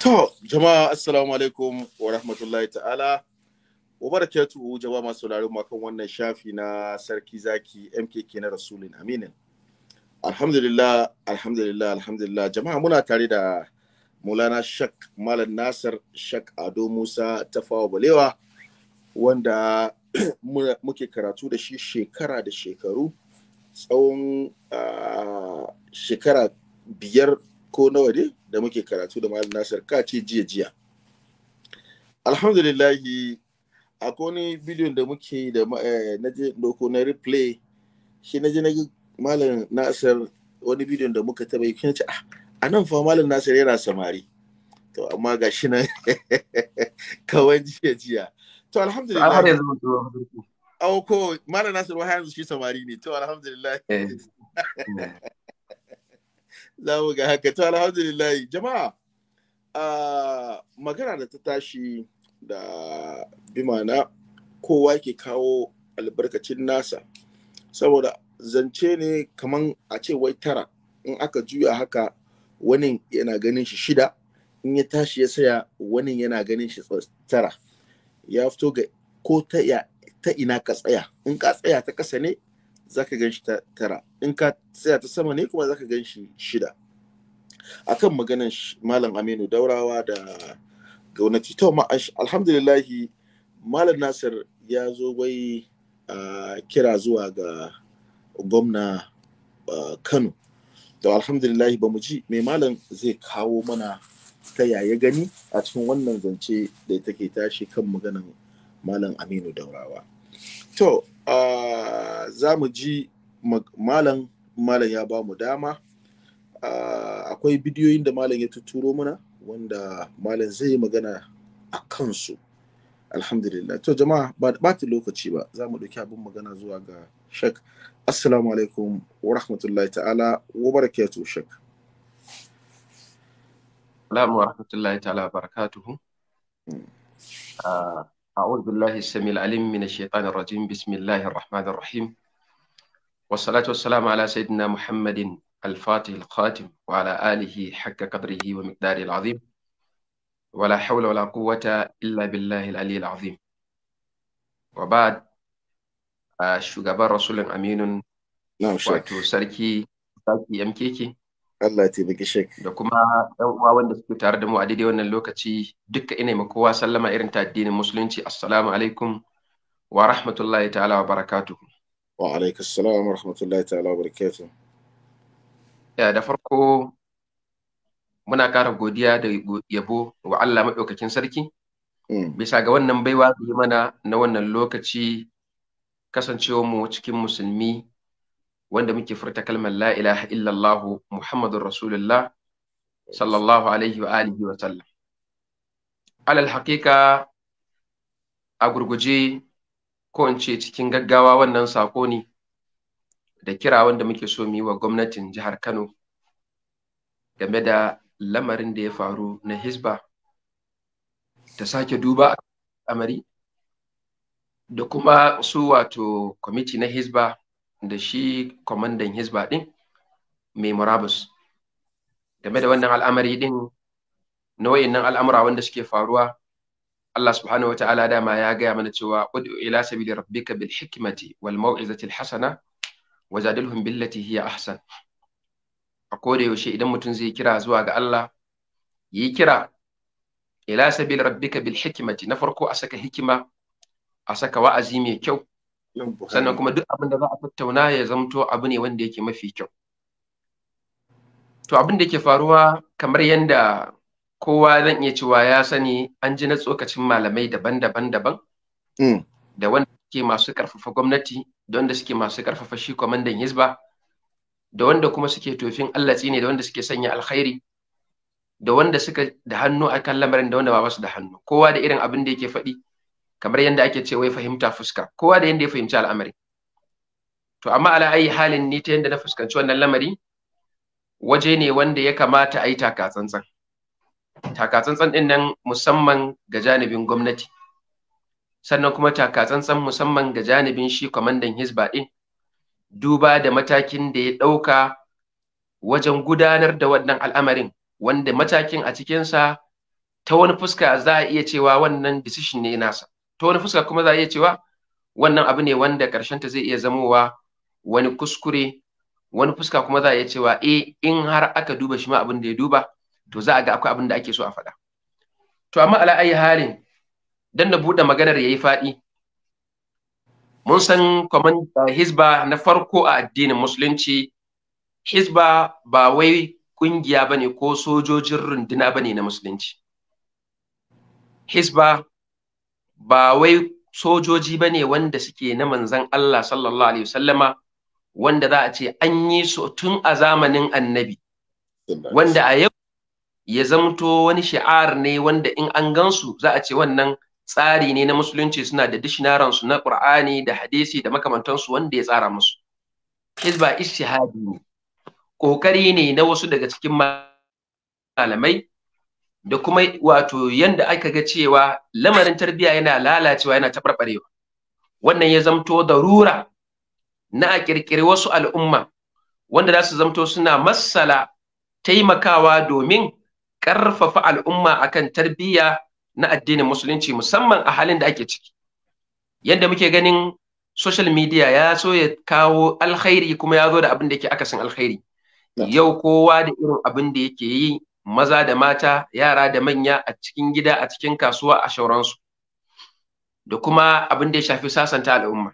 To, jama'a assalamu alaikum wa rahmatullahi ta'ala. Wa barakatuhu jama'a masu sauraron mu kan wannan shafi na Sarki Zaki MKK na Rasulun Aminin. Alhamdulillah, alhamdulillah, alhamdulillah. Jama'a muna tare da Maulana Shak Malam Nasir Shak Ado Musa Tafawa Balewa wanda muke karatu da shi shekara da shekaru tsawon ah, shekara biyar ko nawa ne da muke karatu da malam nasir ka ce jiya jiya alhamdulillahi akwai wani bidiyon da muke da eh, na je doko na replay shi na je na malam nasir wani bidiyon da muka taba yi kin ce ah a nan fa malam nasir yana samari to amma ga shi nan kawai jiya jiya to alhamdulillah Auko, Mara Nasir wahayar shi samari ne, to alhamdulillah. Eh. za mu ga haka to alhamdulillah jama'a magana da ta tashi da bimana kowa ke kawo albarkacin nasa saboda zance ne kaman a ce wai tara in aka juya haka wani yana ganin shi shida in ya tashi ya saya wani yana ganin shi tara ya fito ga ko ta ina ka tsaya in ka tsaya ta kasa ne za ka gan shi tara in ka tsaya ta sama ne kuma za ka gan shi shida kan maganan malam aminu daurawa da gwamnati to alhamdulillahi malam nasir ya zo wai kira zuwa ga gwamna kano da alhamdulillahi ba mu ji mai malam zai kawo mana ta yaya gani a cikin wannan zance da take tashi kan maganan malam aminu daurawa to za mu ji malam malam ya ba mu dama akwai bidiyoyin da malam ya tuturo mana wanda malam zai yi magana a kansu alhamdulillah to jama'a ba ta lokaci ba za mu ɗauki abin magana zuwa ga shek assalamu alaikum wa rahmatullahi ta'ala wa barakatu shek Salamu wa rahmatullahi ta'ala wa barakatuhu. Hmm. أعوذ بالله السميع العليم من الشيطان الرجيم بسم الله الرحمن الرحيم والصلاة والسلام على سيدنا محمد الفاتح الخاتم وعلى آله حق قدره ومقداره العظيم ولا حول ولا قوة إلا بالله العلي العظيم وبعد shugaban rasulun aminun wato sarki sarki mkk Allah taimaki shek. Da kuma ɗan uwa wanda suke tare da mu a daidai wannan lokaci duka ina ma kowa sallama irin ta addinin musulunci assalamu alaikum wa rahmatullahi ta'ala wa barakatuhu. Wa alaikum salam wa rahmatullahi ta'ala wa barakatuhu. Ya da farko muna ƙara godiya da yabo wa Allah maɗaukakin sarki. Mm. Bisa ga wannan baiwa da mana na wannan lokaci kasancewa mu cikin musulmi wanda muke furta kalmar la ilaha illallah muhammadur rasulullah sallallahu alaihi wa alihi wa sallam alal haƙiƙa a gurguje ko in ce cikin gaggawa wannan sako ne da kira wanda muke so mu yi wa gwamnatin jihar Kano game da lamarin da ya faru na Hisba ta sake duba a amari da kuma su wato kwamiti na Hisba da shi kwamandan hisba ɗin mai murabus game da wannan al'amari ɗin na wayannan al'amura wanda suke faruwa Allah subhanahu wata'ala dama ya gaya mana cewa ud'u ila sabili rabbika bil hikmati wal mau'izati al hasana wa billati hiya ahsan a koda yaushe idan mutum zai kira zuwa ga Allah yi kira ila sabil rabbika bil hikimati, na farko a saka hikima a saka wa'azi mai kyau sannan kuma duk abin da za a tattauna ya zamto abu ne wanda yake mafi kyau to abin da ke faruwa kamar yadda kowa zan iya cewa ya sani an ji na tsokacin malamai daban-daban daban mm. da wanda suke masu karfafa gwamnati da wanda suke masu karfafa shi kwamandan Yizba, da wanda kuma suke tofin allah ne da wanda suke sanya alkhairi da wanda suka da hannu a kan lamarin da wanda ba su da hannu kowa da irin abin da yake faɗi kamar yadda ake ce wai fahimta fuska kowa da yadda ya fahimci al'amari to amma ala ayi halin ni ta yadda na fuskanci wannan lamari waje ne wanda ya kamata a yi takatsantsan takatsantsan din nan musamman ga janibin gwamnati sannan kuma takatsantsan musamman ga janibin shi kwamandan hisba din duba da matakin da ya ɗauka wajen gudanar da wannan al'amarin wanda matakin a cikinsa ta wani fuska za a iya cewa wannan decision ne nasa To wani fuska kuma za a iya cewa wannan abu ne wanda ta zai iya zamowa wani kuskure wani fuska kuma za a iya cewa e in har aka duba shi ma abin da ya duba to za a ga akwai abin da ake so a faɗa to amma ala ayi halin dan na buɗe maganar yayi faɗi mun san kaman hizba na farko a addinin musulunci hizba ba wai kungiya bane ko sojojin runduna bane na musulunci hizba ba wai sojoji ba ne wanda suke na manzan Allah sallallahu alaihi wasallama wanda za a ce an yi su tun a zamanin annabi wanda a yau ya zamto wani shi'ar ne wanda in an gansu za a ce wannan tsari ne na musulunci suna da dishinaransu na ƙur'ani da hadisi da makamantansu wanda ya tsara musu hizba ishihadi ne ƙoƙari ne na wasu daga cikin malamai da kuma wato yanda aka ga cewa lamarin tarbiyya yana lalacewa yana taɓarɓarewa wannan ya zamto darura na a ƙirƙiri wasu al'umma wanda za su zamto suna matsala taimakawa domin ƙarfafa al'umma akan tarbiyya na addinin musulunci musamman a halin da ake ciki yadda muke ganin social media ya so ya kawo alkhairi kuma ya zo da abin da yake akasin alkhairi yau kowa da irin abin da yake yi maza da mata yara da manya a cikin gida a cikin kasuwa a shauransu da kuma abin da ya shafi sasanta al'umma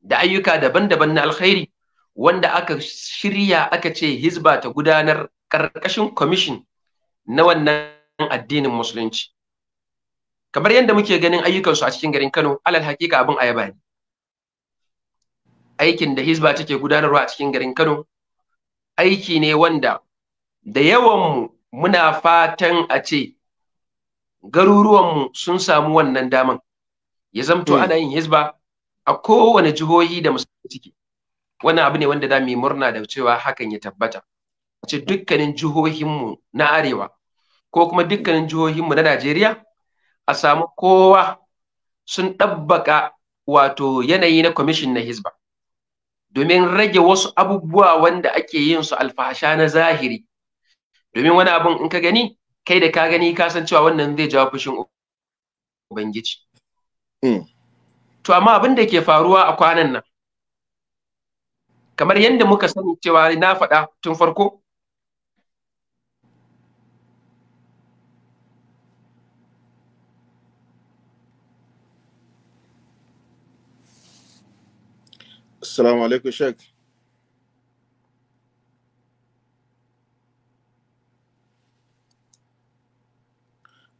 da ayyuka daban-daban na alkhairi wanda aka shirya aka ce hizba ta gudanar ƙarƙashin kwamishin na wannan addinin musulunci kamar yadda muke ganin ayyukansu a cikin garin kano alal hakika abin ayaba ne aikin da hizba take gudanarwa a cikin garin kano aiki ne wanda da yawanmu muna fatan a ce garuruwanmu sun samu wannan daman ya zamto hmm. ana yin hizba a kowane jihohi da musamman ciki wani abu ne wanda za mu murna da cewa hakan ya tabbata a ce dukkanin jihohinmu na arewa ko kuma dukkanin jihohinmu na najeriya a samu kowa sun ɗabbaka wato yanayi na kwamishin na hizba domin rage wasu abubuwa wanda ake yin su alfahasha na zahiri domin wani abun in ka gani kai da ka gani ka san cewa wannan zai jawo fushin ubangiji hmm. to amma abin da ke faruwa a kwanan nan kamar yadda muka san cewa na faɗa tun farko Assalamu alaikum Sheikh.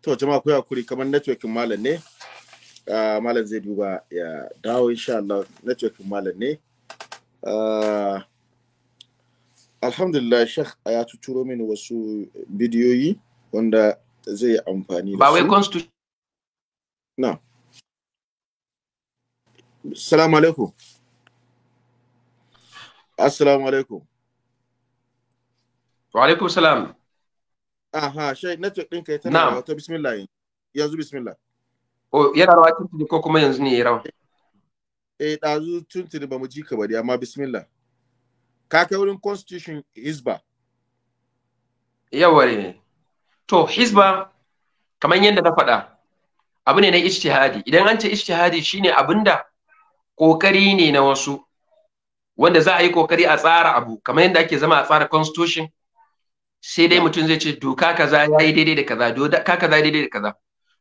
to jama'a ku hakuri kamar networking malam ne ah, malam zai duba ya dawo insha Allah networking malam ne ah, alhamdulillah shekh ya tuturo mini wasu bidiyoyi wanda zai amfani da ba wai constitution na assalamu alaikum assalamu alaikum wa alaikum salam Aha, shai network ɗin kai tana rawa to bismillah yanzu bismillah. Oh, yana rawa tuntuni ko kuma yanzu ne ya rawa? Eh, ɗazu tuntuni ba mu ji ka bari amma bismillah. Ka kai wurin constitution Hizba. Yaware ne. To, Hizba kamar yadda na faɗa abu ne na ijtihadi idan an ce ijtihadi shine abinda kokari ne na wasu wanda za a yi kokari a tsara abu kamar yadda ake zama a tsara constitution sai dai mutum zai ce to ka kaza yayi daidai da kaza do ka kaza daidai da kaza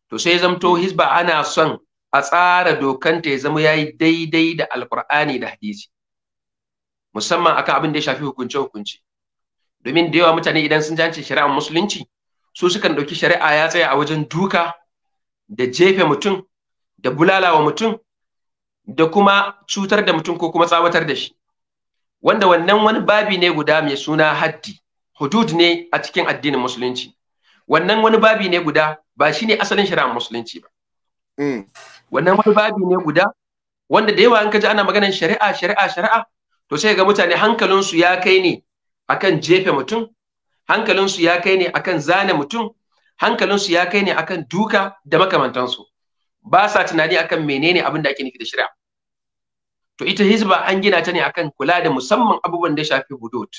to sai zamto mm. hizba ana son a tsara dokanta ya zama yayi daidai da alqur'ani da hadisi musamman akan abin da ya shafi hukunce hukunci domin da yawa mutane idan sun jance shari'ar musulunci su sukan ɗauki shari'a ya tsaya a wajen duka da jefe mutum da bulalawa mutum da kuma cutar da mutum ko kuma tsawatar da shi wanda wannan wani babi ne guda mai suna haddi hudud ne a cikin addinin musulunci wannan wani babi ne guda ba shi ne asalin shari'ar musulunci ba mm. wannan wani babi ne guda wanda da yawa an kaji ana maganar shari'a shari'a shari'a to sai ga mutane hankalinsu ya kai ne akan jefe mutum hankalinsu ya kai ne akan zane mutum hankalinsu ya kai ne akan duka da makamantansu ba sa tunani akan menene abin da ake niki da shari'a to ita hizba an gina ta ne akan kula da musamman abubuwan da shafi hudud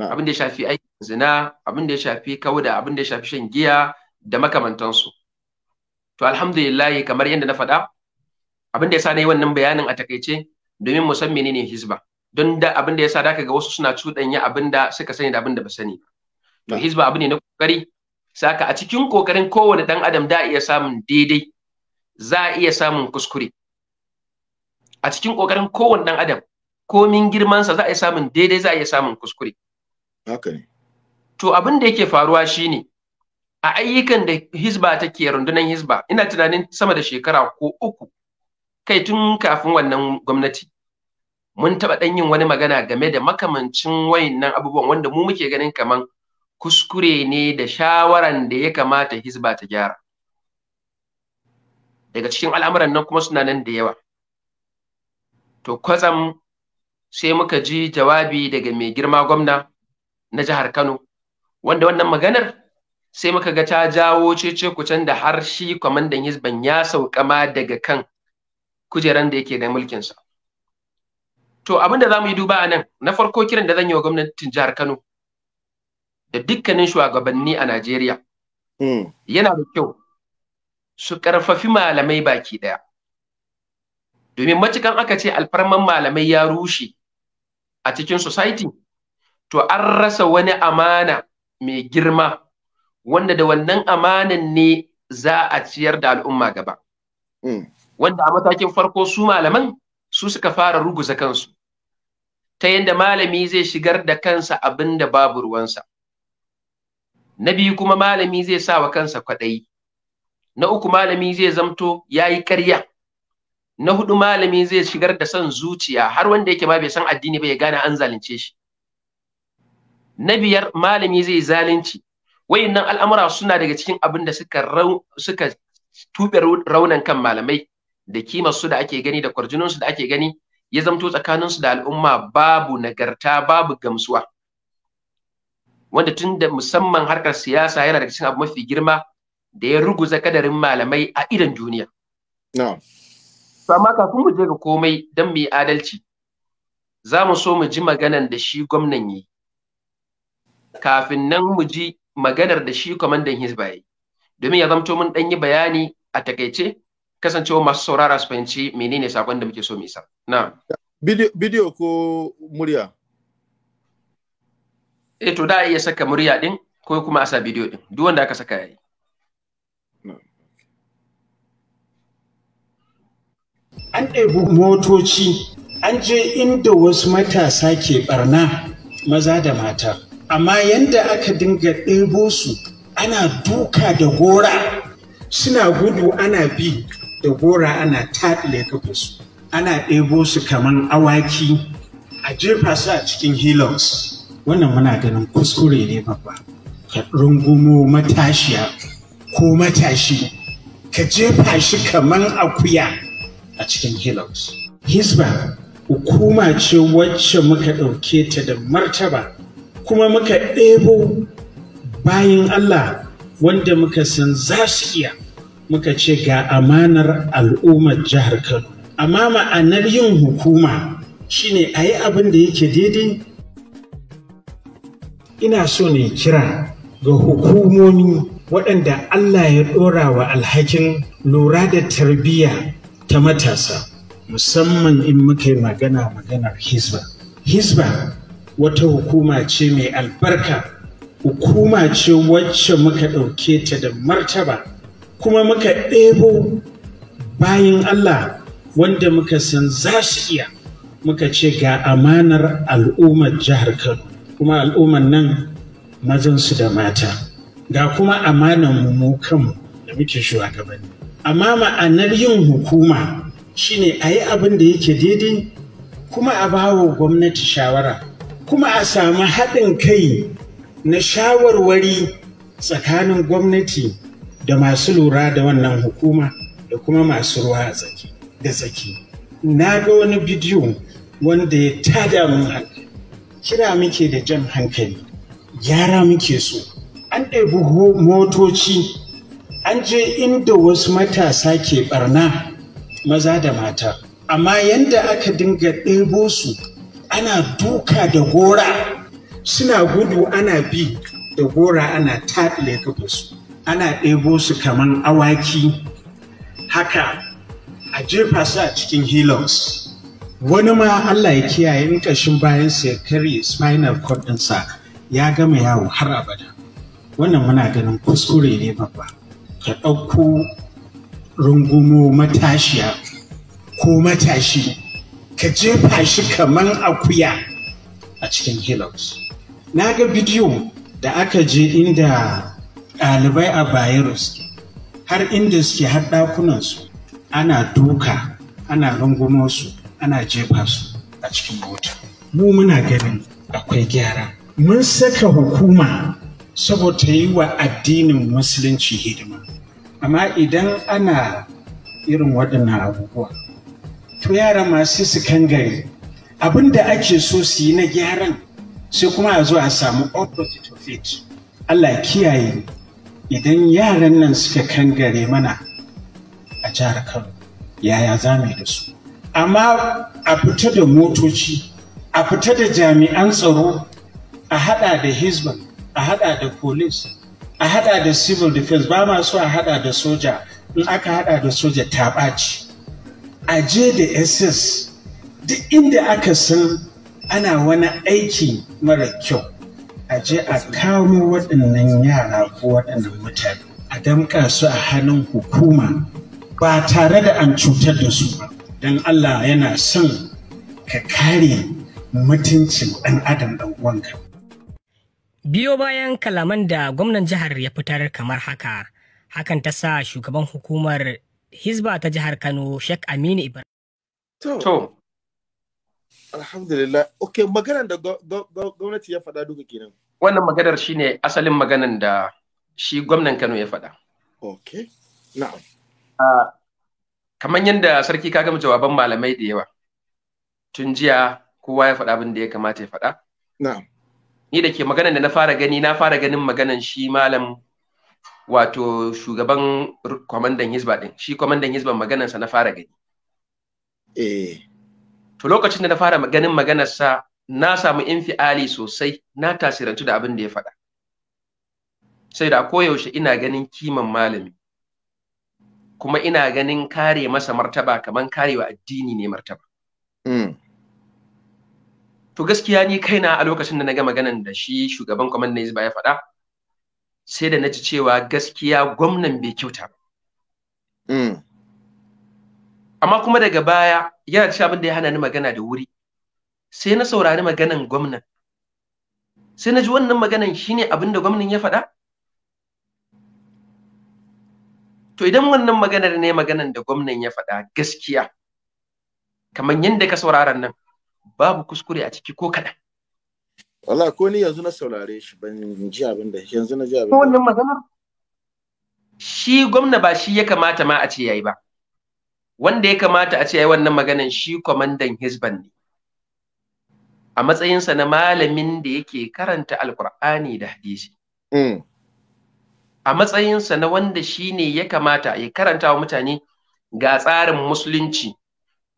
abin da ya shafi aikin zina abin da ya shafi kauda abin da ya shafi shan giya da makamantansu to alhamdulillah kamar yadda na faɗa abin da ya sa na yi wannan bayanin a takaice domin mu san menene hizba don da abin da ya sa da aka ga wasu suna cuɗanya abin da suka sani da abin da ba sani to hizba abu ne na kokari saka a cikin kokarin kowane dan adam da iya samun daidai za a iya samun kuskure a cikin kokarin kowane dan adam komin girmansa za a iya samun daidai za a iya samun kuskure haka ne to abin da yake faruwa shine a ayyukan da hizba take rundunar hisba, ina tunanin sama da shekara ko uku kai tun kafin wannan gwamnati mun taɓa ɗan yin wani magana game da makamancin wayannan abubuwan wanda mu muke ganin kaman kuskure ne da shawaran da ya kamata hisba ta gyara daga cikin al'amuran nan kuma suna nan da yawa to kwatsam sai muka ji jawabi daga mai girma gwamna na jihar Kano wanda wannan maganar sai muka ga ta jawo cece kucen da har shi kwamandan Hizban ya sauka ma daga kan kujeran da yake da mulkinsa. To abin da za mu yi duba a nan, na farko kiran da zan yi wa gwamnatin jihar Kano da dukkanin shugabanni a Najeriya. Hmm. Yana da kyau su ƙarfafi malamai baki ɗaya. Domin matukan aka ce alfarman malamai ya rushe a cikin society to an rasa wani amana mai girma wanda da wannan amanan ne za a ciyar da al'umma gaba hmm. wanda a matakin farko su malaman su suka fara ruguza kansu ta yadda malami zai shigar da kansa abin da babu ruwansa na biyu kuma malami zai sa wa kansa kwaɗayi na uku malami zai zamto ya yi karya na hudu malami zai shigar da son zuciya har wanda yake ma bai san addini ba ya gane an zalunce shi na biyar malami zai zalunci wayannan al'amura suna daga cikin abin da suka suka tube raunan kan malamai da kimar su da ake gani da kwarjinin su da ake gani ya zamto tsakanin su da al'umma babu nagarta babu gamsuwa wanda tun da musamman harkar siyasa yana daga cikin abu mafi girma da ya ruguza kadarin malamai a idan duniya. No. Amma kafin mu je ga komai don mu yi adalci, za mu so mu ji maganan da shi gwamnan yi. kafin nan mu ji maganar da shi kwamandan hizba yi domin ya zamto mun ɗanyi bayani a takaice kasancewa masu saurara su fahimci menene sakon da muke so mu isa na bidiyo ko murya eh to da iya saka murya din ko kuma a sa bidiyo din duk wanda aka saka yayi an ɗebi motoci an je inda wasu matasa ke barna maza da mata amma yanda aka dinga ɗebo su ana duka da gora suna gudu ana bi da gora ana taɗile kafa su ana ɗebo su kaman awaki a jefa su a cikin hilos wannan muna ganin kuskure ne babba ka rungumo matashiya ko matashi ka jefa shi kaman akuya a cikin hilos hisba hukuma ce wacce muka ɗauke ta da martaba kuma muka ɗebo bayan Allah wanda muka san za su iya muka ce ga amanar al'ummar jihar Kano. Amma ma'anar yin hukuma shine a yi abin da yake daidai. Ina so ne kira ga hukumomi waɗanda Allah ya ɗora wa alhakin lura da tarbiyya ta matasa, musamman in muka yi magana maganar Hizba. Hizba wata hukuma ce mai albarka hukuma ce wacce muka ɗauke ta da martaba kuma muka ɗebo bayan Allah wanda muka san za su iya muka ce ga amanar al'ummar jihar Kano kuma al'ummar nan mazan su da mata ga kuma amanar mu kanmu da muke shugabanni amma ma'anar yin hukuma shine a yi abin da yake daidai kuma a bawa gwamnati shawara kuma a samu haɗin kai na shawarwari tsakanin gwamnati da masu lura da wannan hukuma da kuma masu ruwa da tsaki na ga wani bidiyo wanda ya tada mun hankali kira muke da jan hankali gyara muke so an ɗabi motoci an je inda wasu matasa ke ɓarna maza da mata amma yadda aka dinga ɗebo su ana duka da gora suna gudu ana bi da gora ana taɗile su ana ɗebo su kamar awaki haka a jefa su a cikin helos wani ma Allah ya kiyaye in ƙashin bayan ya karye spinal cord ɗinsa ya gama yawo har abada wannan muna ganin kuskure ne babba ka ɗauko rungumo matashiya ko matashi ka jefa shi kamar akuya a cikin hillox na ga bidiyo da aka je inda ɗalibai a virus har inda suke har ana duka ana rungumo su ana jefa su a cikin mota mu muna ganin akwai gyara mun saka hukuma saboda yi wa addinin musulunci hidima amma idan ana irin waɗannan abubuwa to yara masu su gari, abin da ake so su yi na gyaran sai kuma a zo a samu opposite of it Allah kiyaye idan yaran nan suka kan gare mana a jihar Kano yaya za mu yi da su amma a fita da motoci a fita da jami'an tsaro a hada da hizban a hada da police a hada da civil defense ba ma a hada da soja in aka hada da soja ta ɓaci aje da ss duk inda aka san ana wani aiki mara kyau aje a kawo waɗannan yara ko waɗannan mutane a damƙa su a hannun hukuma ba tare da an cutar da su ba don allah yana son ka kare mutuncin ɗan adam ɗan uwanka biyo bayan kalaman da gwamnan jihar ya fitar kamar haka hakan ta sa shugaban hukumar Hizba ta jihar Kano Sheikh Aminu Ibrahim. To. Alhamdulillah. Ok, maganar da gwamnati ya faɗa duka kenan. Wannan maganar shine asalin maganar da shi gwamnan Kano ya faɗa. Ok, na'am. Ah, Kamar yadda sarki ka gama jawaban malamai da yawa. Tun jiya kowa ya faɗa abin da ya kamata ya faɗa. Na'am. Ni da ke maganar da na fara gani na fara ganin maganar shi malam wato shugaban kwamandan hizba din shi kwamandan hizban maganarsa na fara gani eh to lokacin da na fara ganin maganarsa na samu infiali sosai na tasirantu da abin da ya faɗa sai da koyaushe ina ganin kiman malami kuma ina ganin kare masa martaba kamar karewa addini ne martaba mm. to gaskiya ni kaina a lokacin da na ga maganar da shi shugaban kwamandan hizba ya faɗa sai da na ji cewa gaskiya gwamnan bai kyauta ba. Mm. Amma kuma daga baya yana ci abin da ya hana ni magana da wuri. Sai na saurari maganan gwamnan. Sai na ji wannan maganan shine abin da gwamnan ya faɗa? To idan wannan maganar ne maganan da gwamnan ya faɗa gaskiya, kamar yadda ka saurara nan, babu kuskure a ciki ko kaɗan. Wala ko ni yanzu na saurare shi ban ji abin da yanzu na ji abin. Wannan maganar shi gwamna ba shi ya kamata ma a ce yayi ba. Wanda ya kamata a ce yayi wannan maganar shi kwamandan Hizban ne. A matsayinsa na malamin da yake karanta Alƙur'ani da hadisi. Mm. A matsayinsa na wanda shi ne ya kamata ya karanta wa mutane ga tsarin musulunci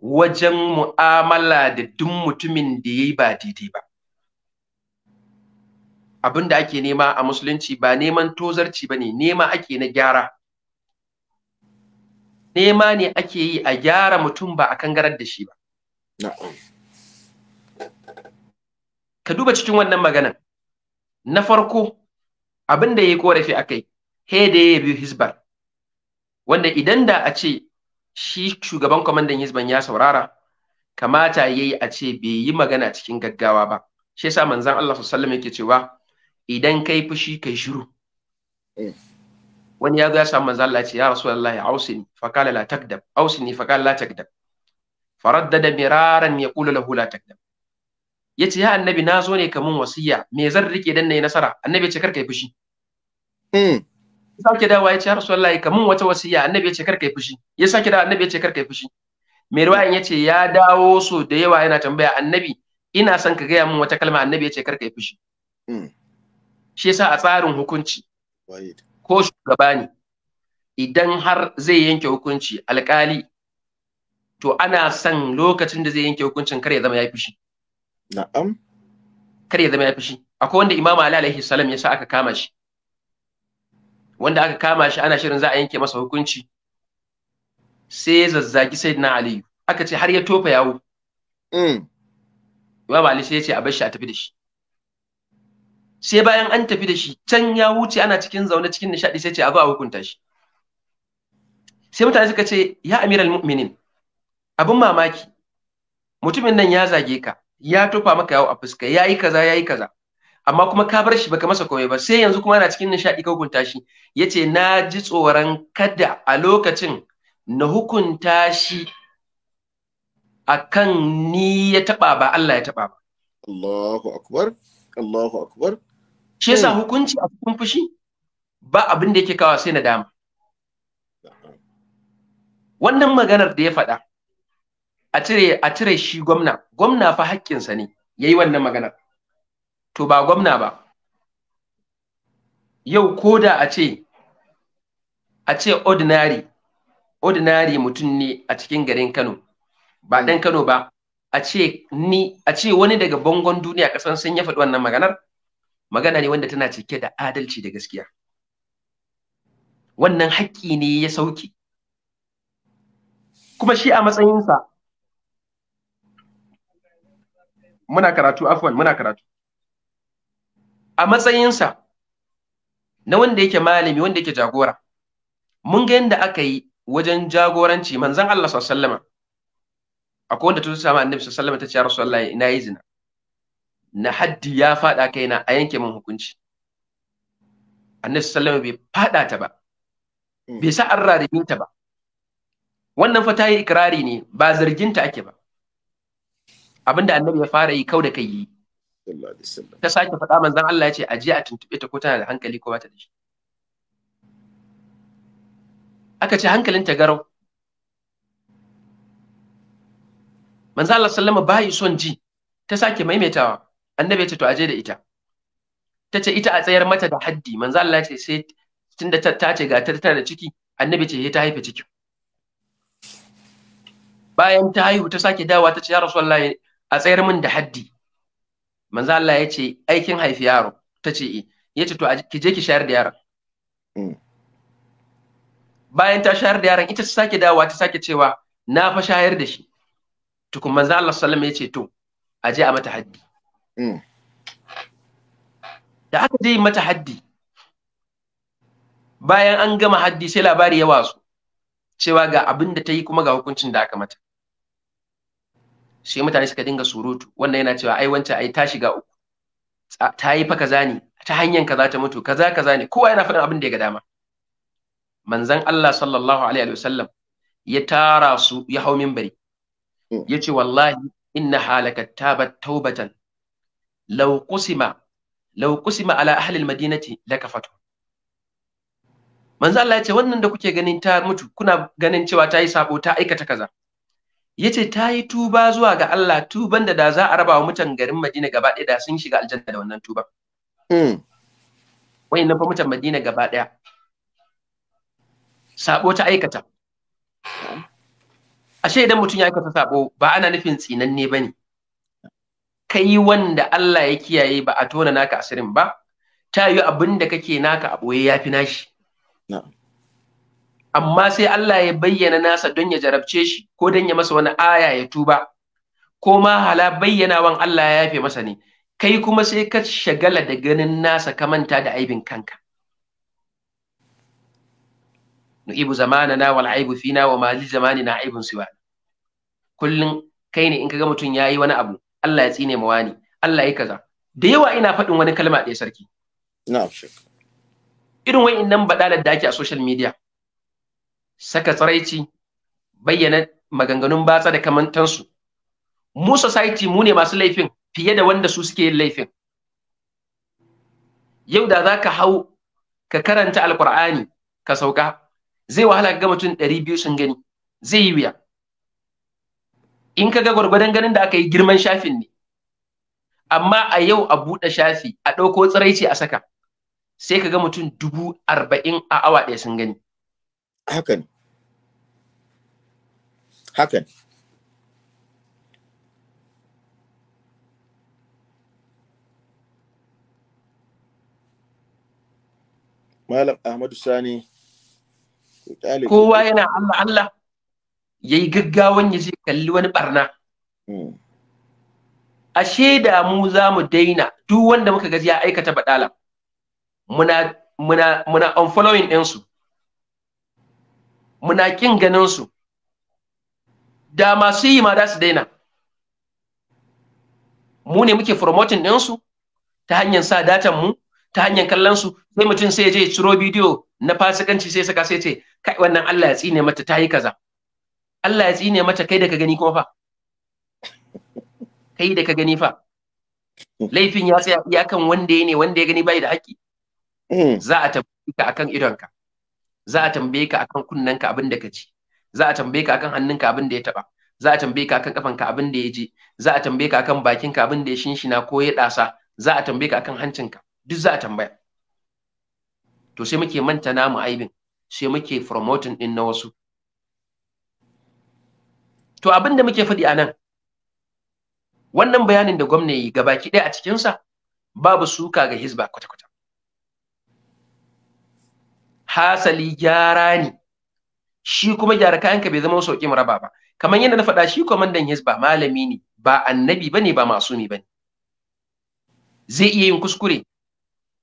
wajen mu'amala da duk mutumin da ya yi ba daidai ba. abin da ake nema a musulunci ba neman tozarci ba ne nema ake na gyara nema ne ake yi a gyara mutum ba a garar da shi ba ka duba cikin wannan magana na farko abin da ya yi korafi a kai he da ya biyu hisbar wanda idan da a ce shi shugaban kwamandan hisban ya saurara kamata ya yi a ce bai yi magana cikin gaggawa ba shi yasa manzon Allah sallallahu alaihi wasallam yake cewa idan kai fushi kai shiru eh. wani ya zo ya samu manzo Allah ya Allah ya rasulullahi ausini fakala la takdab ausini fa qala la takdab faraddada miraran kula lahu la takdab ce ya annabi na zo ne kamun wasiya me zan rike dan yi nasara annabi ya ce karka yi fushi hmm. ya sake dawa ya ce ya rasulullahi kamun wata wasiya annabi ya ce karka yi fushi ya sake dawa annabi ya ce karka yi fushi mai ruwayan ya ce ya dawo so da yawa yana tambaya annabi ina son ka gaya min wata kalma annabi ya ce karka yi fushi hmm. shi yasa a tsarin hukunci ko shugaba ne idan har zai yanke hukunci alkali to ana son lokacin da zai yanke hukuncin kar ya zama ya fushi na'am kar ya zama ya fushi akwai wanda imamu ali alaihi salam yasa aka kama shi wanda aka kama shi ana shirin za a yanke masa hukunci sai ya zazzagi sayyidina aliyu aka ce har ya tofa yawo mm. imamu ali sai ya ce a bar shi a tafi da shi sai bayan an tafi da shi can ya wuce ana cikin zaune cikin nishadi sai ce a zo a hukunta shi sai mutane suka ce ya amiral mu'minin abin mamaki mutumin nan ya zage ka ya tofa maka yawo a fuska ya yi kaza ya yi kaza amma kuma ka bar shi baka masa komai ba sai yanzu kuma ana cikin nishadi ka hukunta shi ya ce na ji tsoron kada a lokacin na hukunta shi akan ni ya taba ba Allah ya taba ba Allahu akbar Allahu akbar shi yasa eh. hukunci a cikin fushi ba abin da yake kawo sai nadama wannan maganar da ya faɗa a cire a cire shi gwamna gwamna fa haƙƙinsa ne yayi wannan maganar to ba gwamna ba yau koda a ce a ce ordinary ordinary mutum ne a cikin garin Kano ba dan hmm. Kano ba a ce ni a ce wani daga bangon duniya kasan sun ya faɗi wannan maganar magana ne wanda tana cike da adalci da gaskiya wannan haƙƙi ne ya sauke kuma shi a matsayinsa muna karatu afwan muna karatu a matsayinsa na wanda yake malami wanda yake jagora mun ga yadda aka yi wajen jagoranci manzon Allah sallallahu alaihi wasallam akwai wanda ta sami annabi sallallahu alaihi wasallam ta ce rasulullahi ina yi zina na haddi ya faɗa kaina a yanke min hukunci annabi sallama bai faɗa ta ba mm. bai sa an ta ba wannan fa ta yi ikirari ne ba zarginta ake ba abinda annabi ya fara yi kau da kai yi ta sake faɗa manzon Allah ya ce aje a tuntube ta ko tana da hankali ko bata da shi aka ce hankalinta garau manzon Allah sallama ba yi son ji ta sake maimaitawa annabi ya ce to aje da ita ta ce ita a tsayar mata da haddi manzo Allah ya ce sai tunda ta ce ga ta tare da ciki annabi ce ta haife ciki. bayan ta haihu ta sake dawa ta ce ya rasulullah a tsayar min da haddi manzo Allah ya ce aikin haifi yaro ta ce eh ya ce to ki je ki shayar da yaron mm. bayan ta shayar da yaron ita ta sake dawa ta sake cewa na fa shayar da shi tukun manzo Allah sallallahu alaihi wasallam ya ce to a je a mata haddi Mm. da haka zai mata haddi bayan an gama haddi sai labari ya wasu cewa ga abin da ta yi kuma ga hukuncin da aka mata sai mutane suka dinga surutu wannan yana cewa ai wancan ai ta shiga uku ta yi fa kaza ne ta hanyar kaza ta mutu kaza kaza ne kowa yana faɗin abin da ya ga dama manzon Allah sallallahu alaihi wasallam ya tara su ya hau minbari mm. ya ce wallahi inna halakat tabat taubatan law qusima law qusima ala ahli almadinati lakafatu manzo Allah ya wannan da kuke ganin ta mutu kuna ganin cewa ta yi sabo ta aikata kaza yace ta yi tuba zuwa ga Allah tuban da da za a raba wa garin Madina gaba ɗaya da sun shiga aljanna da wannan tuba mm. wayannan fa mutan Madina gaba ɗaya sabo ta aikata ashe idan mutum ya aikata sabo ba ana nufin tsinanne ne. kai wanda Allah ya kiyaye ba a tona naka asirin ba ta yi abin da kake naka a ɓoye ya fi nashi amma sai Allah ya bayyana nasa don ya jarabce shi ko don ya masa wani aya ya tuba ko ma hala bayyanawan Allah ya yafe masa ne kai kuma sai ka shagala da ganin nasa ka manta da aibin kanka nu'ibu na wal aibu fina wa mali na aibun siwa kullun kai ne in kaga mutum ya yi wani abu Allah ya tsine mu wani Allah ya kaza da yawa ina faɗin wani kalma ɗaya sarki na'am irin wa'innan badalar da ake a social media saka tsaraici bayyana maganganun batsa da kamantansu mu society mu ne masu laifin fiye da wanda su suke yin laifin yau da zaka hau ka karanta alkur'ani ka sauka zai wahala ga mutum ɗari biyu sun gani zai yi wuya in ka ga gwargwadon ganin da aka yi girman shafin ne amma a yau a buɗe shafi a ɗauko tsiraici a saka sai ka ga mutum dubu arba'in a awa ɗaya sun gani hakan hakan Malam Ahmadu Sani, kowa yana Allah Allah. ya yi gaggawan ya je kalli wani barna hmm. ashe da mu za mu daina duk wanda muka gaji ya aikata badala muna muna muna unfollowing ɗinsu muna kin ganin da masu yi ma za su daina mu ne muke promoting ɗinsu ta hanyar sa datan mu ta hanyar kallon su sai mutum sai ya je ciro bidiyo na fasikanci sai saka sai ce kai wannan Allah ya tsine mata ta yi kaza Allah ya tsine mata kai da ka gani kuma fa kai da ka gani fa laifin ya tsaya kan wanda ya ne wanda ya gani bai da haƙƙi mm. za a tambaye ka akan idonka za a tambaye ka akan kunnenka abin da ka ci za a tambaye ka akan hannunka abin da ya taba za a tambaye ka akan kafanka abin da ya je za a tambaye ka akan bakinka abin da ya shinshina ko ya dasa za a tambaye ka akan hancinka duk za a tambaya to sai muke manta namu aibin sai muke promoting din na wasu to abin da muke faɗi a nan wannan bayanin da gwamna yi gabaki ɗaya a cikinsa babu suka ga hizba kwata-kwata hasali gyara ne shi kuma gyara kayanka bai zama sauƙi maraba ba kamar yadda na faɗa shi kwamandan hizba malami ne ba annabi bane ba masumi bane zai iya yin kuskure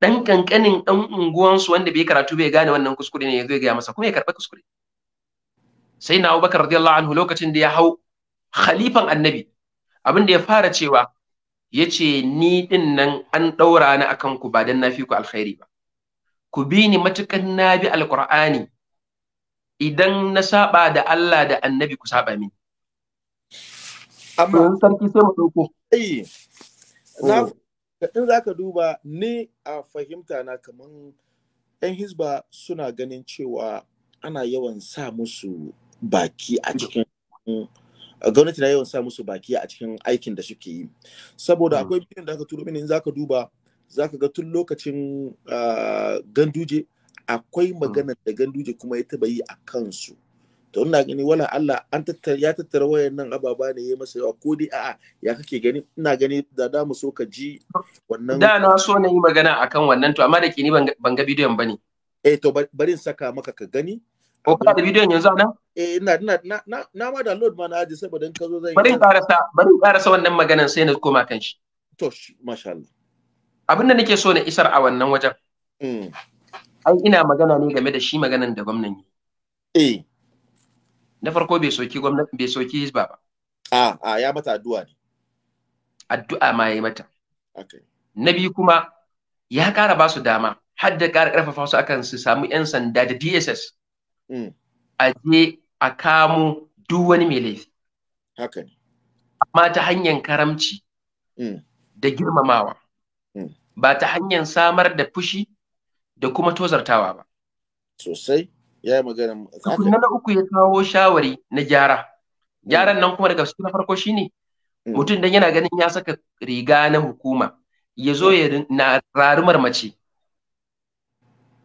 dan kankanin dan unguwansu wanda bai karatu bai gane wannan kuskure ne ya gaya masa kuma ya karba kuskure sai na abubakar radiyallahu anhu lokacin da ya hau khalifan annabi abin da ya fara cewa ya ce ni din nan an ɗaura ni a kanku ba don na fi ku alkhairi ba ku bi ni matukan na bi alkur'ani idan na saba da Allah da annabi ku saba mini amma sarki sai mu oh. za ka duba ni a fahimta na kaman yan hisba suna ganin cewa ana yawan sa musu baki a mm. cikin gwamnati na yawan sa musu baki a cikin aikin da suke yi saboda mm. akwai bidiyon da aka turo mini in ka duba zaka ga tun lokacin ganduje akwai mm. maganar da ganduje kuma ya taba yi a kansu to ina gani wala Allah an tattara ya tattara wayan nan ababa ne ya masa yawa ko dai a'a ya kake gani ina gani da da mu so ka ji wannan da na so na yi magana akan wannan to amma da ke ni ban ga bidiyon bane eh to bari saka maka ka gani ko ka da bidiyon yanzu nan eh ina ina na na ma download ma na aji saboda in ka zo zan bari karasa bari karasa wannan maganan sai na koma kan shi to masha Allah abin da nake so na isar a wannan wajen mm. ai ina magana ne game da shi maganan da gwamnan yi eh na farko bai soki gwamnati bai soki hizba ba a a ya mata addu'a ne addu'a ma yayi mata okay na biyu kuma ya ƙara ba su dama har da ƙara ƙarfafa su akan su samu 'yan sanda da DSS mm. a je a kamo duk wani mai laifi. Haka Amma ta hanyar karamci mm. da girmamawa, mm. ba ta hanyar samar da fushi da kuma tozartawa ba. Sosai, ya yi magana. na uku ya kawo shawari na gyara. Gyaran nan kuma daga na farko shi ne. Mm. mutum dan yana ganin ya saka riga na hukuma ya zo ya na rarumar mace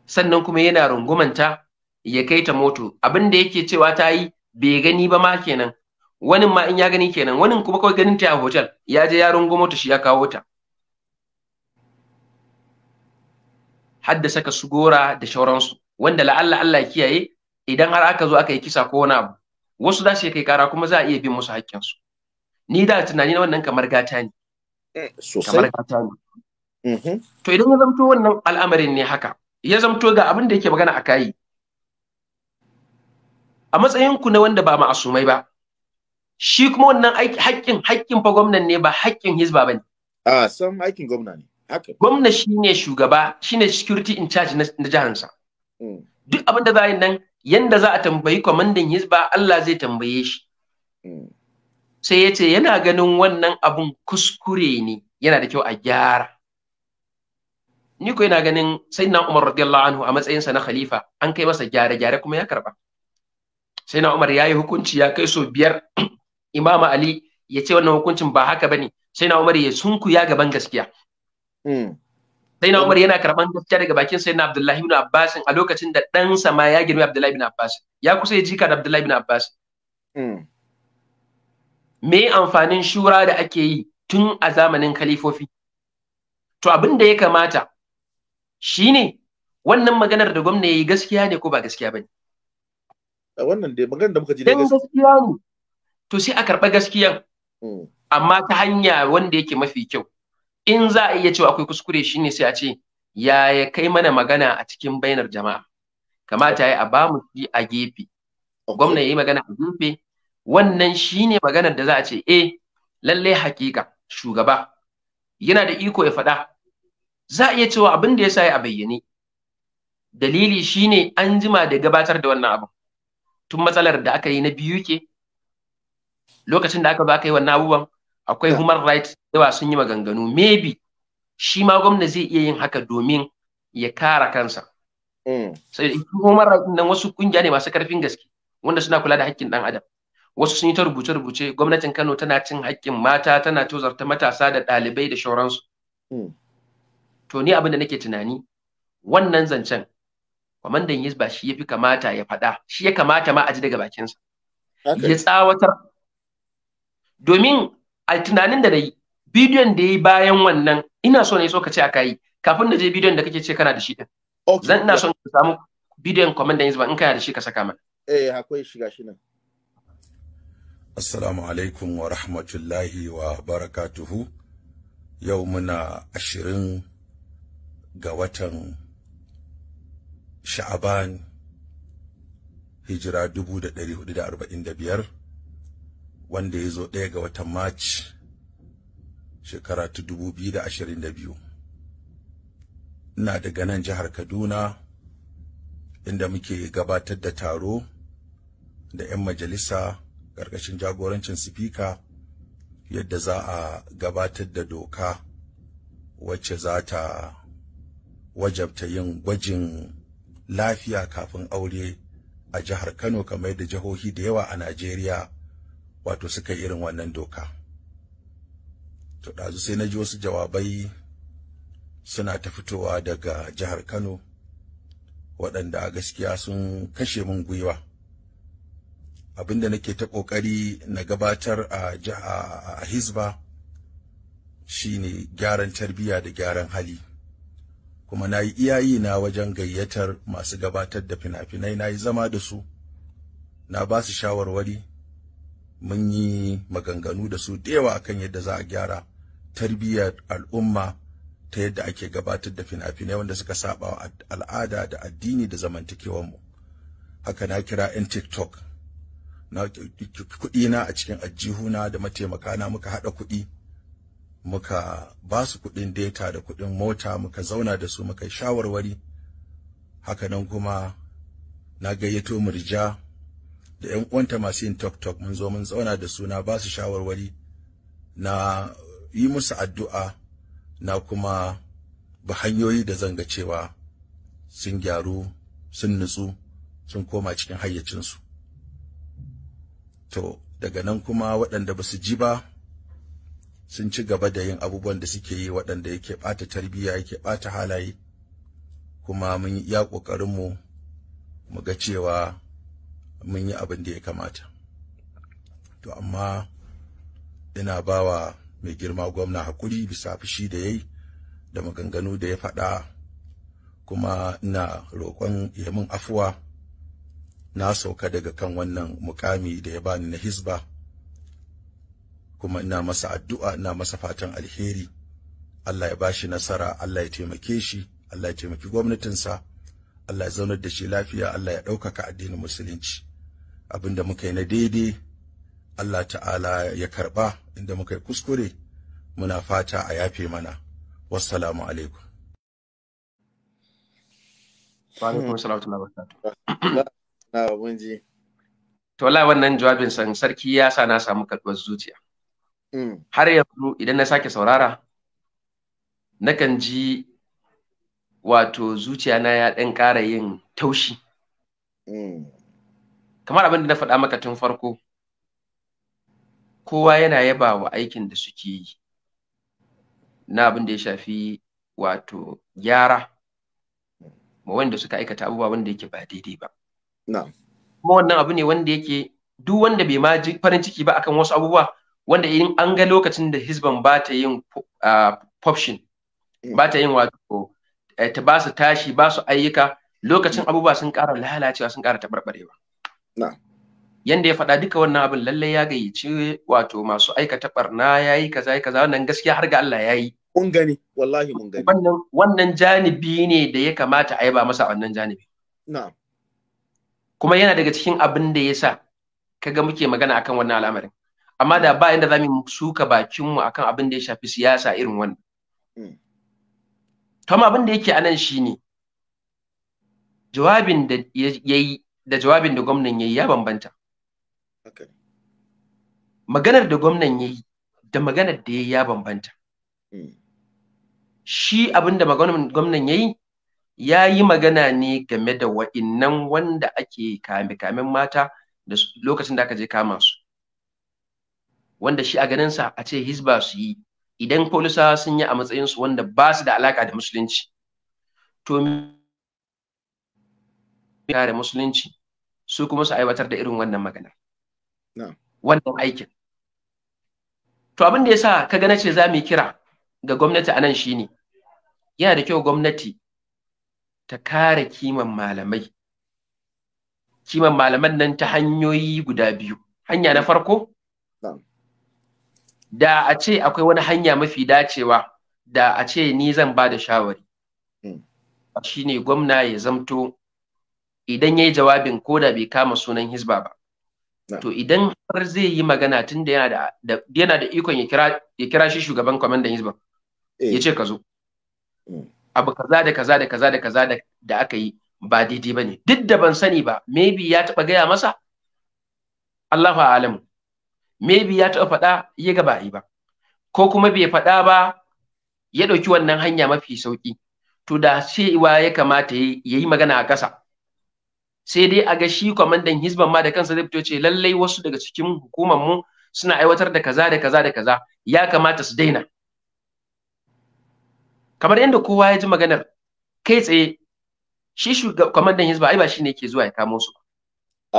sannan kuma yana rungumanta ya kai ta moto abin da yake cewa ta yi bai gani ba ma kenan wani ma in ya gani kenan wani kuma kawai ganin ta a hotel ya je ya rungo moto shi ya kawo ta haddasa ka su gora da shauransu wanda la'alla Allah kiyaye idan har aka zo aka yi kisa ko wani abu wasu za su kai kara kuma za a iya bin musu haƙƙinsu ni da tunani na wannan kamar gata ne eh, kamar gata ne mm-hmm. to idan ya zamto wannan al'amarin ne haka ya zamto ga abin da yake magana a kayi a matsayinku na wanda ba ma'asumai ba shi kuma wannan haƙƙin haƙƙin fa gwamnan ne ba haƙƙin hizba bane a san haƙƙin gwamna ne haka gwamna shine shugaba shine security in charge na sa mm. duk abin da za a yi nan yanda za a tambayi kwamandan hizba Allah zai tambaye shi mm. sai ya ce yana ganin wannan abun kuskure ne yana da kyau a gyara ni ko yana ganin na Umar radiyallahu anhu a matsayinsa na khalifa an kai masa gyare-gyare kuma ya karba sai na Umar yi hukunci ya kai so biyar Imam Ali ya ce wannan hukuncin ba haka bane sai na Umar ya sunkuya gaban gaskiya hmm. sai na Umar yana karban gaskiya daga bakin sai na Abdullahi ibn Abbas a lokacin da ɗansa ma ya girme Abdullahi ibn Abbas ya kusa ya jika da Abdullahi ibn Abbas hmm. me amfanin shura da ake yi tun a zamanin kalifofi to abin da ya kamata shine wannan maganar da gwamna yayi gaskiya ne ko ba gaskiya bane wannan dai magana da muka ji da gaskiya ne to sai a karɓa gaskiya. Hmm. amma ta hanya wanda yake mafi kyau in za a iya cewa akwai kuskure shine sai a ce ya kai mana magana a cikin bainar jama'a kamata ya a ba mu shi a gefe gwamna ya yi magana a gefe wannan shine maganar da za a ce eh lallai hakika shugaba yana da iko ya faɗa za a iya cewa abin da ya sa ya bayyane dalili shine an jima da gabatar da wannan abin tun matsalar da aka yi na biyu ke lokacin da aka ba ka yi wannan abubuwan akwai human rights yawa sun yi maganganu maybe shi ma gwamna zai iya yin haka domin ya kara kansa mm. sai human rights nan wasu kungiya ne masu karfin gaske wanda suna kula da haƙƙin ɗan adam wasu sun yi ta rubuce-rubuce gwamnatin Kano tana cin haƙƙin mata tana tozarta matasa da ɗalibai da shauransu mm. to ni abin da nake tunani wannan zancen kwamandan ba shi yafi kamata ya faɗa shi ya kamata ma a ji daga bakinsa ya tsawatar domin a tunanin da na yi bidiyon da ya yi bayan wannan ina so ne so ka ce aka yi kafin da je bidiyon da kake ce kana da shi din zan ina so ka samu bidiyon kwamandan ba in kana da shi ka saka mana eh akwai shiga shi nan Assalamu alaikum wa rahmatullahi wa barakatuhu. Yau muna ashirin ga watan sha'aban hijira 1445 wanda ya zo ɗaya ga watan march shekara ta 2022 ina daga nan jihar kaduna inda muke gabatar da taro da 'yan majalisa ƙarƙashin jagorancin sifika yadda za a gabatar da doka wacce za ta wajabta yin gwajin lafiya kafin aure a jihar Kano kamar da jihohi da yawa a Najeriya wato suka yi irin wannan doka. To ɗazu sai na ji wasu jawabai suna ta fitowa daga jihar Kano waɗanda a gaskiya sun kashe min gwiwa. Abinda nake ta ƙoƙari na gabatar a jiha a Hizba shine gyaran tarbiyya da gyaran hali. kuma na yi iyayi na wajen gayyatar masu gabatar da fina-finai na yi zama da su na ba su shawarwari mun yi maganganu da su da yawa akan yadda za a gyara tarbiyyar al'umma ta yadda ake gabatar da fina-finai wanda suka saba wa al'ada da addini da zamantakewar mu haka na kira 'yan tiktok na kuɗi na a cikin ajihuna da mataimaka na muka haɗa kuɗi muka ba su kuɗin data da kuɗin mota muka zauna da su muka shawarwari hakanan kuma na gayyato murja da 'yan uwanta masu yin tok-tok mun zo mun zauna da su na ba su shawarwari na yi musu addu'a na kuma ba hanyoyi da zanga cewa sun gyaru sun nutsu sun koma cikin hayyacinsu to daga nan kuma waɗanda ba su ji ba sun ci gaba da yin abubuwan da suke yi waɗanda yake ɓata tarbiyya yake ɓata halaye kuma mun yi iya ƙoƙarinmu mu ga cewa mun yi abin da ya kamata to amma ina bawa mai girma gwamna hakuri bisa fushi da yayi da maganganu da ya faɗa kuma ina roƙon ya min afuwa na sauka daga kan wannan mukami da ya bani na hisba kuma ina masa addu'a ina masa fatan alheri Allah ya bashi nasara Allah ya taimake shi Allah ya taimaki gwamnatinsa Allah ya zaunar da shi lafiya Allah ya ɗaukaka addinin musulunci abinda muka yi na daidai Allah ta'ala ya karɓa inda muka yi kuskure muna fata a yafe mana wassalamu alaikum To wallahi wannan jawabin san sarki ya sa na samu karɓar zuciya. Mm. har yanzu idan na sake saurara nakan ji wato zuciya na ya ɗan ƙara yin taushi mm. kamar abin da na faɗa maka tun farko kowa yana yaba wa aikin da suke yi na abin da ya shafi wato gyara ma wanda suka aikata abubuwa wanda yake ba daidai ba kuma wannan abu ne wanda yake duk wanda bai ma farin ciki ba akan wasu abubuwa wanda in an ga lokacin da hizban ba ta yin popshin ba ta yin wato eh, ta ba su tashi ba su ayyuka lokacin abubuwa sun ƙara lalacewa sun ƙara taɓarɓarewa. Yanda ya faɗa duka wannan abin lallai ya gayyaci wato masu aikata ɓarna ya yi kaza ya kaza wannan gaskiya har ga Allah ya yi. Mun gani wallahi mun gani. Wannan janibi ne da ya kamata a yi ba masa wannan janibi. Kuma yana daga cikin abin da ya sa kaga muke magana akan wannan al'amarin. amma da mm. ba inda za mu suka bakinmu akan abin da ya shafi siyasa irin wannan mm. tom abin da yake anan shine jawabin da yayi da jawabin da gwamnan yayi ya bambanta maganar da gwamnan yayi da maganar da yayi ya bambanta mm. shi abin da gwamnan yayi ya yi magana ne game da wa'innan wanda ake kame kamen mata da lokacin da aka je kama su wanda shi a ganin sa a ce hisba su yi idan polisa sun yi a su wanda ba su da alaka da musulunci to kare musulunci su kuma su aiwatar da irin wannan magana wannan aikin to abin da yasa ka gane ce za mu kira ga gwamnati anan shine yana da kyau gwamnati ta kare kiman malamai kiman malaman nan ta hanyoyi guda biyu hanya na farko da a ce akwai wani hanya mafi dacewa da a ce ni zan ba da shawari hmm. shi ne gwamna ya zamto idan ya yi jawabin ko da bai kama sunan Hisba ba to idan har zai yi magana tun da yana da ikon ya kira shi shugaban kwamandan Hisba, eh. ya ce ka zo hmm. abu kaza da kaza da kaza da kaza da aka yi ba daidai ba ne duk da ban sani ba maybe ya taɓa gaya masa Allahu a'lamu maybe ya taɓa faɗa ya ga ba yi ba ko kuma bai faɗa ba ya ɗauki wannan hanya mafi sauƙi to da cewa ya kamata ya yi magana a ƙasa sai dai a ga shi kwamandan hizban ma da kansa zai fito ce lallai wasu daga cikin hukumar mu suna aiwatar da kaza da kaza da kaza ya kamata su daina kamar yadda kowa ya ji maganar kai tsaye shi kwamandan hizba ai ba shi ne ke zuwa ya kamo su ba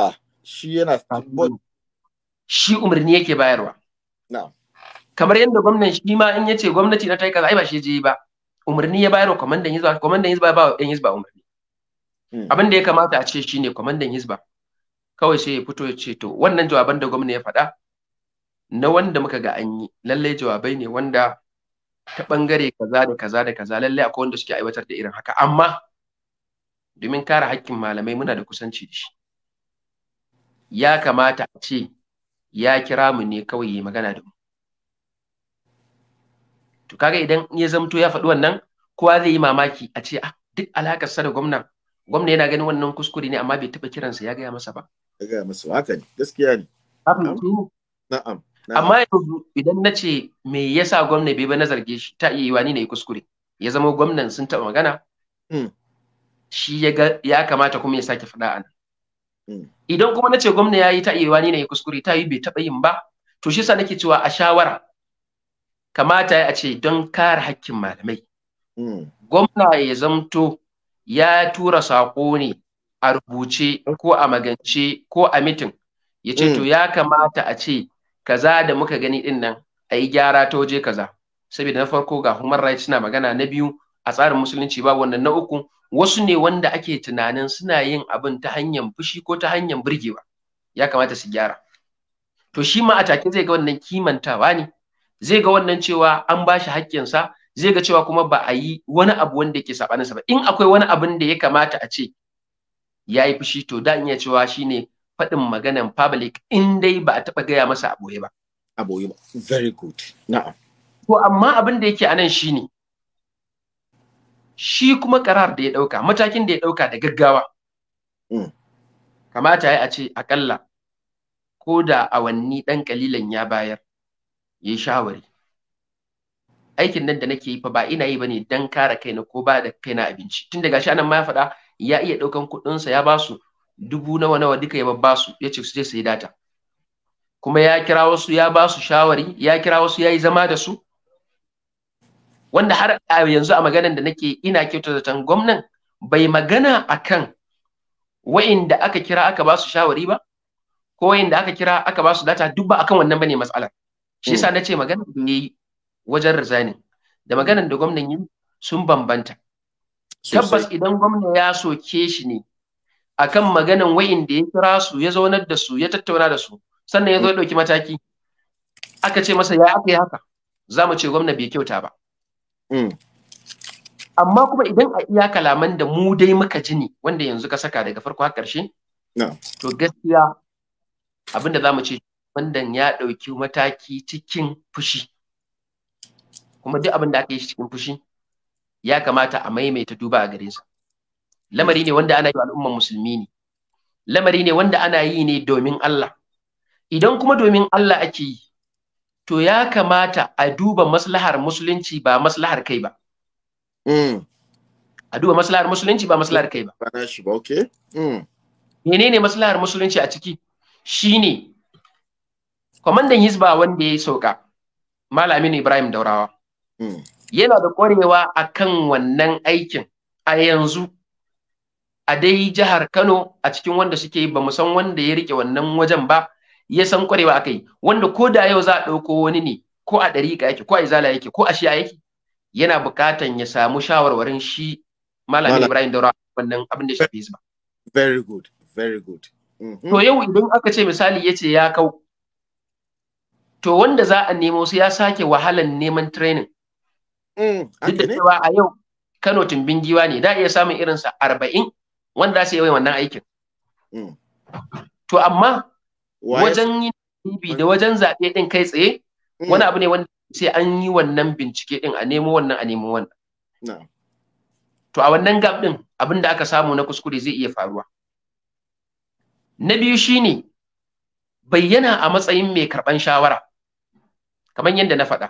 ah, shi yana shi umarni yake bayarwa kamar yadda gwamnan shi ma in yace gwamnati na ta yi kaza ai ba shi je ba umarni ya bayarwa kwamandan hizba kwamandan hizba ba yan hizba umarni hmm. abin da ya kamata a ce shine kwamandan hizba kawai sai ya fito ya ce to wannan jawaban da gwamnati ya faɗa na wanda muka ga an yi lallai jawabai ne wanda ta bangare kaza da kaza da kaza lallai akwai wanda suke aiwatar da irin haka amma domin kare haƙƙin malamai muna da kusanci da shi ya kamata a ce ya kira mu ne kawai yi magana da mu to kaga idan ya zamto ya faɗi wannan kowa zai yi mamaki a ce ah duk alakar sa da gwamna gwamna yana ganin wannan kuskure ne amma bai taɓa kiransa ya gaya masa ba ya gaya masa haka ne gaskiya ne na'am amma yanzu idan na ce me yasa gwamna bai ba na zarge shi ta iya yiwa ni na yi kuskure ya zama gwamnan sun taɓa magana hmm. shi ya kamata kuma ya sake faɗa a nan idan kuma na ce gwamna yayi ta iya ni ne kuskure ta yi bai taɓa yin ba to shi yasa nake cewa a shawara kamata a ce don kare hakkin malamai mm. gwamna ya zamto ya tura sako ne a rubuce ko a magance ko a mitin ya ce to mm. ya kamata a ce kaza da muka gani din nan a gyara ta waje kaza saboda na farko ga human rights suna magana na biyu a tsarin musulunci babu wannan na uku wasu ne wanda ake tunanin suna yin abin ta hanyar fushi ko ta hanyar burgewa ya kamata su gyara to shi ma a take zai ga wannan kimantawa ne zai ga wannan cewa an ba shi haƙƙinsa zai ga cewa kuma ba a yi wani abu wanda yake saɓaninsa ba in akwai wani abin da ya kamata a ce ya yi fushi to da in iya cewa ne faɗin maganan public in dai ba a taɓa gaya masa a ba. A ba. Very good. Na'am. To amma abin da yake a nan shi ne. shi kuma karar da ya ɗauka matakin da ya ɗauka da gaggawa mm. kamata ya a ce akalla ko da awanni dan kalilan ya bayar ya yi shawari aikin nan da nake yi fa ba ina yi ne dan kare kaina ko ba da kaina abinci tun daga shi anan ma ya faɗa ya iya ɗaukan kuɗinsa ya ba su dubu nawa nawa duka ya babba su ya ce su je su yi data kuma ya kira wasu ya ba su shawari ya kira wasu ya yi zama da su wanda har yanzu a maganan da nake ina kyauta zaton gwamnan bai magana akan wa'inda aka kira aka ba su shawari ba ko wa'inda aka kira aka ba su data duk ba akan wannan bane matsalar shi yasa ce magana da yi wajen rizani da maganan da gwamnan yi sun bambanta tabbas idan gwamna ya soke shi ne akan maganan wa'inda ya kira su ya zaunar da su ya tattauna da su sannan ya zo ya ɗauki mataki aka ce masa ya aka yi haka za mu ce gwamna bai kyauta ba Mm. amma kuma idan a iya kalaman da mu dai muka ji ne wanda yanzu ka saka daga farko har ƙarshe to gaskiya abin da za mu ce bandan ya ɗauki mataki cikin fushi kuma duk abin da aka yi cikin fushi ya kamata a maimaita duba a garinsa lamari ne wanda ana yi al'umman musulmi ne lamari ne wanda ana yi ne domin Allah idan kuma domin Allah ake yi to ya kamata a duba maslahar musulunci ba maslahar kai ba mm. a duba maslahar musulunci ba maslahar kai ba mm. menene maslahar musulunci a ciki Shi ne. kwamandan hizba wanda ya sauka malamin ibrahim daurawa mm. yana da ƙwarewa a kan wannan aikin a yanzu a dai jihar kano a cikin wanda suke ba san wanda ya rike wannan wajen ba ya san kwarewa yi. wanda ko da yau za a ɗauko wani ne ko a ɗariƙa yake ko a izala yake ko a shi'a yake yana buƙatan ya samu shawarwarin shi malamin Ibrahim Daura wannan abin da shi ba. Very good, very good. Mm-hmm. To yau idan aka ce misali ya ce ya kau, to wanda za a nemo su ya sake wahalan neman training. Mm, Duk da cewa a yau Kano tumbin giwa ne, da iya samun irinsa arba'in wanda za su yi wannan aikin. Mm. To amma wajen yin TV da wajen zaɓe ɗin kai tsaye mm. wani abu ne wanda sai an yi wannan bincike ɗin a nemo wannan a nemo wannan. To a wannan gab ɗin abin da aka samu na kuskure zai iya faruwa. Na biyu shi shine bayyana a matsayin mai karɓan shawara kamar yadda na faɗa.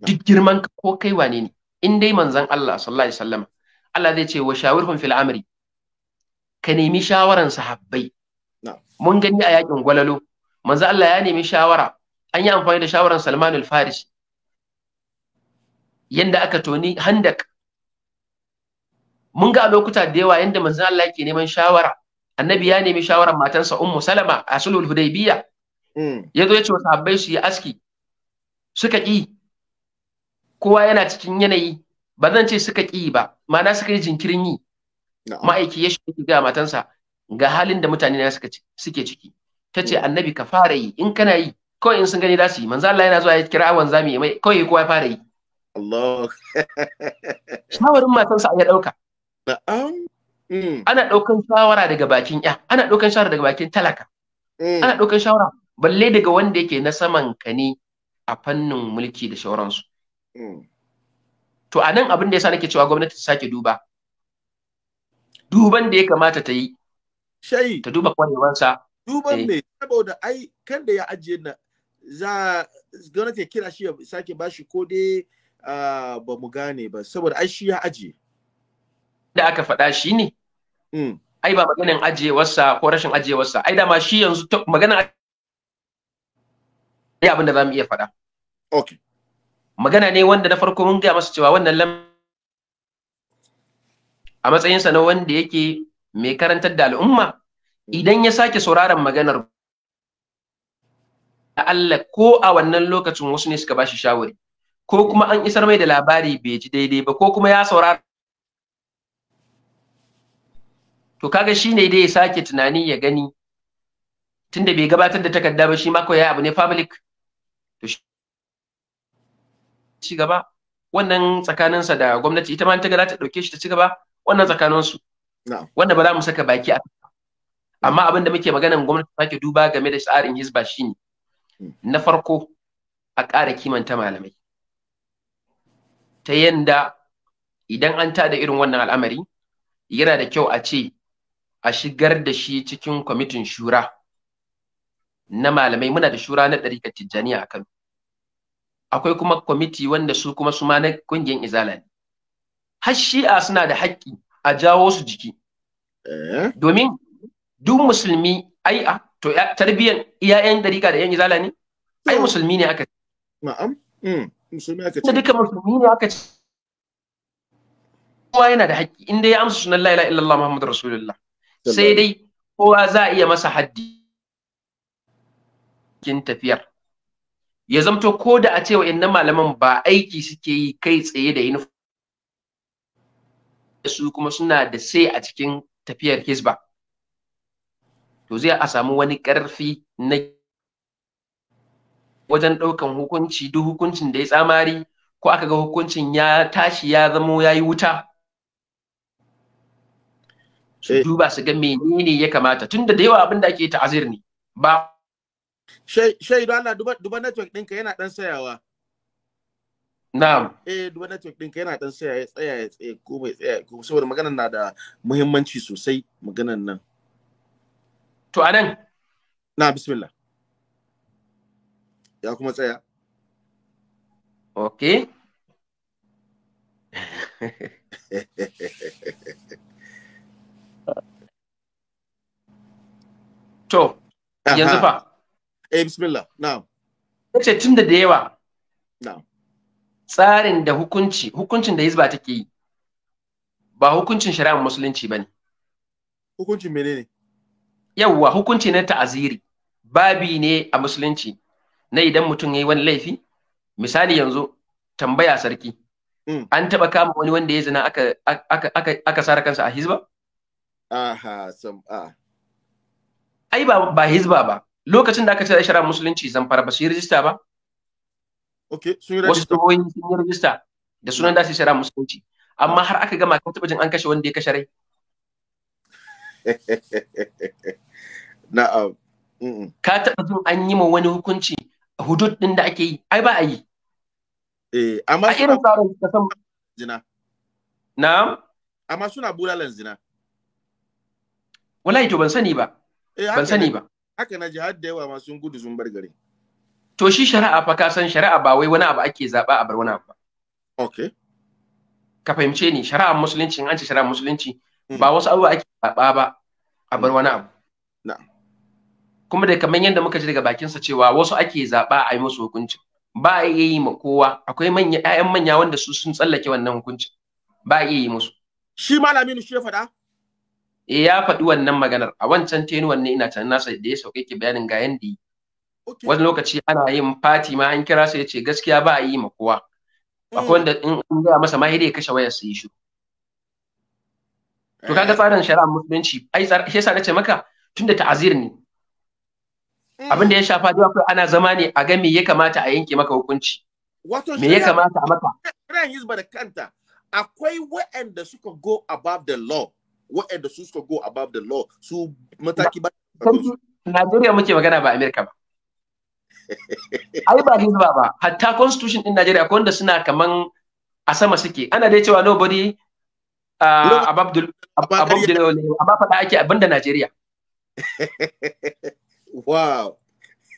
Duk girman ko kai wane ne in dai manzon Allah sallallahu alaihi wasallam Allah zai ce wa shawarhum fil amri ka nemi shawaran sahabbai mun gani a yakin gwalalo manzo Allah ya nemi shawara an yi amfani da shawaran Salman al-Farisi yanda aka toni handak mun ga a lokuta da yawa yanda manzo Allah yake neman shawara annabi ya nemi shawaran matansa ummu salama a sulhul hudaybiya mm. ya zo ya ce wa sahabbai su yi aski suka ƙi kowa yana cikin yanayi ba zan ce suka ki ba ma'ana suka yi jinkirin yi ma'aiki ya shiga matansa ga halin da mutane na suke ciki ta ce mm. annabi ka fara yi in kana yi ko in sun gani za su yi manzo Allah yana zuwa ya kira awan zami mai yi kowa ya fara yi Allah shawarin sa ya dauka na'am mm. ana daukan shawara daga bakin ya ana daukan shawara daga bakin talaka mm. ana daukan shawara balle daga wanda yake na saman ka ne a fannin mulki da shauransu to anan abin da yasa nake cewa gwamnati ta sake duba duban da ya kamata ta yi shayi ta duba kwarewarsa duban eh. me saboda ai kan da ya ajiye na za gwamnati ya kira shi ya sake bashi ko dai ba mu gane ba saboda ai shi ya ajiye da aka faɗa shi ne mm. ai ba maganin ajiyewarsa ko rashin ajiyewarsa ai da ma shi yanzu maganin ya abin da za mu iya faɗa. Okay. Magana ne wanda na farko mun gaya masa cewa wannan lam a matsayinsa na wanda yake mai karantar da al'umma idan ya sake sauraron maganar Da Allah ko a wannan lokacin wasu ne suka ba shi shawari ko kuma an isar mai da labari bai ji daidai ba ko kuma ya saurara to kaga shi ne dai ya sake tunani ya gani tunda bai gabatar da takarda ba shi mako ya abu ne public to shi gaba wannan tsakaninsa da gwamnati ita ma ta ga za ta ɗauke shi ta ci gaba wannan tsakaninsu wanda ba za mu saka baki a amma abin da muke maganan gwamnati ta take duba game da tsarin hizba shine hmm. na farko a ƙara kimanta malamai ta yanda idan an tada irin wannan al'amari yana da kyau a ce a shigar da shi cikin kwamitin shura na malamai muna da shura na ɗarikar tijjaniya a Kano akwai kuma kwamiti wanda su kuma su ma na ƙungiyar izala ne har shi'a suna da haƙƙi a jawo su jiki eh? domin duk musulmi ai a ah, to tarbiyyar iyayen dariƙa da yan izala ne ai musulmi ne aka na'am hmm, musulmi aka ce duka musulmi ne aka ce kowa yana da haƙƙi inda ya amsa sunan la ilaha illallah muhammadur rasulullah sai dai kowa za a iya masa haddi kin tafiyar ya zamto ko da a cewa inna malaman ba aiki suke yi kai tsaye da uniform su kuma suna da sai a cikin tafiyar hizba to zai a samu wani ƙarfi na wajen ɗaukan hukunci duk hukuncin da ya tsamari ko aka ga hukuncin ya tashi ya zamo ya yi wuta su eh. duba su ga menene ya kamata tunda da yawa abin da ake ta'azir ne ba shaidu ana duba network ɗinka yana ɗan sayawa Na'am. Eh duba network ɗinka yana ɗan tsaya ya tsaya ya tsaya ko bai tsaya ko saboda maganar na da muhimmanci sosai maganar nan. To anan. Na bismillah. Ya kuma tsaya. Okay. to, yanzu fa. Eh bismillah, na'am. Kace tunda da yawa. Na'am. tsarin da hukunci hukuncin da hizba take yi ba hukuncin shari'ar musulunci ba ne. Hukuncin menene? Yawwa hukunci na ta'aziri babi ne a musulunci na idan mutum ya yi wani laifi misali yanzu tambaya sarki hmm. an taɓa kama wani wanda ya zina aka, aka, aka, aka sara kansa a hizba? Aha, sam, ah. Ai ba, ba hizba ba. Lokacin da aka ce shari'ar musulunci zamfara ba su yi rijista ba? ok sun yi rajista wasu jihohi sun yi rajista da sunan da su shara musulunci amma har aka gama kan tabbacin an kashe wanda ya kashe rai na'am ka taɓa jin an yi ma wani hukunci hudud din da ake yi ai ba a yi eh amma a irin tsarin ka san zina na'am amma suna bulalan zina wallahi to ban sani ba eh, ban sani ba haka na jihar da yawa ma sun gudu sun bar gari. to shi shari'a fa ka san shari'a ba wai wani abu ake zaba a bar wani abu ba okay ka fahimce ni shari'a musulunci an ce shari'a musulunci hmm. ba wasu abubuwa ake zaba ba a bar hmm. wani abu kuma da kamar yadda muka ji daga bakinsa cewa wasu ake zaba a yi musu hukuncin ba a iya yi ma kowa akwai manya ƴaƴan manya wanda su sun tsallake wannan hukuncin ba a iya yi musu shi malamin shi ya faɗa eh ya faɗi wannan maganar a wancan tenuwan ne ina tunanin nasa da ya sauke ki bayanin ga yanda yi wani lokaci ana yin fati ma an kira su ya ce gaskiya ba a yi ma kowa akwai mm. wanda in an gaya masa ma ya kashe wayar su yi shi. to kaga tsarin shari'a musulunci ai shi yasa nace maka tunda ta'azir ne mm. abin da ya shafa da akwai ana zama ne a ga me ya kamata a yanke maka hukunci me ya kamata a maka ran hizba da kanta akwai wa'anda suka go above the law Wa'anda su suka go above the law su mataki ba Najeriya muke magana ba Amerika ba ai ba ni ba hatta constitution din Najeriya ko wanda suna kaman a sama suke ana dai cewa nobody uh, above the above amma faɗa ake abinda Najeriya wow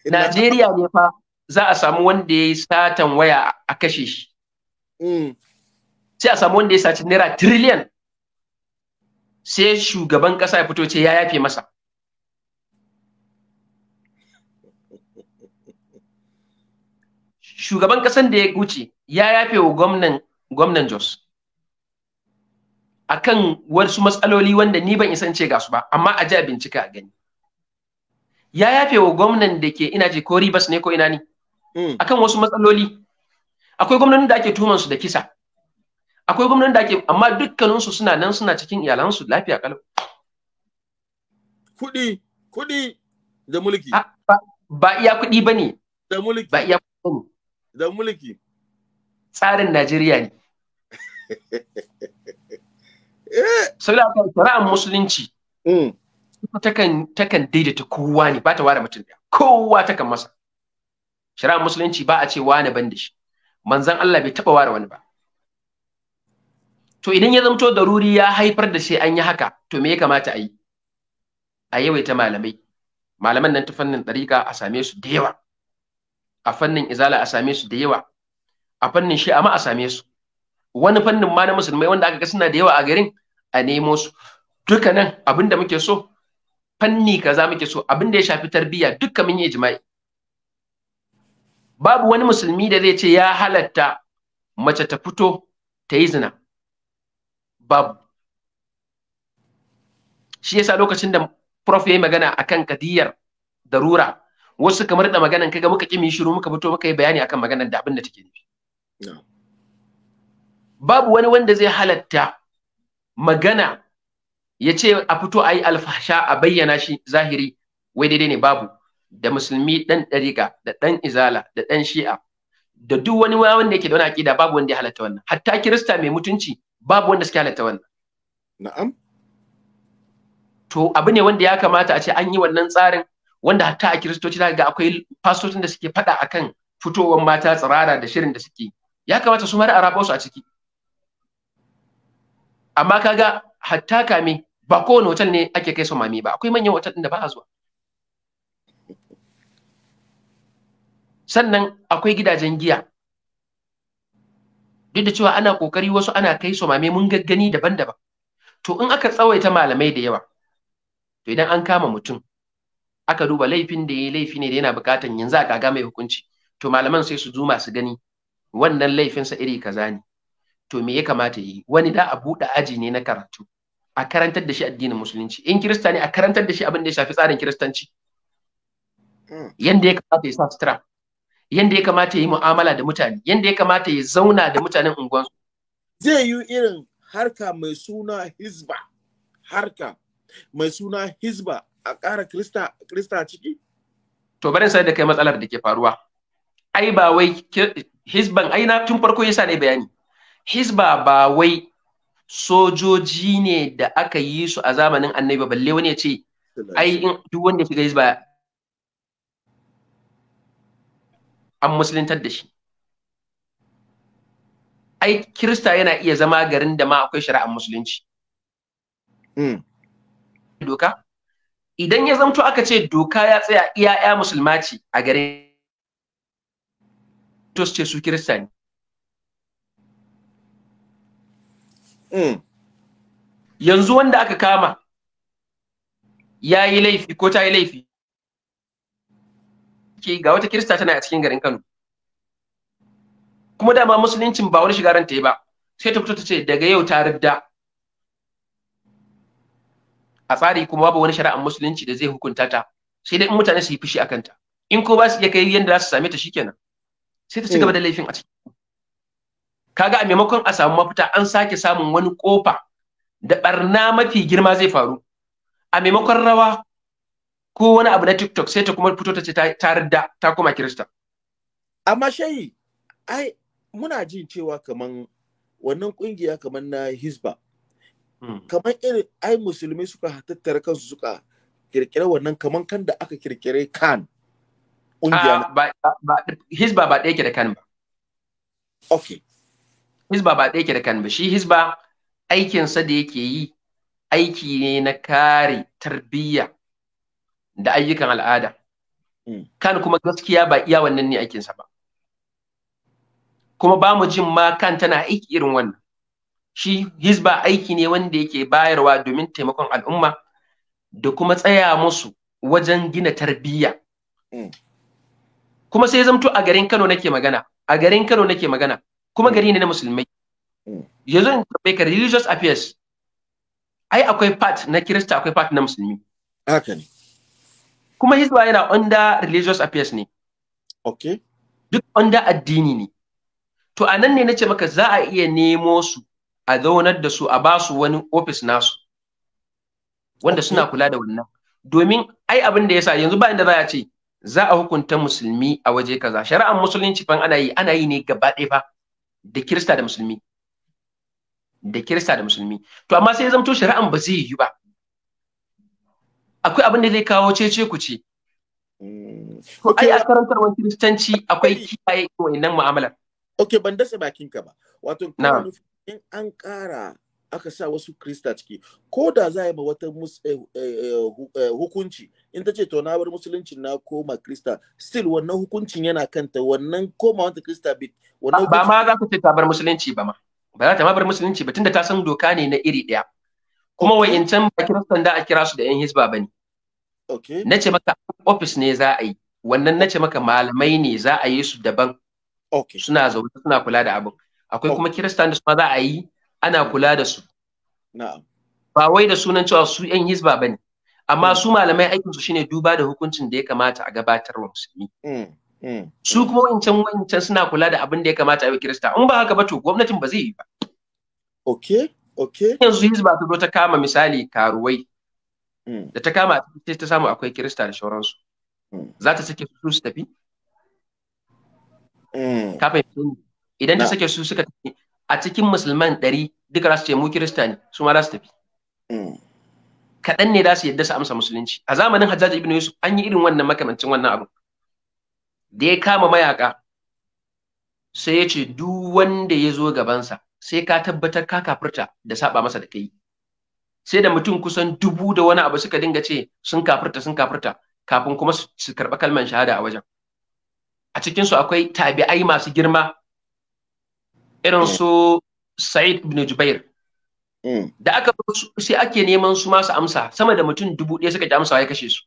Najeriya ne fa za a samu wanda ya yi satan waya a kashe shi mm. sai a samu wanda ya saci naira trillion sai shugaban kasa ya fito ce ya yafe masa shugaban kasan da ya guce ya yafe wa gwamnan gwamnan Jos akan wasu matsaloli wanda ni ban isance ga su ba amma a ji bincika a gani ya yafe wa gwamnan da ke ina je ko ribas ne ko ina ne hmm. akan wasu matsaloli akwai gwamnanin da ake tuman su da kisa akwai gwamnanin da ake amma dukkanin su suna nan suna cikin iyalansu lafiya kalau kuɗi kuɗi da mulki ba iya kuɗi bane da mulki ba iya mulki tsarin Najeriya ne eh. saboda shari'ar musulunci mm. takan daidaita kowa ne ba ta ware mutum kowa takan masa shari'ar musulunci ba a ce wani ban da shi manzon Allah bai taba ware wani ba to idan ya zamto daruri ya haifar da sai an yi haka to me ya kamata a yi a yawaita malamai malaman nan ta fannin ɗariƙa a same su da yawa a fannin izala a same su da yawa a fannin shi'a ma a same su wani fannin ma na musulmai wanda aka ga suna da yawa a garin a nemo su dukkanin abin da muke so fanni kaza muke so abin da ya shafi tarbiyya dukkan mun yi jima'i babu wani musulmi da zai ce ya halatta mace ta fito ta yi zina babu shi yasa lokacin da prof ya yi magana akan kadiyar darura wasu kamar da maganan kaga muka kimi shiru muka fito muka yi bayani akan maganan da abin da take nufi babu wani wanda zai halatta magana ya ce a fito a yi alfasha a bayyana shi zahiri wai daidai ne babu da musulmi dan ɗariƙa da dan izala da dan shi'a da duk wani wanda yake da wani aƙida babu wanda ya halatta wannan hatta kirista mai mutunci babu wanda suke halatta wannan na'am to abu ne wanda ya kamata a ce an yi wannan tsarin wanda hatta a kiristoci ga akwai fasotin da suke faɗa akan fitowar mata tsirara da shirin da suke ya kamata su mara araba su a ciki amma kaga hatta kame ba kowane hotel ne ake kai su mami ba akwai manyan hotel din da ba a sannan akwai gidajen giya duk da cewa ana kokari wasu ana kai su mame mun gaggani daban-daban to in aka tsawaita malamai da yawa to idan an kama mutum aka duba laifin da ya yi laifi ne da yana bukatan yanzu a kaga mai hukunci to malaman sai su zuma su gani wannan laifinsa iri kaza ne to me ya kamata yi wani da a buɗe aji ne na karatu a karantar da shi addinin musulunci in kirista ne a karantar da shi abin da ya shafi tsarin kiristanci hmm. yanda ya kamata ya sa sutura yanda ya kamata ya yi mu'amala da mutane yanda ya kamata ya zauna da mutanen unguwansu zai yi irin harka mai suna hizba harka mai suna hizba a ƙara krista krista a ciki to bari sai da kai matsalar da ke faruwa ai ba wai hisban ai na tun farko yasa ne bayani hisba ba wai sojoji ne da aka yi su a zamanin annabi balle wani ya ce ai in duk wanda shiga hisba an musuluntar da shi ai kirista yana iya zama garin da ma akwai shari'ar musulunci hmm. doka idan ya zamto aka ce doka ya tsaya iya ya musulma a gare to ce su kirista ne mm. yanzu wanda aka kama ya yi laifi ko ta yi laifi ga wata kirista tana a cikin garin kano kuma dama musuluncin ba wani shigaranta ya ba sai ta fito ta ce daga yau ta ridda a tsari kuma babu wani shari'ar musulunci da zai hukunta ta sai dai in mutane su yi fushi akan ta in ko ba su iya kai yadda za su same ta shikenan sai ta ci gaba da mm. laifin a ciki kaga a maimakon a samu mafita an sake samun wani kofa da barna mafi girma zai faru a maimakon rawa ko wani abu na TikTok sai ta kuma fito ta ce ta rida ta koma Kirista amma shayi ai muna jin cewa kaman wannan kungiya kaman na Hisba Hmm. kamar irin ai musulmi suka tattara kansu suka kirkire wannan kamar kan da aka kirkire kan ƙungiya ah, ba hisba ba ɗaya ke da kan ba okay hisba ba ɗaya ke da kan ba shi hisba aikinsa da yake yi aiki ne na kare tarbiyya da ayyukan al'ada hmm. kan kuma gaskiya ba iya wannan ne aikinsa ba kuma ba mu jin ma kan tana aiki irin wannan shi hizba aiki ne wanda yake bayarwa domin taimakon al'umma da kuma tsaya musu wajen gina tarbiyya mm. kuma sai zamto a garin Kano nake magana a garin Kano nake magana kuma gari ne na musulmai mm. yanzu in tambaye ka religious affairs ai akwai part na Kirista akwai part na musulmi haka ne kuma hizba yana under religious affairs ne okay duk under addini ne to a nan ne nace maka za a iya nemo su a zaunar da su a ba su wani ofis nasu wanda suna kula da wannan domin ai abin da yasa yanzu ba inda za a ce za a hukunta musulmi a waje kaza shari'ar musulunci fa ana yi ana yi ne gaba ɗaya fa da kirista da musulmi da kirista da musulmi to amma sai ya zamto shari'an ba zai yi ba akwai abin da zai kawo cece ku ce hmm. Ko ai a karantarwar kiristanci akwai kiyaye wannan mu'amalar okay ban dasa bakin ka ba wato kana in an ƙara aka sa wasu krista ciki ko da za a yi ma wata eh, eh, eh, hukunci in ta ce to na bar musulunci na koma krista still wannan hukuncin yana kanta wannan koma wata krista bit wannan ba ma za ku ce ta bar musulunci ba ma ba za ta ma bar musulunci ba tunda ta san doka ne na iri ɗaya kuma can ba kiristan da a kira su da yan hisba ba ne na ce maka ofis ne za a yi wannan na ce maka malamai ne za a yi su daban suna zaune suna kula da abin akwai oh. kuma kiristan da su ma za a yi ana kula da su ba wai da sunan cewa su yan hizba ba ne amma hmm. su malamai aikin su shine duba da hukuncin da ya kamata a gabatar wa musulmi hmm, hmm. su kuma wancan wancan suna kula da abin da ya kamata a yi kirista in ba haka ba to gwamnatin ba zai yi ba okay okay yanzu hizba ta zo ta kama misali karuwai da ta kama sai ta samu akwai kirista da sauransu za ta sake su su tafi kafin idan ta sake su suka tafi a cikin musulman ɗari duka za su ce mu kirista ne su ma za su tafi mm. kaɗan ne za su yadda su amsa musulunci a zamanin hajjaji ibn yusuf an yi irin wannan makamancin wannan abu da ya kama mayaka sai ya ce duk wanda ya zo gabansa sai ka tabbatar ka kafirta da saba masa da kai sai da mutum kusan dubu da wani abu suka dinga ce sun kafirta sun kafirta kafin kuma su karɓi kalmar shahada a wajen a cikinsu akwai tabi'ai masu girma irin mm. su Sa'id ibn Jubair mm. da aka sai ake neman su masu amsa sama da mutum dubu ɗaya suka ji amsa ya kashe su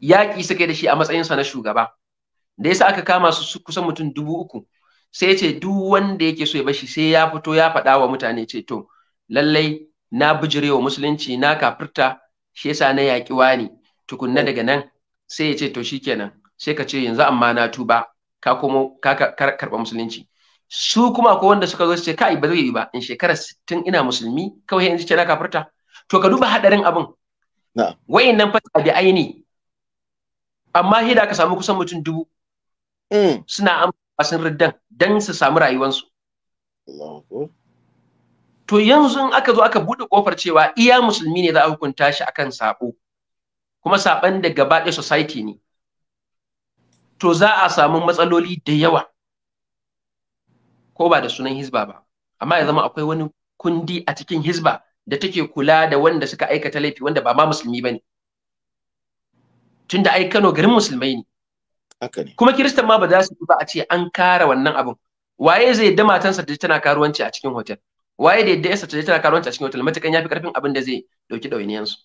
yaƙi suka yi da shi a matsayinsa na shugaba da yasa aka kama su kusan mutum dubu uku sai ya ce duk wanda yake so ya bashi sai ya fito ya faɗa wa mutane ce to lallai na bijirewa musulunci na kafirta shi yasa na yaƙi wani tukunna mm. daga nan sai ya ce to shikenan sai ka ce yanzu amma na tuba ka komo ka karɓa musulunci su kuma ko wanda suka zo su ce kai ba zai yi ba in shekara 60 ina musulmi kawai yanzu ce na kafirta to ka duba hadarin abin nan fa bi aini amma hida ka samu kusan mutum dubu mm. suna amfani sun riddan dan su samu rayuwansu to yanzu in aka zo aka bude kofar cewa iya musulmi ne za a hukunta shi akan sabo kuma saban da gaba ɗaya society ne to za a samu matsaloli da yawa ko ba da sunan hizba ba amma ya zama akwai wani kundi a cikin hizba da take kula da wanda suka aikata laifi wanda ba ma musulmi ba ne tunda ai Kano garin musulmai ne haka ne kuma kiristan ma ba za su ba a ce an kara wannan abin waye zai yadda matansa ta tana karuwanci a cikin hotel waye da yadda yasa ta tana karuwanci a cikin hotel matakan yafi karfin abin da zai dauki dawainiyan su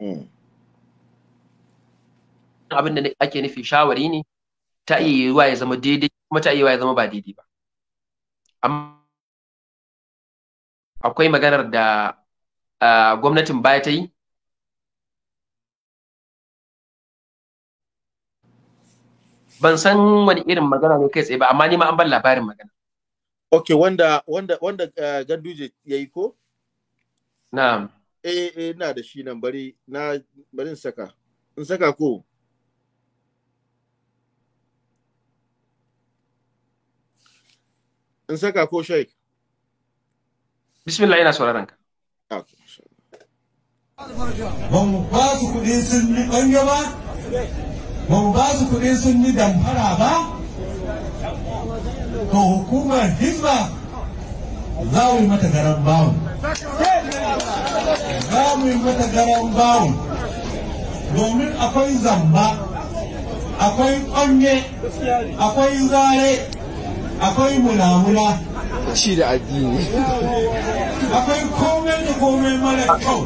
mm. abin da ake nufi shawari ne ta iya yiwuwa ya zama daidai kuma ta iya yiwuwa ya zama ba daidai ba akwai maganar da gwamnatin baya ta yi ban san wani irin magana ne kai tsaye ba amma ni ma an ban labarin magana ok wanda wanda wanda ganduje ya yi ko Na. eh eh na da shi nan bari na bari saka in saka ko in saka ko shaik bismillah ina sauraron ka ba ba su kuɗin sun yi ɓanga ba ba ba su kuɗin sun yi damfara ba to hukumar hizba za mu yi mata garan bawon za mu yi mata garan bawon domin akwai zamba akwai ƙonye akwai zare akwai mulamula ci da addini akwai komai da komai mara kyau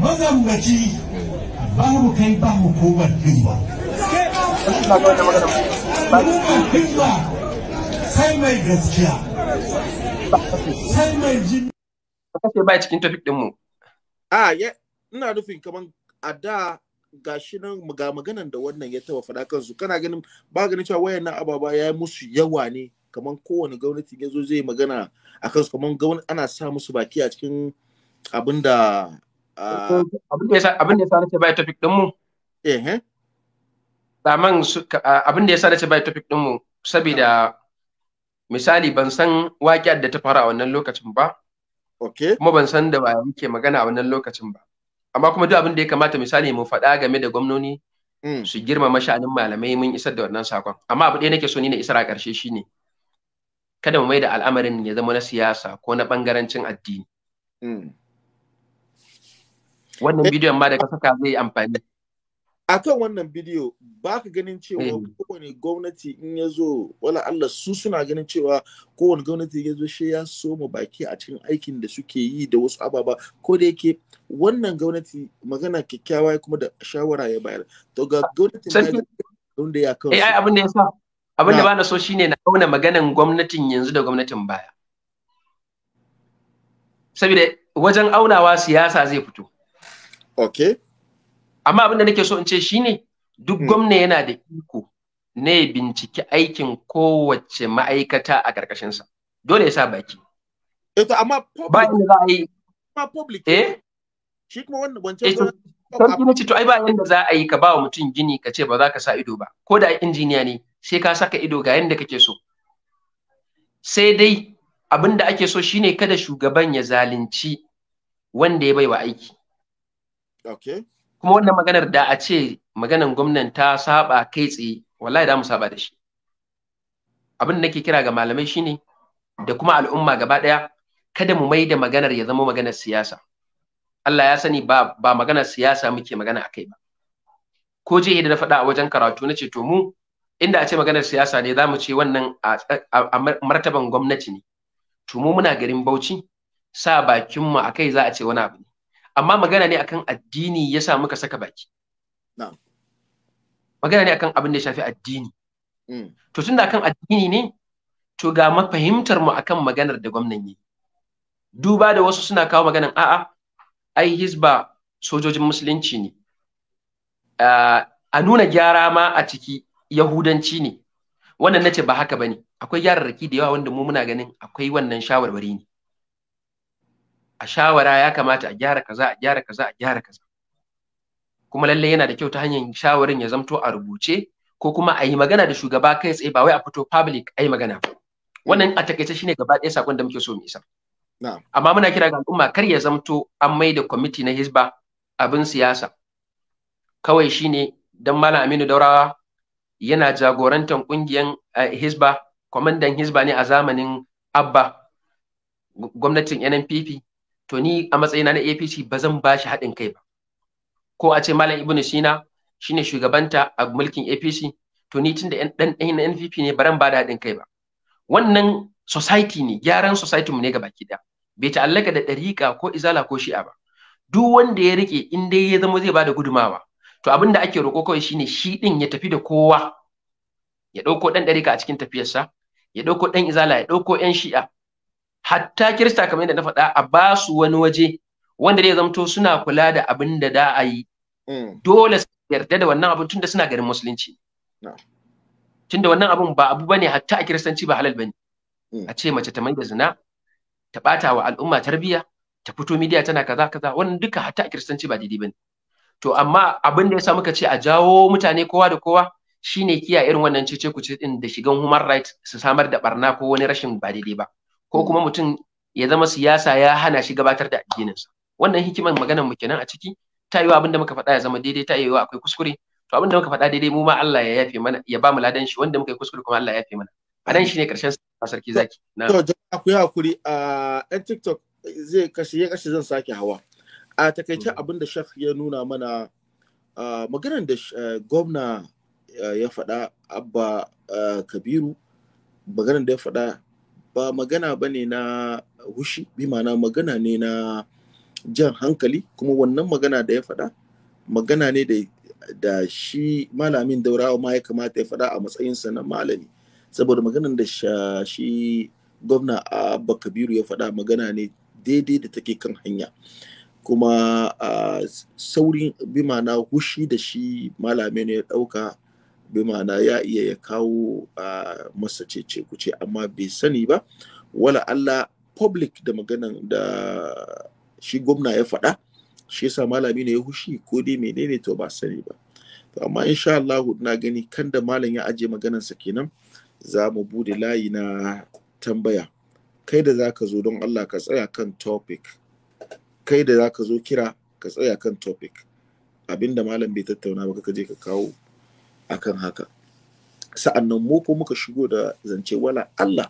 mazambaci babu kai ba hukumar hizba hukumar hizba sai mai gaskiya sai mai jini kashe ba cikin tafi ɗinmu mu ah, a ina nufin kamar a da gashi nan ga maganan da wannan ya taba faɗa kansu kana ganin ba ganin cewa wayan nan ababa ya yi musu yawa ne kamar kowane gwamnati ya zo zai magana a kansu kamar gwamnati ana sa musu baki a cikin abin da abin da ya sa nace bai topic din mu eh daman abin da ya sa nace bai topic din mu saboda misali ban san waƙiyar da ta fara a wannan lokacin ba okay kuma ban san da ba yake magana a wannan lokacin ba amma kuma duk abin da ya kamata misali mu faɗa game da gwamnoni hmm. su girmama sha'anin malamai mun isar da wannan sakon amma abu ɗaya nake so ni na isar a ƙarshe shine kada mu maida al'amarin ya zama na siyasa ko na ɓangarancin addini hmm. wannan bidiyon ma da ka saka zai amfani a kan wannan bidiyo ba ka ganin cewa hmm. kowane gwamnati in ya zo wala Allah su suna ganin cewa kowane gwamnati ya zo shi ya soma baki a cikin aikin da suke yi da wasu ababa ko da yake wannan gwamnati magana kyakkyawa kuma da shawara ya bayar to ga gwamnati da ya kawo eh abin da ya sa abin da na so shine na auna maganan gwamnatin yanzu da gwamnatin baya saboda wajen aunawa siyasa zai fito okay amma abin da nake so in ce shine duk hmm. gwamna yana da iko ne binciki aikin kowace ma'aikata a ƙarƙashinsa dole ya sa baki eh, ba za a yi eh shi kuma wannan wancan eh, sarki na to ai ba yanda za a yi ka ba wa mutum gini ka ce ba za ka sa ido ba ko da injiniya ne sai ka saka ido ga yanda kake so sai dai abin da ake so shine kada shugaban ya zalunci wanda ya bai wa aiki kuma wannan maganar da a ce maganar gwamnan ta saba kai tsaye wallahi da mu saba da shi abin da nake kira ga malamai shine da kuma al'umma gaba daya kada mu mai da maganar ya zama maganar siyasa Allah ya sani ba ba maganar siyasa muke magana akai ba ko je da na faɗa a wajen karatu na ce to mu inda a ce maganar siyasa ne za mu ce wannan a martaban gwamnati ne to mu muna garin Bauchi sa bakin mu akai za a ce wani abu ne amma magana ne akan addini yasa muka saka baki magana ne akan abin da ya shafi addini mm. to tunda akan addini ne to ga mafahimtar mu akan maganar da gwamnan yi duba da wasu suna kawo maganan a'a ai hizba sojojin musulunci ne a nuna gyara ma a ciki yahudanci ne wannan na ce ba haka ba ne. akwai yararraki da yawa wanda mu muna ganin akwai wannan shawarwari ne a shawara ya kamata a gyara kaza a gyara kaza a gyara kaza kuma lalle yana da kyau ta hanyar shawarin ya zamto a rubuce ko kuma a yi magana da shugaba kai tsaye ba wai a fito public a yi magana wannan a takaice shine gaba ɗaya sakon da muke so mu isa amma muna kira ga al'umma kar ya zamto an mai da kwamiti na hisba abin siyasa kawai shine dan malam Aminu Daurawa yana jagorantar kungiyan eh, hisba kwamandan hisba ne a zamanin abba gwamnatin NNPP to ni a matsayina na APC ba zan ba shi haɗin kai ba ko a ce Malam Ibn Sina shine shugabanta a mulkin APC to ni tunda 'yan ɗan NPP ne baran ba da haɗin kai ba wannan society ne gyaran society mu ne gabaki ɗaya bai ta allaka da ɗariƙa ko izala ko shi'a ba duk wanda ya rike in dai ya zama zai bada gudumawa to abin da ake roƙo kawai shine shi ɗin ya tafi da kowa ya ɗauko ɗan ɗarika a cikin tafiyarsa ya ɗauko ɗan izala ya ɗauko ‘yan shi'a hatta kirista kamar yadda na faɗa a ba su wani waje wanda zai zamto suna kula da abin da da a yi mm. dole su yarda da wannan abin tunda suna garin musulunci tunda wannan abin ba abu bane hatta a kiristanci ba halal bane mm. a ce mace ta mai da zina ta bata wa al'umma tarbiya, ta fito midiya tana kaza kaza wannan duka hatta a kiristanci ba daidai bane to amma abin da ya yasa muka ce a jawo mutane kowa da kowa shine kiya irin wannan cece kuce din da shigan human rights su samar da barna ko wani rashin ba daidai ba ko kuma mutum ya zama siyasa ya hana shi gabatar da addininsa wannan hikimar maganar mu kenan a ciki ta yiwa abinda muka faɗa ya zama daidai ta yiwa akwai kuskure to abinda muka faɗa daidai mu ma Allah ya yafe mana ya ba mu ladan shi wanda muka yi kuskure kuma Allah ya yafe mana a nan shine karshen sarki zaki na to jama'a ku yi hakuri a ɗan TikTok zai kashe ya kashe zan sake hawa a takaice mm. abinda Sheikh ya nuna mana maganar da eh, gwamna eh, ya faɗa Abba eh, Kabiru maganar da ya faɗa ba magana ba ne na hushi bi ma'ana magana ne na jan hankali kuma wannan magana da ya faɗa magana ne da shi malamin daurawa ma ya kamata ya faɗa a matsayinsa na malami saboda maganar da shi gwamna abba kabiru ya faɗa magana ne daidai da take kan hanya kuma saurin bi ma'ana hushi da shi malami ne ya ɗauka bi ma'ana ya iya ya kawo a masa cece kuce amma bai sani ba wala Allah public da maganan da shi gwamna ya faɗa shi yasa malami ne ya hushi ko dai menene to ba sani ba to amma insha Allah na gani kan da malam ya aje sa kenan za mu bude layi na tambaya kai da zaka zo don Allah ka tsaya kan topic kai da zaka zo kira ka tsaya kan topic abinda malam bai tattauna ba ka je ka kawo akan haka sa'annan mu ko muka shigo da zance wala Allah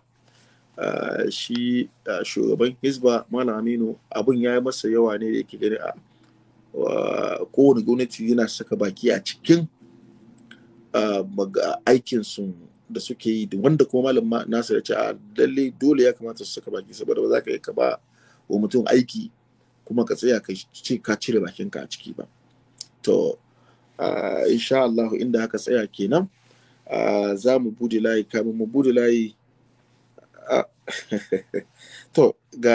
shi shugaban hizba malam aminu abun ya yi masa yawa ne da yake gani a kowane gwamnati yana saka baki a cikin aikinsu da suke yi da wanda kuma malam nasir ce a lalle dole ya kamata su saka baki saboda ba za ka yi ka ba wa mutum aiki kuma ka tsaya ka ce ka cire bakinka a ciki ba to Ah, insha Allah inda haka tsaya kenan ah, za mu bude layi kamin mu bude layi ah, to ga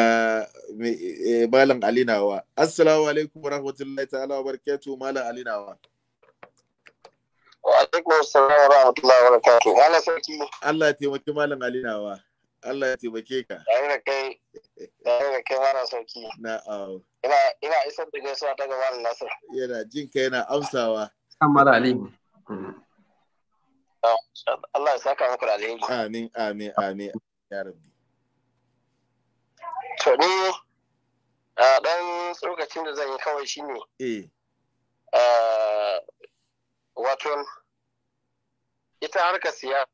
eh, malam alinawa assalamu alaikum wa rahmatullahi ta'ala wa barakatuhu malam alinawa wa alaikum wa wa sarki Allah ya taimaki malam alinawa Allah ya taimake ka. Tare da kai, tare da kai mara sauki. Na'am. Ina isar da gaisuwa ta gaban nasar. Yana jin ka yana amsawa. Kamar alaihi. Mm. Oh, Allah ya saka muku da Amin, amin, amin. Ya rabbi. To ni a ɗan tsokacin da zan yi kawai shine. Eh. Wato ita harkar siya?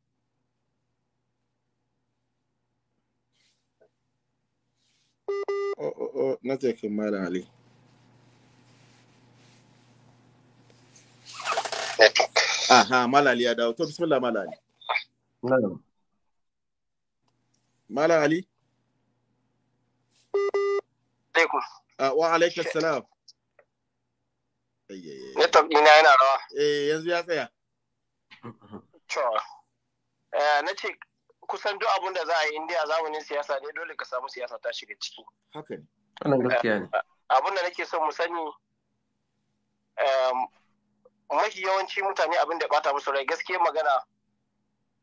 Oh, oh, oh, na tekin Mala Ali. Aha, malali ya dawo. To, bismillah malali. Malam Ali. Ah, wa alaikum salam. Network yana rawa. Eh, yanzu ya tsaya. Cewa. Eh, na ce, kusan duk abun da za a yi indiya zamanin siyasa ne dole ka samu siyasa ta shiga ciki. Haka ne. Wannan gaskiya ne. Eh, da nake son mu sani eh, mafi yawanci mutane abin da bata musu rai gaskiya magana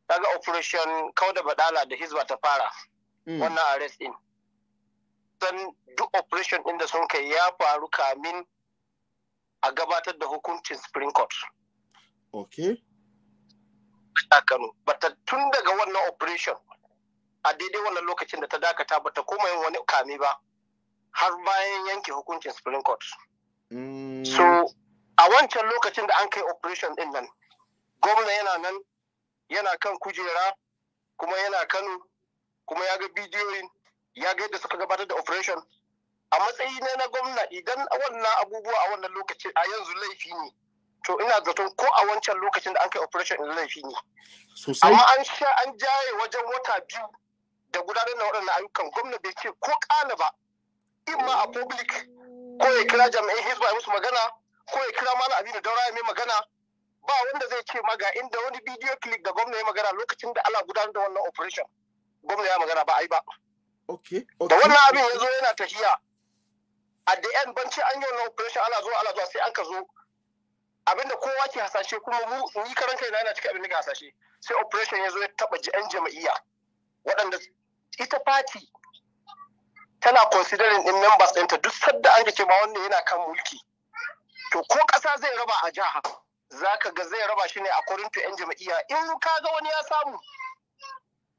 daga operation kawo da badala da hizba ta fara hmm. wannan arrest din san duk operation din da sun kai ya faru kamin a gabatar da hukuncin supreme court okay kano bata tun daga wannan operation a daidai wannan lokacin da ta dakata bata koma yin wani kami ba har bayan yanke hukuncin supreme court hmm. so a wancan lokacin da an kai operation din nan gwamna yana nan yana kan kujera kuma yana kano kuma ya ga bidiyoyin ya ga yadda suka gabatar da operation a matsayi ne na gwamna idan wannan abubuwa a wannan lokacin a yanzu laifi ne to ina zaton ko a wancan lokacin da an kai operation din laifi ne amma an sha an jaye wajen wata biyu da gudanar da waɗannan ayyukan gwamna bai ce ko ƙala ba in ma a public ko ya kira jami'an hizba ya musu magana ko ya kira malam aminu daura ya mai magana ba wanda zai ce ma ga inda wani bidiyo clip da gwamna ya magana lokacin da ala gudanar da wannan operation gwamna ya magana ba ai ba da wannan abin ya zo yana tafiya A the end banci an yi wannan operation ana zuwa ala zuwa sai an ka zo abinda kowa ke hasashe kuma mu yi karan kai na yana cikin abin da ka hasashe sai operation ya zo ya taba yan jama'iyya waɗanda ita party tana considering din members ɗinta duk sadda an ke ma wannan yana kan mulki to ko ƙasa zai raba a jiha za ka ga zai raba shi ne a korin 'yan jam'iyya in ka ga wani ya samu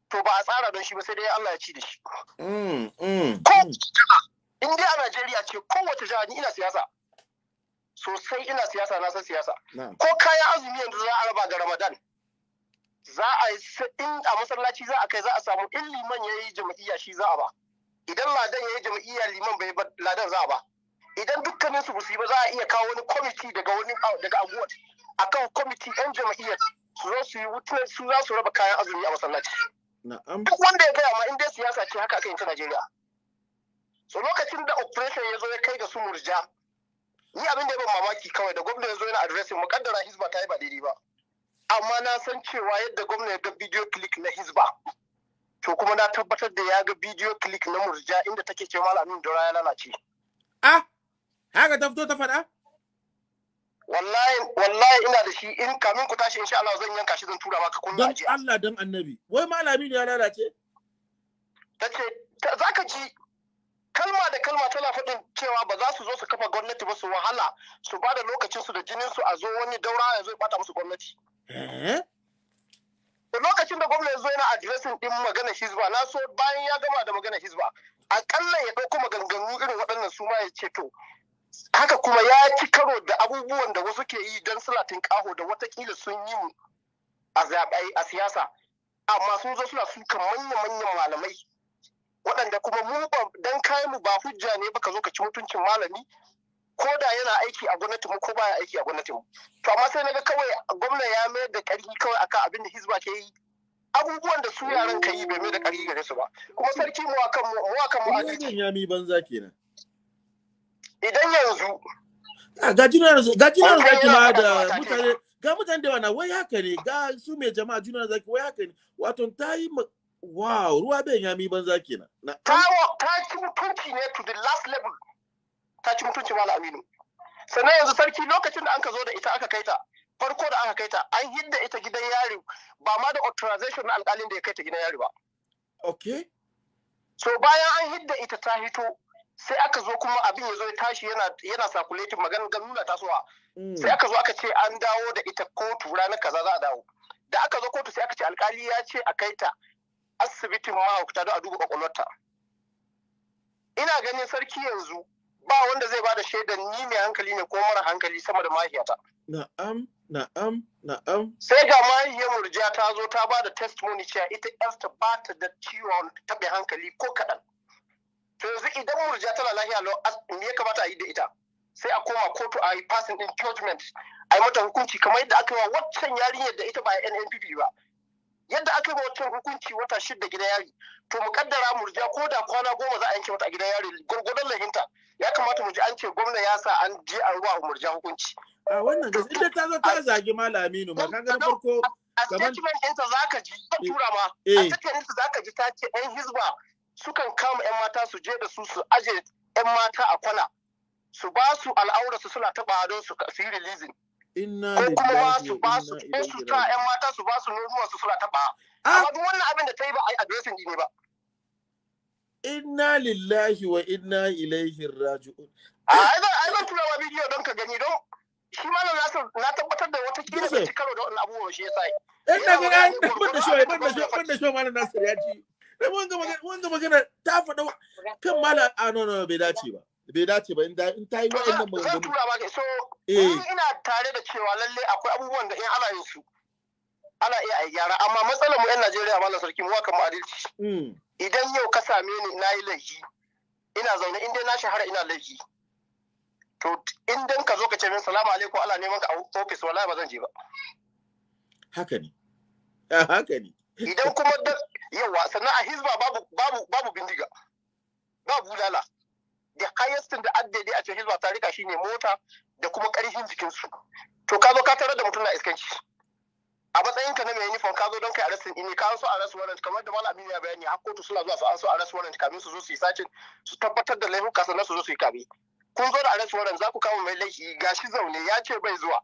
to ba a tsara don shi ba sai dai Allah ya ci da shi. Mm, mm, ko mm. in dai a Najeriya ce kowace jiha ni ina siyasa sosai ina siyasa na san siyasa. Ko kayan azumi yanzu za a raba ga Ramadan. Za a in a masallaci za a kai za a samu in liman ya yi jam'iyya shi za a ba. Idan ladan ya yi jam'iyya liman bai ladan za a ba. idan dukkanin su yi ba za a iya kawo wani kwamiti daga wani daga a akan kwamiti yan jama'iyyar su zo su yi su za su raba kayan azumi a masallaci duk wanda ya gaya ma in dai siyasa ce haka aka yi ta Najeriya so lokacin da operation ya zo ya kai ga su murja ni abin da ya ban mamaki kawai da gwamna ya zo yana addressing mukaddara hizba ta yi ba daidai ba amma na san cewa yadda gwamna ya ga video click na hizba to kuma na tabbatar da ya ga bidiyo click na murja inda take ce malamin dora ya lalace ah haka ta fito ta faɗa wallahi wallahi ina da shi in kamin ku tashi insha Allah zan yanka shi zan tura maka kunna ajiya don Allah don annabi wai malami ne ya lalace tace zaka ji kalma da kalma tana faɗin cewa ba za su zo su kafa gwamnati ba su wahala su ba da lokacinsu da jinin su a zo wani daura ya zo ya bata musu gwamnati. Eh? Da lokacin da gwamnati zo yana adiresin ɗin magana hizba na so bayan ya gama da magana hizba akalla ya ɗauko maganganu irin waɗannan su ma ya ce to haka kuma ya ci karo da abubuwan da wasu ke yi don sulatin kaho da watakila sun yi a siyasa amma sun zo suna sukan manya-manyan malamai waɗanda kuma mu dan kayan mu ba hujja ne baka zo ka ci mutuncin malami ko da yana aiki a gwamnati mu ko baya aiki a gwamnati mu to amma sai naga kawai gwamna ya mayar da ƙarfi kawai akan abin da hizba ke yi abubuwan da su yaran ka yi bai mayar da ƙarfi gare su ba kuma sarki mu akan mu akan mu a ya mi banza kenan idan yanzu ga ah, jinar ga junior zaki ma da mutane ga mutane da yawa na wai haka ne ga su mai jama'a junior zaki wai haka ne wato ta yi wow ruwa bai ya mi banza kenan na ta ci mutunci ne to the last level ta ci mutunci mala aminu sannan yanzu sarki lokacin da anka zo da ita aka kai ta farko da aka kai ta an hidda ita gidan yari ba ma da authorization na alƙalin da ya kai ta gidan yari ba okay so bayan an hidda ita ta hito sai aka zo kuma abin ya zo ya tashi yana yana sakuletin maganar nuna tasowa mm. sai aka zo aka ce an dawo da ita kotu ranar kaza za a dawo da aka zo kotu sai aka ce alkali ya ce a kai ta asibitin mahaukata don a duba kwakwalwarta ina ganin sarki yanzu ba wanda zai bada shaidar ni mai hankali ne ko mara hankali sama da mahiyata na'am na'am na'am sai ga mahiyar murja ta zo ta bada testimony cewa ita yarta ba ta da ciwon taɓe hankali ko kaɗan to yanzu idan murja tana lahiya lau me ya kamata a yi da ita sai a koma kotu a yi passing in judgment a yi mata hukunci kamar yadda aka yi wa waccan yarinyar da ita ba NNPP ba yadda aka yi wa waccan hukunci wata shida gidan yari to mu kaddara murja ko da kwana goma za a yanke mata a gidan yari gwargwadon lahinta ya kamata mu ji an ce gwamna ya sa an je a ruwa murja hukunci a wannan gaskiya ta zo ta zagi malami ne ma kaga farko a statement ɗinta ka ji ta eh, tura ma a eh. statement ɗinta ka ji ta ce ɗan hizba sukan kama 'yan mata su je da su su aje 'yan mata a kwana su ba su al'aura su suna taɓa don su yi releasing ko kuma ba su ba su su ta 'yan mata su ba su nonuwa su suna taɓa ah! amma duk wannan abin da ta yi ba a yi addressing ne ba inna lillahi wa inna ilaihi raji'un a ai zan tura wa bidiyo don ka gani don shi malam nasir na tabbatar da wata kira da ci da wannan abubuwa shi yasa in da gani ɗan da shi ɗan da shi ɗan da shi ɗan ya ji wanga magana wanga ta faɗa kan mala a ah, no no bai dace ba bai dace ba in ta yi wa'annan maganganu. Zan tura maka so eh. ina tare da cewa lalle akwai abubuwan da in ana yin su ana iya a gyara amma matsalar mu 'yan Najeriya malam sarki mu wakan mu adalci. Hmm. Idan yau ka same ni na yi laifi ina zaune in dai na shahara ina laifi. To in dan ka zo ka ce min salamu alaikum Allah neman ka a ofis wallahi ba zan je ba. Haka ne. Haka ne. Idan kuma yawa sannan a hizba babu bindiga babu bulala da highest da addade a cikin hizba ta rika shine mota da kuma karfin jikinsu to ka zo ka tarar da mutum na iskanci a matsayin ka na mai uniform ka zo don kai arrestin ne ka so arrest warrant kamar da malamin ya bayani har kotu suna zuwa su an so arrest warrant kamin su zo su yi sacin su tabbatar da ka sannan su zo su yi kabi kun zo da arrest warrant za ku kama mai laifi gashi zaune ya ce bai zuwa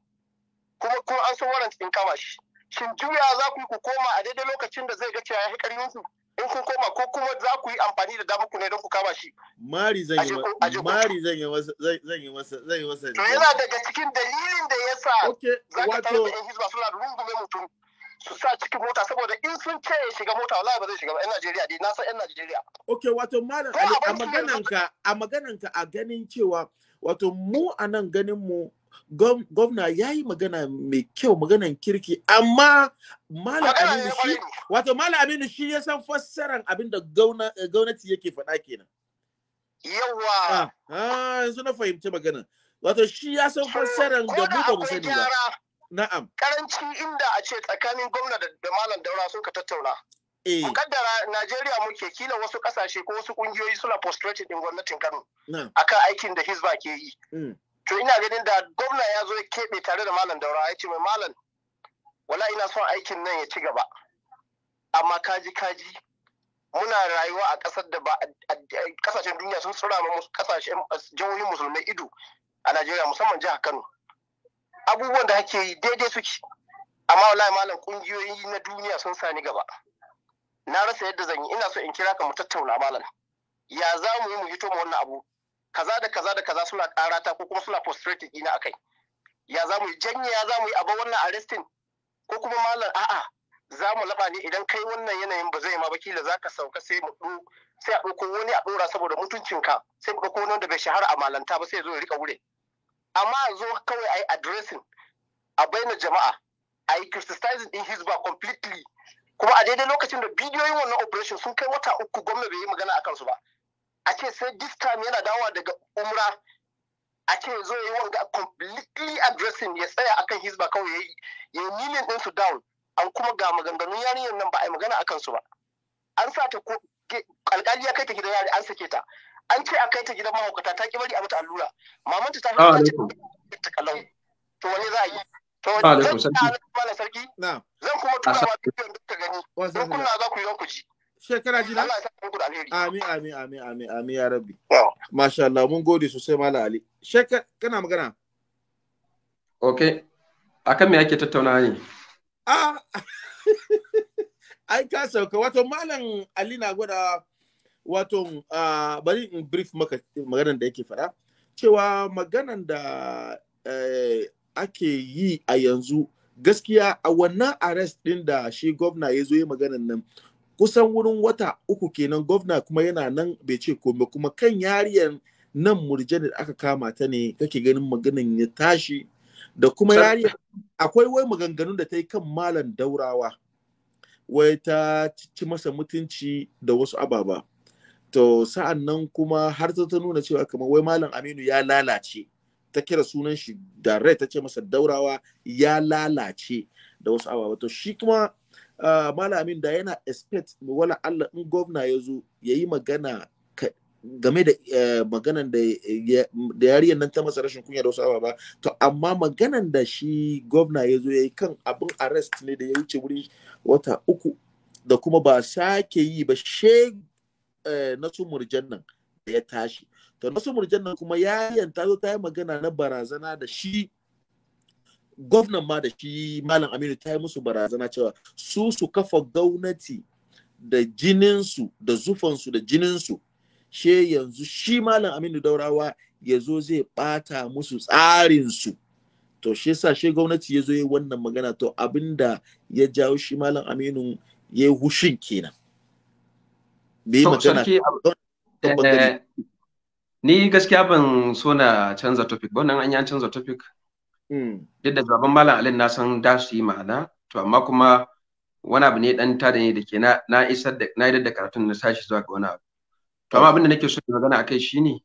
kuma kun an so warrant din kama shi shin juya za ku yi ku koma a daidai lokacin da zai ga cewa ya fi ƙarfin in kun koma ko kuma za ku yi amfani da damar ku ne don ku kama shi. Mari zan yi masa mari zan yi masa zan yi masa zan yi masa. To yana daga cikin dalilin da ya sa za ka tare da 'yan hizba suna rungume mutum su sa cikin mota saboda in sun ce ya shiga mota wallahi ba zai shiga ba 'yan Najeriya dai na san 'yan Najeriya. Okay wato malam a ka a ka a ganin cewa wato mu a nan ganin mu gwamna ya yi magana mai kyau maganan kirki amma malam aminu shi ya san fassaran abin da eh, gwamnati yake faɗa kenan yawa ah, ah yanzu na fahimci magana wato shi ya san fassaran da mu ba mu sani ba na'am karanci inda a ce tsakanin gwamna da malam daura sun ka tattauna eh. kaddara Najeriya muke kila wasu kasashe ko wasu kungiyoyi suna prostrated in gwamnatin Kano akan aikin da Hizba ke yi hmm. to ina ganin da gwamna ya zo ya keɓe tare da malam daura ya ce mai malam wala ina son aikin nan ya ci gaba amma kaji kaji muna rayuwa a ƙasar da ba kasashen duniya sun tsura ma kasashen jihohin musulmai ido a Najeriya musamman jihar Kano abubuwan da ake yi daidai suke amma wallahi malam kungiyoyi na duniya sun sani gaba na rasa yadda zan yi ina so in kira ka mu tattauna malam ya za mu yi mu hito mu wannan abu kaza da kaza da kaza suna karata ko kuma suna frustrated ina akai ya za mu janye ya za mu yi abin wannan arresting ko kuma malam a'a za mu laba ne idan kai wannan yanayin ba zai ma ba kila zaka sauka sai mu ɗo sai a ɗauko wani a ɗora saboda mutuncinka sai mu ɗauko wani da bai shahara a malanta ba sai ya zo ya rika wure amma a zo kawai a yi addressing a bayyana jama'a a yi criticizing his back completely kuma a daidai lokacin da bidiyoyin wannan operation sun kai wata uku gwamna bai yi magana a kansu ba a ce sai this time yana dawowa daga umra a ce zo yi wanga completely addressing ya tsaya akan hizba kawai ya yi ya yi nilin din down an kuma ga maganganun yarinyar nan ba a yi magana a kansu ba an sa ta alkali ya kai ta gidan yari an sake ta an ce a kai ta gidan mahaukata ta ki bari a mata allura mamanta ta fi ta kalau to wani za a yi to wani zan kuma tura wa bidiyon duk ka gani don kuna za ku yi ku ji shekara jina? Allah ya saka muku da Amin amin amin amin ya rabbi. Masha Allah mun gode sosai Malam Ali. Shekara kana magana? Okay. Akan me ake tattauna ne? Ah. Ai ka sauka wato Malam Ali na gwada wato bari in brief maka da yake fara cewa maganar da eh, ake yi a yanzu gaskiya a wannan arrest ɗin da shi gwamna ya zo yi maganar nan kusan wurin wata uku kenan gwamna kuma yana nan bai ce komai kuma kan yariyar nan murjanin aka kama ta ne kake ganin maganin ya tashi da kuma yariyar akwai wai maganganun da ta yi kan malam daurawa wai ta ci masa mutunci da wasu ababa to sa'an nan kuma har ta ta nuna cewa kamar wai malam aminu ya lalace ta kira sunan shi da rai ta ce masa daurawa ya lalace da wasu ababa to shi kuma Ah, malamin da yana expect wala Allah in gwamna ya zo ya yi magana game da eh, maganan da yariyan nan ta masa rashin kunya da wasu ababa to amma maganan da shi gwamna ya zo ya yi kan abin arrest ne da ya wuce wurin wata uku da kuma ba sake yi ba she eh, nasu murjan nan da ya tashi to nasu murjan nan kuma yariyan ta zo ta yi magana na barazana da shi gwamnan ma da shi malam aminu ta yi musu barazana cewa su su kafa gwamnati da jininsu da zufansu da jininsu she yanzu shi malam aminu daurawa ya zo zai ɓata musu tsarinsu to shi sa shi gwamnati ya zo yi wannan magana to abinda ya jawo shi malam aminu ya yi hushin kenan eh, ni gaskiya ban so na canza topic ba nan an yi canza topic Hmm. duk da zaben malam alin na san da su yi ma'ana to amma kuma wani abu ne dan tada ne da ke na isar da na yi da karatun na sashi zuwa ga wani abu to amma abin da nake so a magana akai shine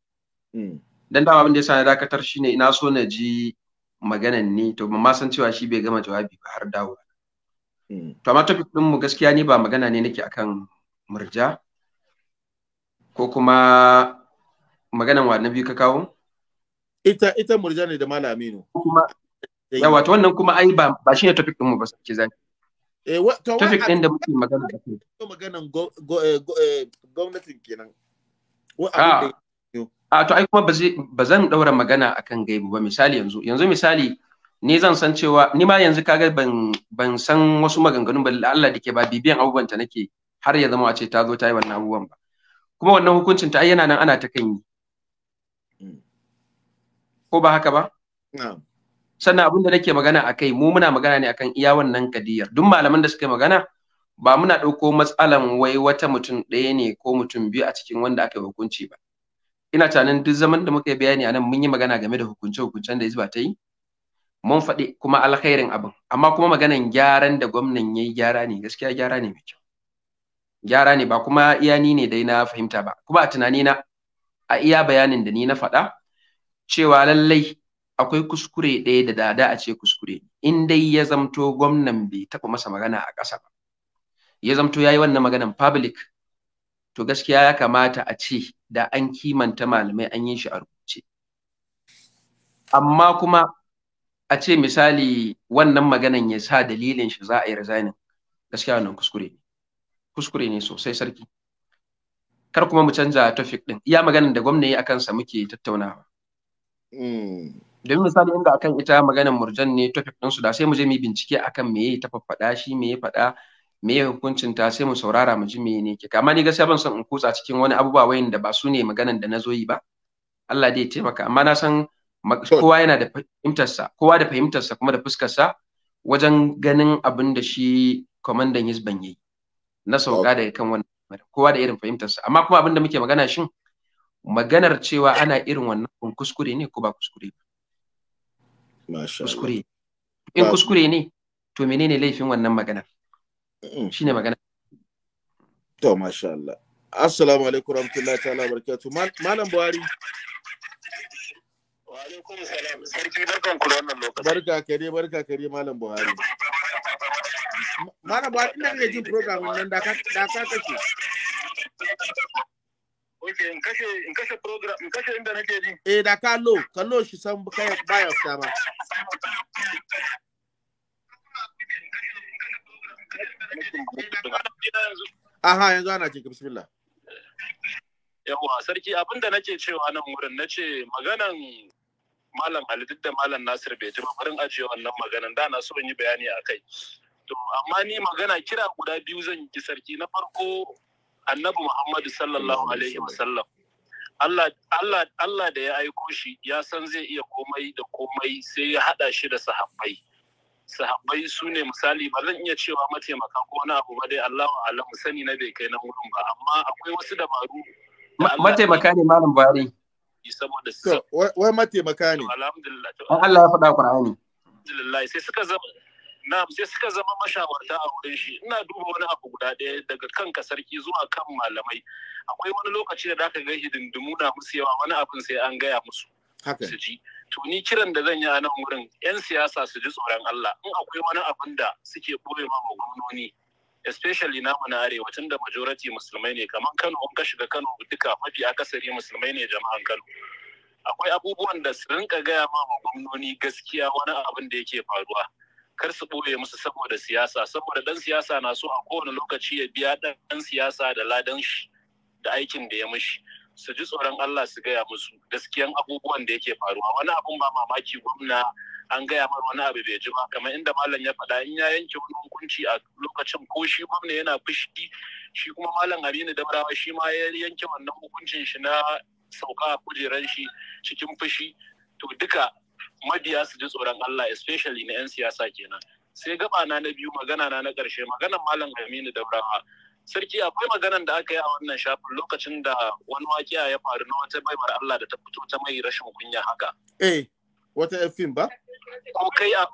hmm. dan dama abin da yasa na dakatar shine ina so na ji maganan ne to ban ma san cewa shi bai gama jawabi ba har dawo hmm. to amma topic din mu gaskiya ni ba magana ne nake akan murja ko kuma maganan wa na biyu ka kawo ita ita murjani da malaminu kuma ya wato wannan kuma ai ba ba shine topic din mu ba sai zani eh to topic din da muke magana da kai to maganan eh, eh, gwamnatin kenan a ah. ah, to ai kuma ba zan daura magana akan gaibu ba misali yanzu yanzu misali ni zan san cewa ni ma yanzu kaga ban ban san wasu maganganun ba Allah dake ba bibiyan abubuwan ta nake har ya zama a ce ta zo ta yi wannan abubuwan ba kuma wannan hukuncin ta ai yana nan ana ta kan yi ko ba haka ba sannan abin da nake magana a kai mu muna magana ne akan iya wannan kadiyar duk malaman da suka magana ba muna ɗauko matsalan wai wata mutum ɗaya ne ko mutum biyu a cikin wanda aka yi hukunci ba ina tunanin duk zaman da muka yi bayani a nan mun yi magana game da hukunce hukuncen da hizba ta yi mun faɗi kuma alkhairin abin amma kuma maganan gyaran da gwamnan ya yi gyara ne gaskiya gyara ne mai kyau gyara ne ba kuma iya ni ne dai na fahimta ba kuma a tunanina a iya bayanin da ni na faɗa cewa lallai akwai kuskure ɗaya da dada a ce kuskure in dai ya zamto gwamnan bai taɓa masa magana a ƙasa ba ya zamto ya yi wannan maganan public to gaskiya ya kamata a ce da an kimanta malamai an yi shi a rubuce amma kuma a ce misali wannan maganan ya sa dalilin shi za a yi resigning gaskiya wannan kuskure ne kuskure ne sosai sarki kar kuma mu canza topic din iya maganan da gwamnati akan sa muke tattaunawa Domin misali inda akan ita maganar murjan ne topic ɗinsu da sai mu je mu bincike akan me ta faɗa shi me ya faɗa me ya hukuncin ta sai mu saurara mu ji me ne ke amma ni gaskiya ban san in kutsa cikin wani abubuwa wayan da ba su ne maganar da na zo yi ba Allah dai taimaka amma na san kowa yana da fahimtarsa kowa da fahimtarsa kuma da fuskarsa wajen ganin abin da shi kwamandan ban yi na sauka daga kan wannan kowa da irin fahimtarsa amma kuma abin da muke magana shin maganar cewa ana irin wannan kuskure ne ko ba kuskure ba kuskure in kuskure ne to menene laifin wannan maganar ne maganar. to masha Allah assalamu alaikum rahmatullahi ta'ala barakatuh malam buhari sarki barkan barka kare barka kare malam buhari malam buhari ina ne jin program nan da ka da ka kake Okay, in kashe in program in kashe inda nake ji. Eh da ka lo, ka lo shi san kai baya ba. Aha, yanzu ana cika bismillah. Yawwa, sarki abinda nake cewa nan wurin nace maganan Malam Ali duk da Malam Nasir bai ji ba barin ajiye wannan maganan da na so in yi bayani a kai. To amma ni magana kira guda biyu zan yi sarki na farko annabi Muhammadu sallallahu alaihi wasallam Allah da ya aiko shi ya san zai iya komai da komai sai ya haɗa shi da sahabbai sahabbai su ne misali ba zan iya cewa mataimaka ko wani abu ba dai Allah wa Allah sani na bai kai na wurin ba amma akwai wasu dabaru mataimaka ne malam bari wai mataimaka ne alhamdulillah Allah ya faɗa Qur'ani alhamdulillah sai suka zama na sai suka zama mashawarta a wurin shi ina duba wani abu guda ɗaya daga kanka sarki zuwa kan malamai akwai wani lokaci da zaka ga hidindimu na musu yawa wani abin sai an gaya musu su ji to ni kiran da zan yi a nan wurin yan siyasa su ji tsoron Allah in akwai wani abin da suke boye ma gwamnoni especially mu na arewa tun da majority musulmai ne kamar Kano in ka shiga Kano duka mafi akasari musulmai ne jama'an Kano akwai abubuwan da su rinka gaya ma gwamnoni gaskiya wani abin da yake faruwa kar su ɓoye musu saboda siyasa saboda ɗan siyasa na so a kowane lokaci ya biya ɗan siyasa da ladan shi da aikin da ya mishi su ji tsoron Allah su gaya musu gaskiyan abubuwan da yake faruwa wani abun ba mamaki gwamna an gaya mar wani abu bai ji ba kamar inda malam ya faɗa in ya yanke wani hukunci a lokacin ko shi gwamna yana fushi shi kuma malam Aminu Dabrawa shi ma ya yanke wannan hukuncin shi na sauka a kujeran shi cikin fushi to duka mabiya su ji tsoron Allah especially na 'yan siyasa kenan sai gaba na na biyu magana na na ƙarshe maganan malam Aminu Daurawa sarki akwai maganan da aka yi a wannan shafin lokacin da wani wakiya ya faru na wata baiwar Allah da ta fito ta mai rashin kunya haka eh wata fim ba ko kai a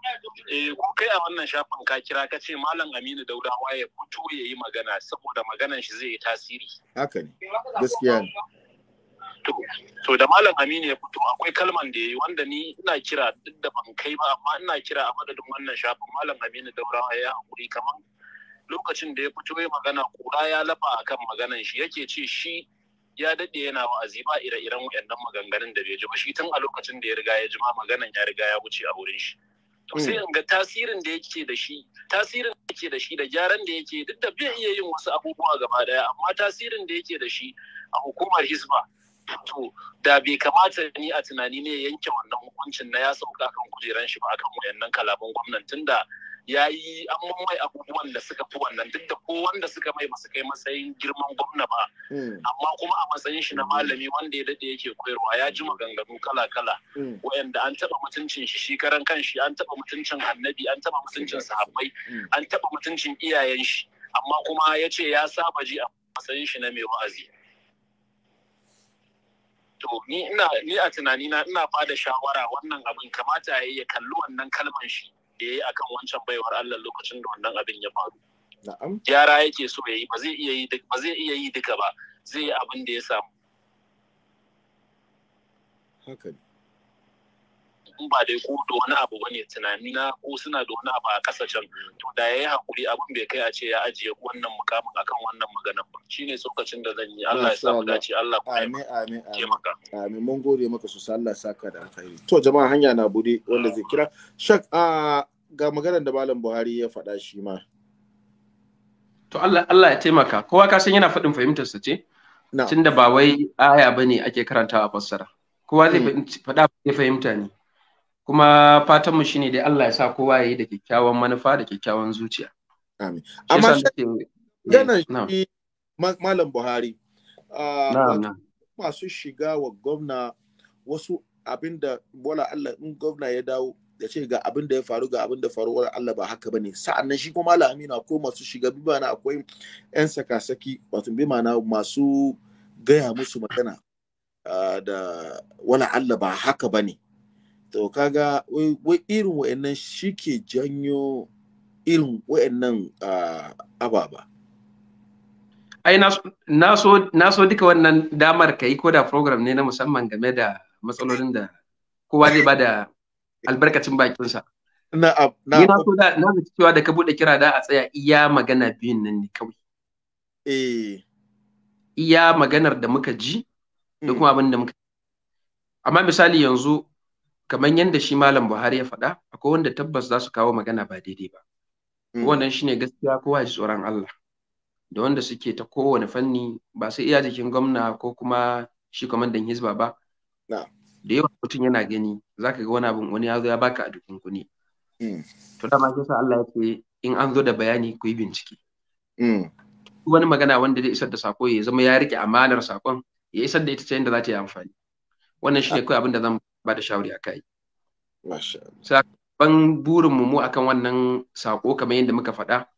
eh, ko kai a wannan shafin ka kira ka ce malam Aminu Daurawa ya fito ya yi magana saboda maganan shi zai yi tasiri haka ne gaskiya ne to to da malam aminu ya fito akwai kalman da ya yi wanda ni ina kira duk da ban kai ba amma ina kira a madadin wannan shafin malam aminu daurawa ya hakuri kamar lokacin da ya fito ya magana kura ya lafa akan maganan shi yake ce shi ya daɗe yana wa'azi ba ire-iren waɗannan maganganun da bai ji ba shi tun a lokacin da ya riga ya ji ma maganan ya riga ya wuce a wurin shi to sai hmm. in ga tasirin da yake da shi tasirin da yake da shi da gyaran da yake duk da bai iya yin wasu abubuwa gaba daya amma tasirin da yake da shi a hukumar hisba to da bai kamata ni a tunani ne yanke wannan hukuncin na ya sauka kan kujeran shi ba akan wayannan kalaman gwamnatin da ya yi an mai abubuwan da suka fi wannan duk da ko wanda suka mai basu kai matsayin girman gwamna ba hmm. amma kuma a matsayin shi na malami wanda ya dade yake koyarwa ya ji maganganu kala kala hmm. wayanda an taba mutuncin shi shi karan kanshi an taba mutuncin annabi an taba mutuncin sahabbai hmm. an taba mutuncin iyayen shi amma kuma ya ce ya saba ji a matsayin shi na mai wa'azi to ni ina ni a tunanina ina bada shawara wannan abin kamata ya yi ya kalli wannan kalman shi da ya yi akan wancan baiwar Allah lokacin da wannan abin ya faru na'am yara yake so ya yi ba zai iya yi duka ba zai yi abin da ya samu haka in ba dai ko da wani abu bane tunani na ko suna da wani abu a kasa can to da yayi hakuri abin bai kai a ce ya ajiye wannan mukamin akan wannan magana ba shine tsokacin da zan yi Allah ya sa mu dace Allah ku amin amin amin mun gode maka sosai Allah ya saka da alkhairi to jama'a hanya na bude wanda zai kira shak a ga maganar da malam Buhari ya faɗa shi ma to Allah Allah ya taimaka kowa ka san yana faɗin fahimtarsa ce tunda ba wai aya bane ake karantawa fassara kowa zai mm. faɗa zai fahimta ne kuma fatanmu shi ne dai Allah ya sa kowa ya yi da kyakkyawan manufa da kyakkyawan zuciya amin amma yana shi eh, malam Buhari ah, masu shiga wa gwamna wasu abinda bola Allah in gwamna ya dawo da ce ga abin da ya faru ga abin da faruwar Allah ba haka bane sa'annan shi kuma Malam na ko masu shiga bi mana akwai yan sakasaki wato bi mana masu gaya musu magana ah, da wala Allah ba haka bane to kaga wai irin wa'annan shi ke janyo irin wa'annan ababa ai na so duka wannan damar ka yi ko da program ne na musamman game da matsalolin da kowa zai ba da albarkacin bakinsa na so da na cewa da ka bude kira da a tsaya iya magana biyun nan ne kawai eh. iya maganar da muka ji da kuma mm. abin da muka amma misali yanzu kamar yadda shi malam Buhari ya faɗa akwai wanda tabbas za su kawo magana ba daidai ba mm. wannan shine gaskiya kowa ji tsoron Allah da wanda suke ta kowane fanni ba sai iya jikin gwamna ko kuma shi kwamandan hizba ba da yawan mutum yana gani za ka ga wani abin wani ya zo ya baka a dukkan ku ne mm. to dama shi sa Allah ya ce in an zo da bayani ku yi bincike mm. wani magana wanda zai isar da sako ya zama ya rike amanar sakon ya isar da ita ta yadda za ta yi amfani wannan shi ne ah. kawai abin da zan ba da shawari a kai. Sakon burinmu mu akan wannan sako kamar yadda muka faɗa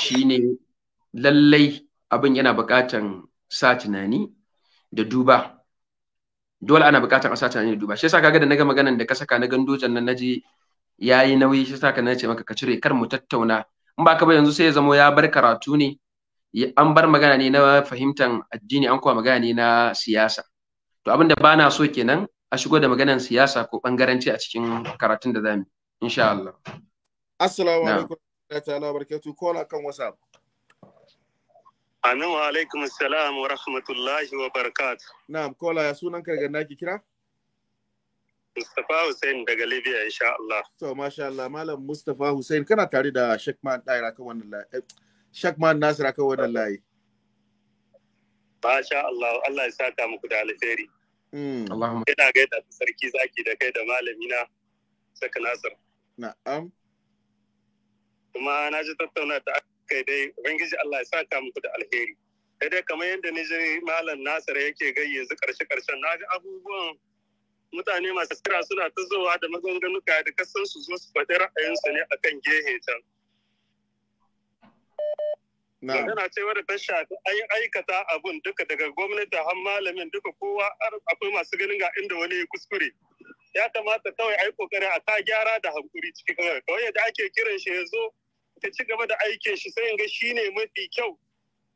shine lallai abin yana buƙatan sa tunani da duba. Dole ana buƙatan a sa tunani da duba. Shi yasa kaga da naga maganan da ka saka na gandojan nan naji yi nauyi shi yasa ka ce maka ka cire kar mu tattauna. In ba ka ba yanzu sai ya zamo ya bar karatu ne an bar magana ne na fahimtar addini an kuwa magana ne na siyasa. To abin da bana so kenan a shigo da maganan siyasa ko bangaranci a cikin karatun da zamu insha Allah assalamu alaikum ta'ala barkatu ko na kan whatsapp Amin wa alaikum assalam wa rahmatullahi wa barakat. Na'am, kola ya sunan ka ganna ki kira? Mustapha Hussein daga Libya insha Allah. To masha Allah, Malam Mustapha Hussein kana tare da Shakman Daira kan wannan layi. Eh, Shakman Nasira kan wannan layi. Masha Allah, Allah ya saka muku da alheri. Hmm. Allahumma ina gaida sarki zaki da kai da malamina saka Nasir na'am kuma na ji tattauna ta kai dai ubangiji Allah ya saka muku da alheri sai dai kamar yadda ni ji malam Nasir yake gayyazu karshe karshen na ji abubuwan mutane masu kira suna ta zowa da maganganuka da kasan su zo su faɗi ra'ayinsu ne akan gehe can yana ce wadda ta shafi aikata abun duka daga gwamnati har malamin duka kowa akwai masu ganin ga inda wani ya kuskure ya kamata kawai a yi kokari a ta gyara da hankuri cikin kawai kawai yadda ake kiran shi ya zo ta ci gaba da aikin shi sai ga shi ne mafi kyau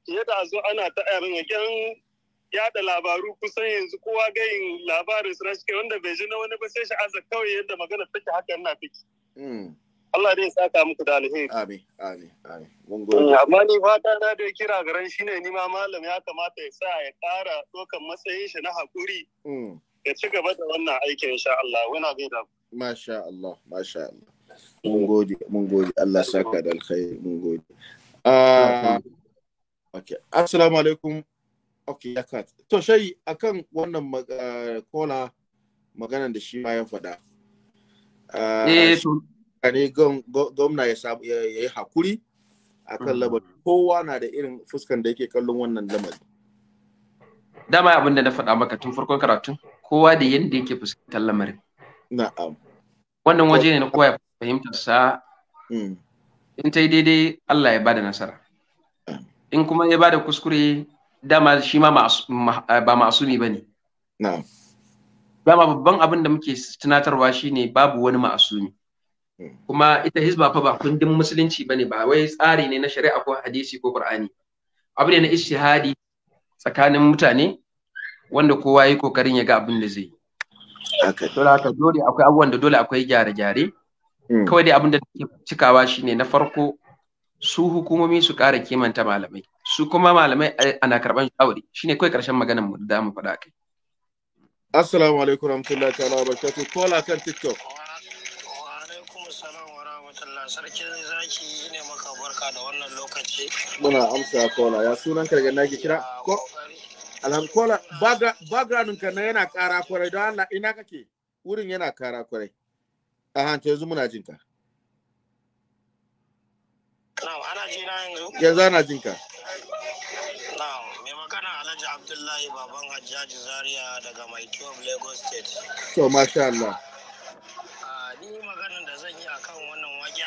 yadda a zo ana ta yaran eh, yada labaru kusan yanzu kowa gayin labarin su wanda bai ji na wani ba sai shi kawai yadda magana take haka na take. Hmm. Allah dai saka muku da alheri. Amin, amin, amin. Mun gode. Mm, amma ni fata na da kira garan shine ni ma malam ya kamata ya sa ya ƙara dokan matsayin shi na hakuri. Mm. Ya ci gaba da wannan aikin insha Allah. Wani abin da. Masha Allah, masha Allah. Mun gode, mun gode. Allah saka da alheri, mun gode. Ah, okay. Assalamu alaikum. Okay, ya kat. To shayi akan wannan kola maganan da shi ma ya faɗa. Ah, eh, ne gwamna ya yi hakuri a kan hmm. lamarin kowa na da irin fuskan da yake kallon wannan lamari. dama abin da na faɗa maka tun farkon karatun kowa da yadda yake fuskantar lamarin na'am wannan waje ne na kowa ya fahimta sa hmm. in ta yi daidai Allah ya bada nasara in kuma ya bada kuskure dama shi ma ba ma'asumi ba ne dama babban abin da muke tunatarwa shine babu wani ma'asumi kuma ita hizba fa ba kundin musulunci bane ba wai tsari ne na shari'a ko hadisi ko qur'ani abu ne na ishihadi tsakanin mutane wanda kowa yi kokarin ya ga abin da zai yi dole haka dole akwai abubuwan da dole akwai gyare-gyare hmm. kawai dai abin da take cikawa shine na farko su hukumomi su ƙara kimanta malamai su kuma malamai eh, ana karban shawari shine kawai ƙarshen maganar mu da mu faɗa kai assalamu alaikum warahmatullahi ta'ala wa barakatuh kola kan tiktok sarkin zaki ne maka barka da wannan lokaci. Muna amsa kola ya sunan karga na ke kira ko alhamkola background ka na yana kara kwarai don Allah ina kake wurin yana kara kwarai. A hanci yanzu muna jinka. ana jina yanzu? Yanzu ana jinka. Alhaji Abdullahi Baban Hajjaji Zaria daga Maitiyom Lagos State. To, masha Allah. Ah, ni maganin da zan yi akan wannan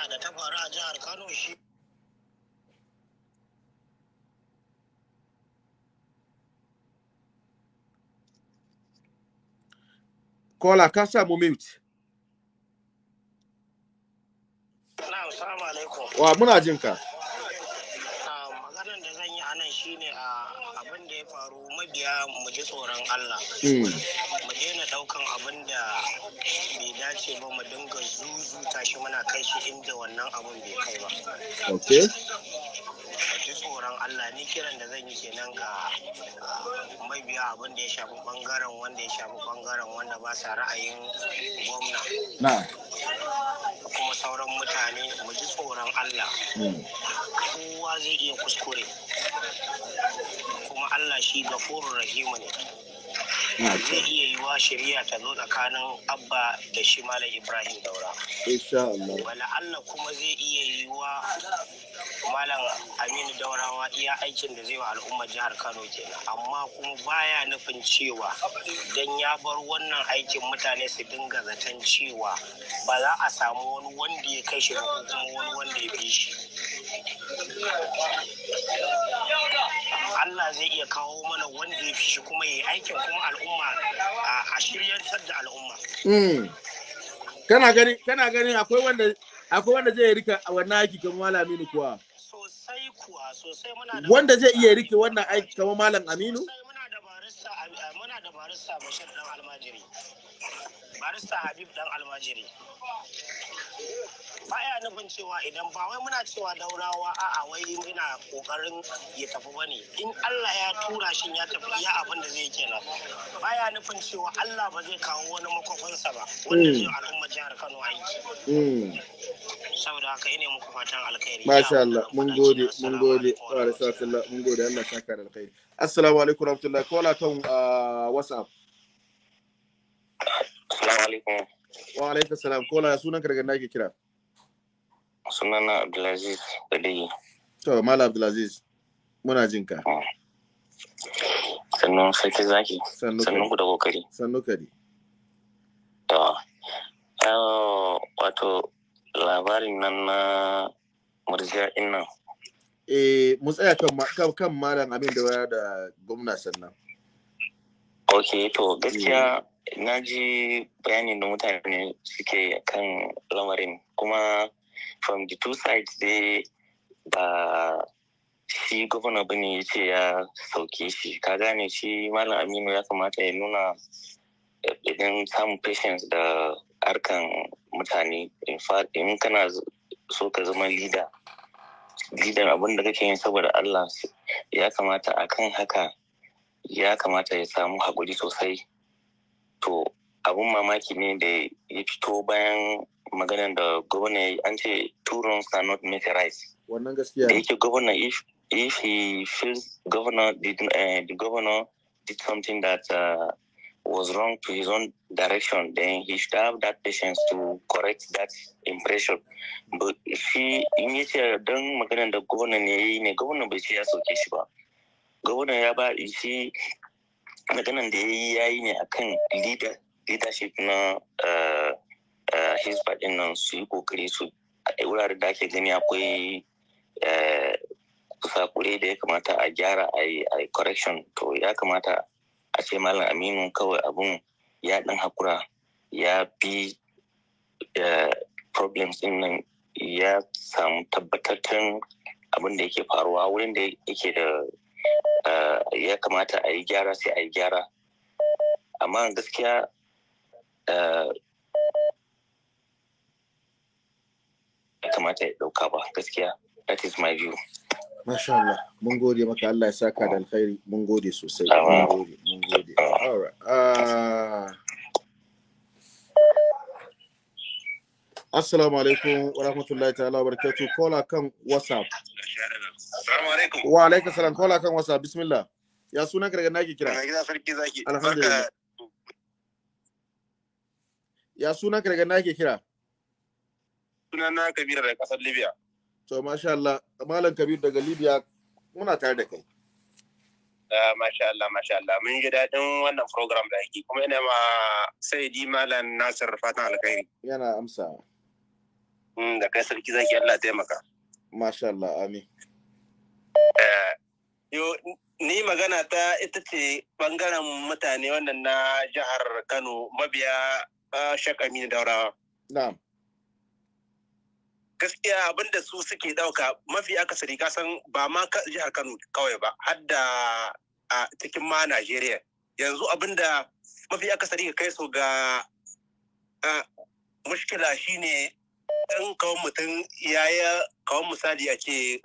da ta faru a jihar Kano shi Kola, ka samu mute. Na'am, salamu alaikum. Wa muna jin ka. biya mu ji tsoron Allah hmm. mu daina daukan abin da bai dace ba mu dinga zuzuta shi muna kai shi inda wannan abin bai kai ba okay ji tsoron Allah ni kiran da zan yi kenan ga biya abin da ya shafi bangaren wanda ya shafi bangaren wanda ba sa ra'ayin gwamna na kuma sauran mutane mu ji tsoron Allah hmm. kowa zai iya kuskure kuma Allah shi gafo gafurur rahimu ne zai iya yiwa shari'a ta zo tsakanin abba da shi malam ibrahim daura wala Allah kuma zai iya yiwa malam aminu daurawa iya aikin da zai wa al'ummar jihar kano kenan amma kuma baya nufin cewa don ya bar wannan aikin mutane su dinga zaton cewa ba za a samu wani wanda ya kai shi ba ko kuma wani wanda ya bi shi Allah zai iya kawo mana wanda ya fi shi kuma ya yi aikin kuma al'umma a shiryantar da al'umma. Hmm. Kana gani akwai wanda zai rika a wannan aiki kamar malami ne kuwa. wanda zai iya rike wannan aiki kamar malam aminu muna da barista bashir dan almajiri barista habib dan almajiri baya nufin cewa idan ba wai muna cewa daurawa a'a wai ina kokarin ya tafi bane in Allah ya tura shi ya tafi ya abin da zai kenan baya nufin cewa Allah ba zai kawo wani makwafansa ba wanda hmm. zai al'umma jihar Kano aiki hmm. saboda haka ina muku fatan alkhairi masha Allah mun gode mun gode wa rasulullah mun gode Allah saka da alkhairi assalamu alaikum warahmatullahi la ton whatsapp assalamu alaikum wa alaikum salam la sunan ka daga nake kira sunana abdulaziz badayi to mala abdulaziz muna jin ka mm. sannu sarki zaki sannu ku da kokari sannu kari to wato labarin nan na murjiya nan eh mu tsaya kan kan malam abin da waya da gwamna sannan ok to gaskiya na ji bayanin da mutane suke kan lamarin kuma from the two sides dai ba shi gwamna ba ne ya ce ya sauke shi ka gane shi malam aminu ya kamata ya nuna idan samun patience da harkan mutane in kana so ka zama leader leader abin da kake yin saboda allah ya kamata akan haka ya kamata ya samu haƙuri sosai to abun mamaki ne da ya fito bayan maganar da gwamna ya an ce two wrongs are not make a right wannan gaskiya da yake gwamna if if he feels governor did uh, the governor did something that uh, was wrong to his own direction, then he should have that patience to correct that impression. But shi in ya ce don maganar da gwamna ne ya yi ne, gwamna bai ce ya sauke shi ba. Gwamna ya ba shi maganar da ya yi ne akan leader leadership na uh, hizba faɗin nan su yi kokari su a wuraren da ake gani akwai eh, kusakure da ya kamata a gyara a yi correction to ya kamata a ce malam aminu kawai abun ya ɗan hakura ya bi eh, problems ɗin nan ya samu tabbatattun abin da yake faruwa wurin da yake da eh, ya kamata a yi gyara sai a yi gyara amma gaskiya ya kamata ya dauka ba gaskiya that is my view Masha Allah, mun gode maka Allah ya saka da alkhairi, mun gode sosai. Mun gode, mun gode. All ah. Assalamu alaikum wa rahmatullahi ta'ala wa barakatuh. Kola kan WhatsApp. Assalamu alaikum. Wa alaikum salam. Kola kan WhatsApp. Bismillah. Ya suna ka daga nake kira. Alhamdulillah. Ya suna ka daga nake kira. sunana Kabiru daga kasar Libya. To masha Allah, Malam Kabiru daga Libya muna tare da kai. Ah, masha Allah, masha Allah, mun ji daɗin wannan program da ake kuma ina ma sai di Malam Nasir fatan alkhairi. Yana amsa. Mm, da kai sarki zaki Allah taimaka. Masha Allah, amin. Eh, yo, ni magana ta ita ce bangaren mutane wannan na jihar Kano mabiya ah, Shakami da Daurawa. Na'am. gaskiya abinda su suke dauka mafi akasari kasan ba ma jihar Kano kawai ba har da a cikin ma Najeriya yanzu abinda mafi akasari ka kai su ga mushkila shine ɗan kawan mutum yaya kawan misali a ce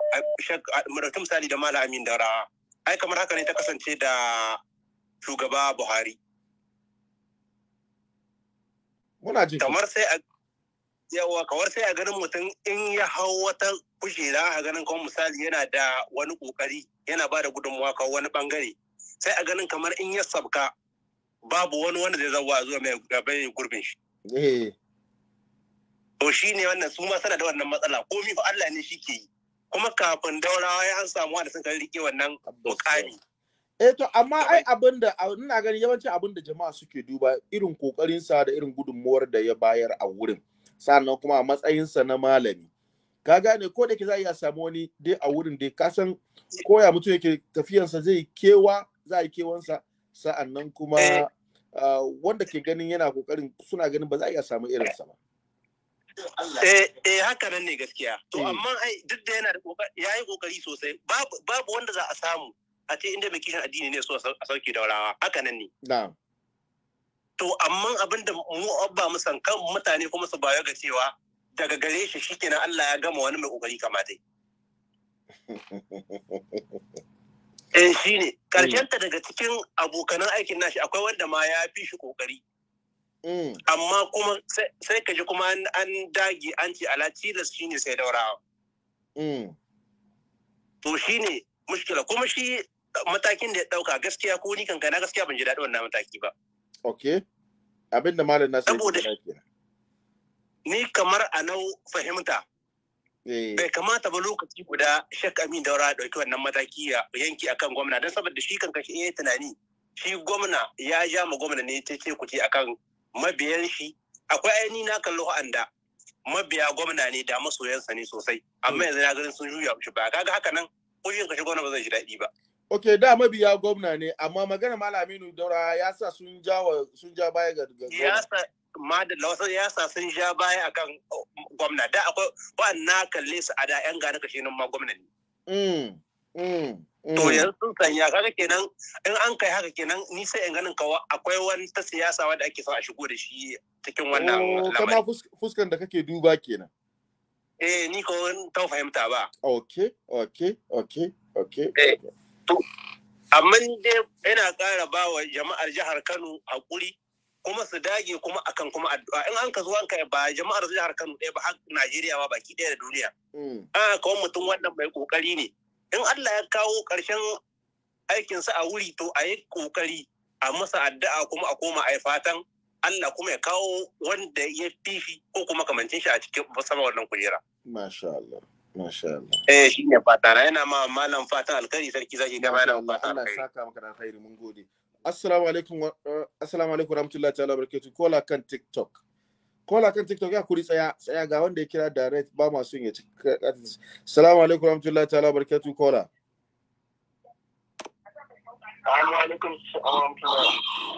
mutum misali da mala amin dara ai kamar haka ne ta kasance da shugaba buhari kamar sai a yawa kawar sai a ganin mutum in ya hau wata kujera a ganin kawai misali yana da wani kokari yana ba da gudunmuwa kawai wani bangare sai a ganin kamar in ya sabka babu wani wanda zai zauwa zuwa mai gaban gurbin shi eh. to shi ne wannan su ma sana da wannan matsala Ko mi Allah ne shi ke yi kuma kafin daurawa ya an samu wanda suka rike wannan mukami eh to amma ai abin da ina gani yawanci abin da jama'a suke duba irin kokarin sa da irin gudunmuwar da ya bayar a wurin sannan kuma a matsayinsa na malami ka gane ko da ke za a iya samu wani dai a wurin dai ka san koya mutum yake tafiyansa zai kewa za a yi kewansa sa'annan kuma eh. wanda ke ganin yana kokarin suna ganin ba za a iya samu irinsa ba Eh, eh haka nan ne gaskiya. To eh. amma ai duk da yana ya yi kokari sosai babu wanda za a samu a ce inda mai kishin addini ne so a sauke daurawa haka nan ne. Na'am. to amma abin da mu ba mu san kan mutane kuma su bayo ga cewa daga gare shi shikenan Allah ya gama wani mai kokari kama dai eh shine karshen mm. ta daga cikin abokanan aikin nashi akwai wanda ma ya fi shi kokari mm. amma kuma sai ka ji kuma an dage an ce ala tilas shine sai daurawa mm. to shine mushkila kuma shi matakin da ya ɗauka, gaskiya ko ni kanka na gaskiya ban ji daɗi wannan mataki ba okay abinda malam nasu saboda ni kamar a nau fahimta eh. bai kamata ba lokaci guda shek amin daura dauki wannan mataki ya yanki akan gwamna don saboda shi kan kashi yayi tunani shi gwamna ya ja ma gwamna ne ta ce akan mabiyan shi akwai aini na kallo anda mabiya gwamna ne da masoyansa ne sosai amma hmm. yanzu na ganin sun juya shi ba kaga haka nan kujin kashi gwamna ba zai ji daɗi ba Ok, da mabiya gwamna ne, amma magana Aminu Daura ya sa sun ja baya ga gwamna. ya sa Ma da ya sun ja baya akan oh, gwamna da akwai ba na kalle su a da yan gane kashe nan ma gwamna ne. Mm, mm, to mm. yanzu sun sanya kaga kenan in an kai haka kenan ni sai in ganin kawa akwai wani ta siyasa wanda ake son a shigo da shi cikin wannan oh, lamari. Kama fuskan da kake duba kenan. Eh ni ko ta fahimta ba. Okay, okay, okay, okay. Eh. okay. amma dai yana ƙara ba wa jama'ar jihar Kano haƙuri kuma su dage kuma akan kuma addu'a in an ka zo an ba jama'ar jihar Kano ɗaya ba har Najeriya ba baki ɗaya da duniya. Mm. A kawai mutum wannan mai ƙoƙari ne. In Allah ya kawo ƙarshen aikinsa a wuri to a yi ƙoƙari a masa addu'a kuma a koma a yi fatan Allah kuma ya kawo wanda ya fifi ko kuma kamancin shi a cikin sama wannan kujera. Masha Allah. Eh shi ne fata na yana ma malam fatan alkhairi sarki zaki gaba yana fata Allah saka maka da alkhairi mun gode. Assalamu alaikum eh, assalamu alaikum rahmatullahi ta'ala barakatuh kola kan TikTok. Kola kan TikTok ya kuri tsaya tsaya ga wanda ya kira direct ba ma son ya ci. Assalamu alaikum rahmatullahi ta'ala barakatuh kola.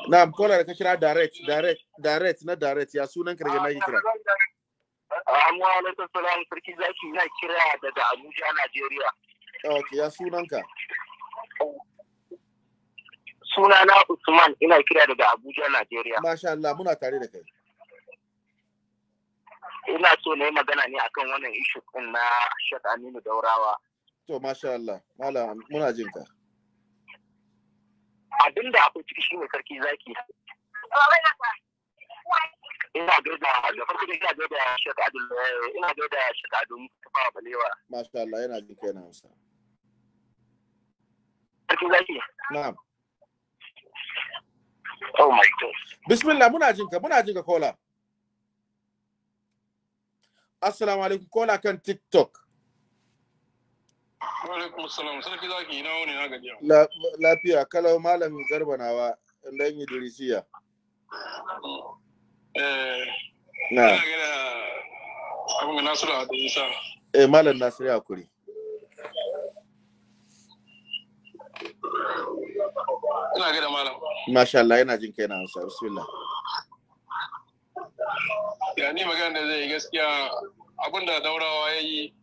Na'am kola da ka kira direct direct direct na direct ya sunan ka daga nake kira. Ah, Amma alaikum salam sarki zaki na kira daga Abuja Najeriya. Ok, ya sunanka? Suna na Usman ina kira daga Abuja Najeriya. Masha Allah muna tare da kai. Ina so na yi magana ne akan wannan ishu ɗin na Shek Aminu Daurawa. To masha Allah, Mala muna jin ka. Abin da akwai ciki shi ne sarki zaki. ina gaida da farko ina gaida eh, ina gaida Mustafa Balewa Masha Allah yana na Hausa zaki Na'am oh muna jin ka kola Assalamu alaikum kan TikTok lafiya kalau malam garbanawa dan idrisiya Eh, na abin nasiru a isa eh malam nasiru ya kuri ina gida malam masha Allah yana jin kai na amsa bismillah ya ni magana da zai gaskiya abinda daurawa ya yi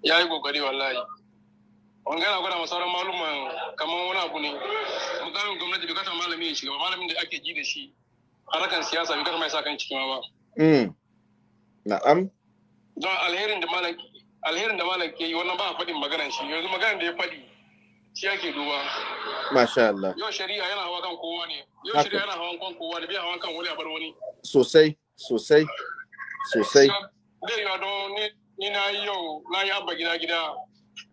ya yi kokari wallahi wangana gwada ma sauran maluman kamar wani abu ne mukamin gwamnati bukatar malami ya shiga malamin da ake ji da shi harkar siyasa bi karma ya sa kan ciki ma ba hmm. na'am don alherin da malak alherin da malak ke yi wannan ba a faɗin magana shi yanzu magana da ya faɗi shi ake duba masha Allah yau shari'a yana hawa kan kowa ne yau shari'a yana hawan kan kowa ne bai hawan kan wani a bar wani sosai sosai sosai zai yi don ni na yi yau na yi abba gida gida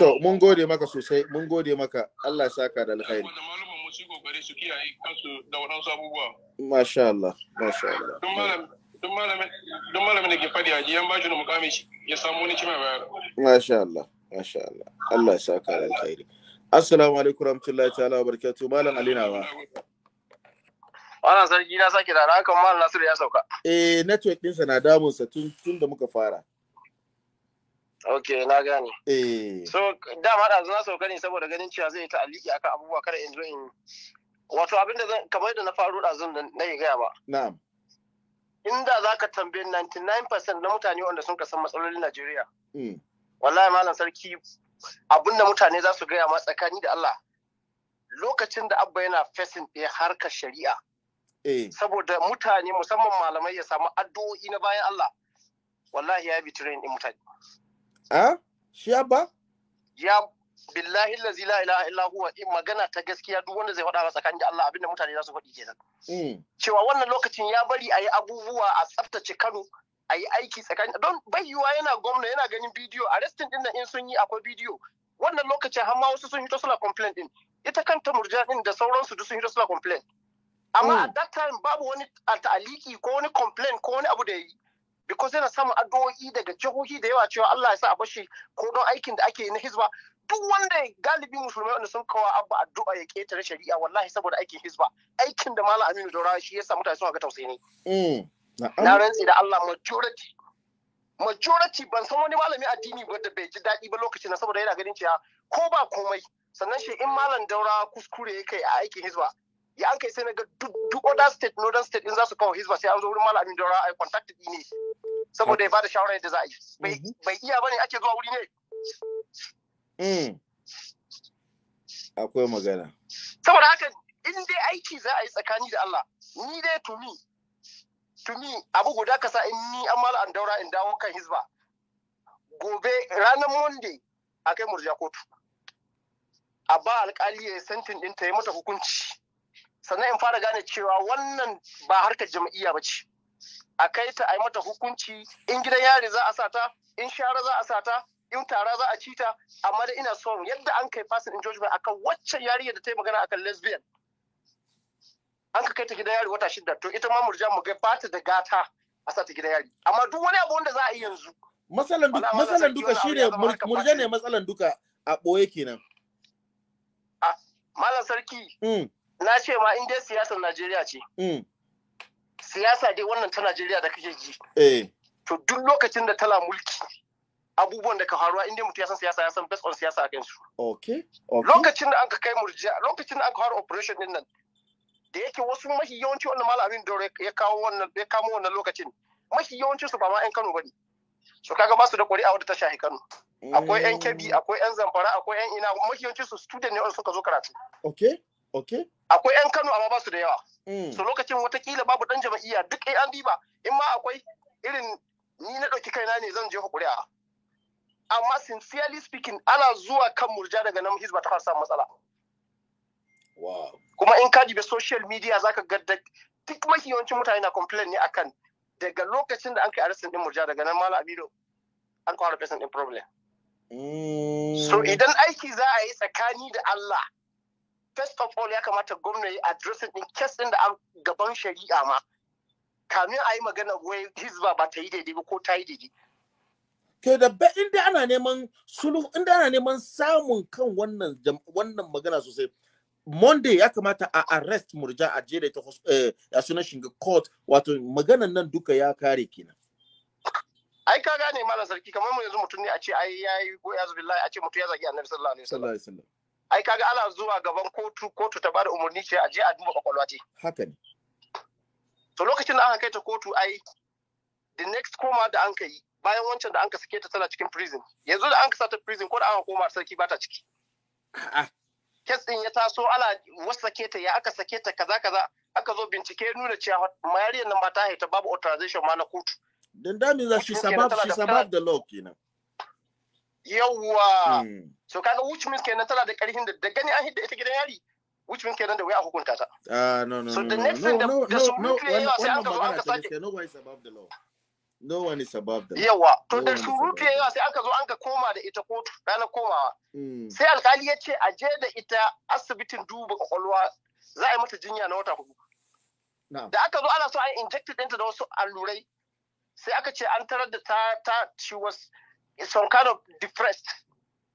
To, mun gode maka sosai, mun gode maka, Allah saka da alkhairi. su kokari su kiyaye kansu da waɗansu abubuwa. Masha Allah, masha Allah. Don malamin da ke faɗi a jiyan bashi da mukamin shi ya samu wani cimai bayar. Masha Allah, masha Allah. Allah ya saka da alkhairi. Assalamu alaikum warahmatullahi ta'ala wa barakatuh. Malam Ali ba. Wannan sarki na sake da haka Malam Nasiru ya sauka. Eh, network ɗinsa na damunsa tun da muka fara. ok na gane eh. so dama da na sauka ne saboda ganin cewa zai ta aliki akan abubuwa kar in zo in wato abin da zan kamar yadda na faru da na yi gaya ba na'am inda za ka tambayi 99% na mutane wanda sun kasan matsalolin Najeriya mm. wallahi malam sarki abin da mutane za su gaya ma tsakani da Allah lokacin da abba yana fesin ɗaya harkar shari'a eh. saboda mutane musamman malamai ya samu addu'o'i na bayan Allah wallahi ya bi train din mutane a ah, shi ba ya billahi lazi la ilaha illa huwa in magana ta gaskiya duk wanda zai faɗa tsakanin da Allah abinda mutane za su faɗi kenan hmm. cewa wannan lokacin ya bari a yi abubuwa a tsaftace Kano a yi aiki tsakanin don bai yiwa yana gwamna yana ganin bidiyo arrestin din nan in sun yi akwai bidiyo wannan lokacin har ma wasu sun hito suna complaint din ita kanta murja din da sauransu duk sun hito suna complaint amma hmm. a that time babu wani ta'aliki ko wani complaint ko wani abu da ya yi sai na samun addu'o'i daga jihohi da yawa cewa Allah ya sa a bashi ko don aikin da ake yi na hizba duk wanda galibi musulmai wanda sun kawo abba addu'a ya ketare shari'a wallahi saboda aikin hizba aikin da malam Aminu Daura shi yasa mutane sun ga tausayi ne mm, na rantsi da Allah majority majority ban san wani malami addini ba da bai ji daɗi ba lokacin na saboda yana ganin cewa ko ba komai sannan shi in malam daura kuskure ya kai a aikin hizba ya an kai sai na ga duk other state northern state in za su kawo hizba sai an zo wurin malam amin dora ai contact ne saboda ya bada shawara yadda za a yi bai mhm. iya bane ake zuwa wuri ne hmm. akwai magana saboda haka in dai aiki za a yi tsakani da Allah ni dai to me to me abu guda kasa in ni an malam amin daura in dawo kan hizba gobe ranar monday a kai murja kotu a ba alkali ya yi sentin din ta yi mata hukunci sannan in fara gane cewa wannan ba harkar jam'iyya ba ce a kai ta a yi mata hukunci in gidan yari za a sa ta in shara za a sa ta in tara za a ci ta amma da ina son yadda an kai fasin a akan waccan yariya da ta yi magana akan lesbian an ka kai ta gidan yari wata shida to ita ma murja mu ga fata da gata a sa ta gidan yari amma duk wani abu wanda za a yi yanzu matsalan duka shi ne, murja ne matsalan duka a ɓoye kenan malam sarki hmm. na ce ma in dai siyasar Najeriya ce. Mm. Siyasa dai wannan ta Najeriya da kake ji. Eh. To duk lokacin da tana mulki abubuwan da ka faruwa inda mutum ya san siyasa ya san best on siyasa a kan Okay. Lokacin da an ka kai murjiya lokacin da an ka fara operation din nan da yake wasu mafi yawanci wannan malamin da ya kawo wannan ya kamo wannan lokacin mafi yawanci su ba ma 'yan Kano ne. So kaga ba su da ƙuri'a wadda ta shahi Kano. Mm. Akwai 'yan Kebbi, akwai 'yan Zamfara, akwai 'yan ina mafi yawanci su student ne wanda suka zo karatu. Okay. Okay. akwai 'yan Kano amma ba su da yawa. Mm. So lokacin watakila babu dan jama'iyya duk an diba in ma akwai irin ni na ɗauki kaina ne zan je hukuriya Amma sincerely speaking ana zuwa kan murja daga nan hizba ta fara samun matsala. Kuma in kaji be social media zaka ga duk mafi yawancin mutane na complain ne akan daga lokacin da an kai arrestin din murja daga nan mala Abido, an kawo arrestin din problem. Mm. So idan aiki za a yi tsakani da Allah first of all ya kamata gwamnati ya addressing din kes din da a gaban shari'a ma kamin a yi magana wai hizba ba ta yi daidai ba ko ta yi daidai ke da ba inda ana neman sulu inda ana neman samun kan wannan wannan magana sosai monday ya kamata a arrest murja a jere ta ya suna shiga court wato maganan nan duka ya kare kenan ai ka gane malam sarki kamar mu yanzu mutum ne a ce ai yayi go yazu billahi a ce mutum ya zagi annabi sallallahu alaihi wasallam ai kaga ana zuwa gaban kotu kotu ta bada umarni ce a je a duba kwakwalwa ce haka ne to lokacin da aka kai ta kotu ai the next koma da an kai bayan wancan da anka sake ta tana cikin prison yanzu da an ka ta prison ko da aka koma sarki bata ciki kes din ya taso ala wasu sake ta ya aka sake ta kaza kaza aka zo bincike nuna cewa mariyar nan ba ta haita babu authorization ma na kotu dan that means shi sabab above she's above law kenan yawwa mm. so kaga which means kenan tana da karfin da gani an hidda ita gidan yari which means kenan da wai a hukunta ta ah no no so the next thing da su nuclear yawa sai an aka sake no one is above the law no one is above the law yawa to da su nuclear yawa sai aka zo an ka koma da ita kotu ranar komawa mm. sai alkali ya ce a je da ita asibitin duba kwakwalwa za a yi mata jinya na wata hudu da aka zo ana so an injected ɗinta da wasu allurai sai aka ce an tarar da ta ta she was some kind of depressed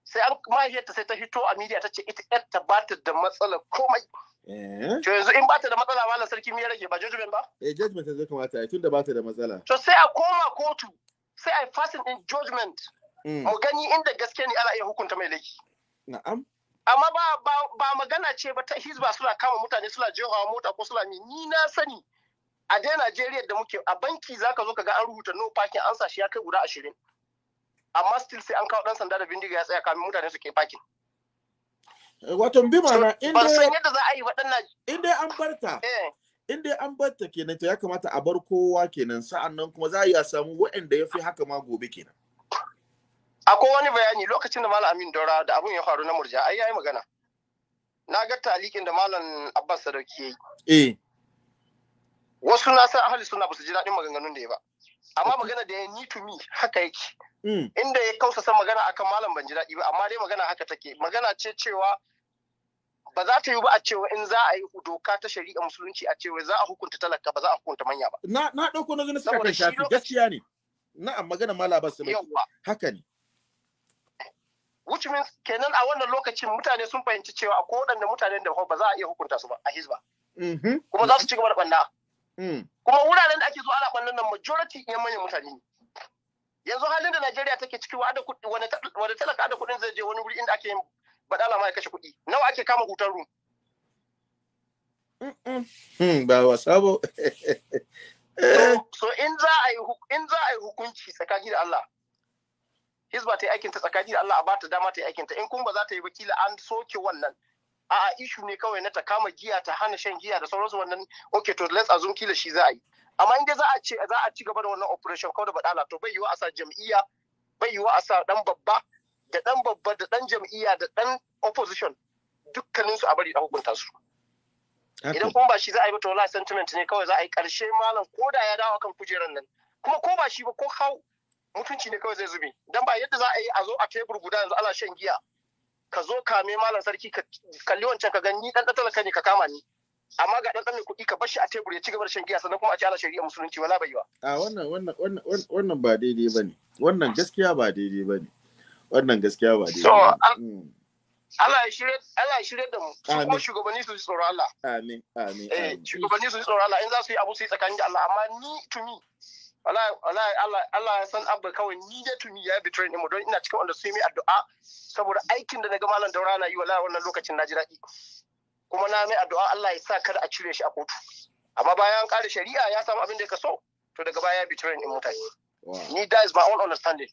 sai an mahaifiyarta sai ta hito a media ta ce ita yarta ba ta da matsala komai eh? to yanzu in ba ta da matsala malam sarki me rage ba judgment ba eh judgment zai kamata ai tunda ba ta da matsala to sai a koma kotu sai a fasin in judgment mm. mu gani inda gaske ne Allah iya hukunta mai laifi na'am amma ba ba magana ce ba ta hizba suna kama mutane suna jehawa mota ko suna ni na sani a dai Najeriya da muke a banki zaka zo ka ga an rubuta no parking an sa ya kai guda ashirin. amma still sai an kawo dan sanda da bindiga ya tsaya kamin mutane su ke bakin wato bi mana inda san yadda za a yi waɗannan inda an barta in dai an barta eh. kenan to ya kamata a bar kowa kenan sa'an nan kuma za a iya samu waɗanda ya fi haka ma gobe kenan akwai wani bayani lokacin da malam amin daura da abun ya faru na murja ai yayi magana na ga talikin da malam abbas sadauki yayi eh wasu na san ahli suna ba su ji daɗin maganganun da ya ba amma magana da ya ni to me haka yake mm. inda ya kausasa magana akan malam ban ji daɗi ba amma dai magana haka take magana ce cewa ba za ta yi ba a cewa in za a yi doka ta shari'a musulunci a cewa za a hukunta talaka ba za a hukunta manya ba na na dauko na gani suka kan shafi gaskiya ne na'am magana mala ba su haka ne which means kenan a wannan lokacin mutane sun fahimci cewa akwai waɗanda mutanen da ba za a iya hukunta su ba a hizba mm-hmm. kuma za su ci gaba da ɓanna Hmm. Kuma wuraren da ake zuwa ana ɓannan nan majority ɗin manyan mutane ne. Yanzu halin da Najeriya take ciki wani talaka da kuɗin zai je wani wuri inda ake yin baɗala ma ya kashe kuɗi. Nawa ake kama hutar ru hmm, Ba wa sabo So in za a yi hukunci tsakani da Allah. Hizba ta yi aikinta tsakani da Allah a ba ta dama ta yi aikinta in kuma ba za ta yi wakila an soke wannan a'a ishu ne kawai na ta kama giya ta hana shan giya da sauransu wannan okay to let's assume kila shi za a yi amma inda za a ce za a ci gaba da wannan operation kawai da badala to bai yiwu a sa jam'iyya bai yiwu a sa dan babba da dan babba da dan jam'iyya da dan opposition dukkaninsu a bari a hukunta su idan kuma ba shi za a yi ba to wallahi sentiment ne kawai za a yi karshe malam ko da ya dawo kan kujerar nan kuma ko ba shi ba ko hau mutunci ne kawai zai zube dan ba yadda za a yi a zo a tebur guda yanzu ana shan giya ka zo kame malam sarki ka kalli wancan ka gani dan dadala ne ka kama ni amma ga dan mai kuɗi ka bar shi a tebur ya ci gaba da shan giya sannan kuma a ci ala shari'a musulunci wala bai ba a wannan wannan wannan wannan ba daidai bane wannan gaskiya ba daidai bane wannan gaskiya ba daidai bane hmm. Allah ya shirye Allah ya shirye da mu kuma shugabanni su tsoro Allah amin amin eh, shugabanni su tsoro Allah in za su yi abu su yi tsakanin da Allah amma ni to me wallahi Allah ya san abba kawai ni dai tuni ya bi train mu don ina cikin wanda su yi addu'a saboda aikin da naga malam Daura na yi wallahi wannan lokacin na ji daɗi kuma na mai addu'a Allah ya sa kada a cire shi a kotu amma bayan kare shari'a ya samu abin da ya kaso to daga baya ya bi train din mutane ni that is my own understanding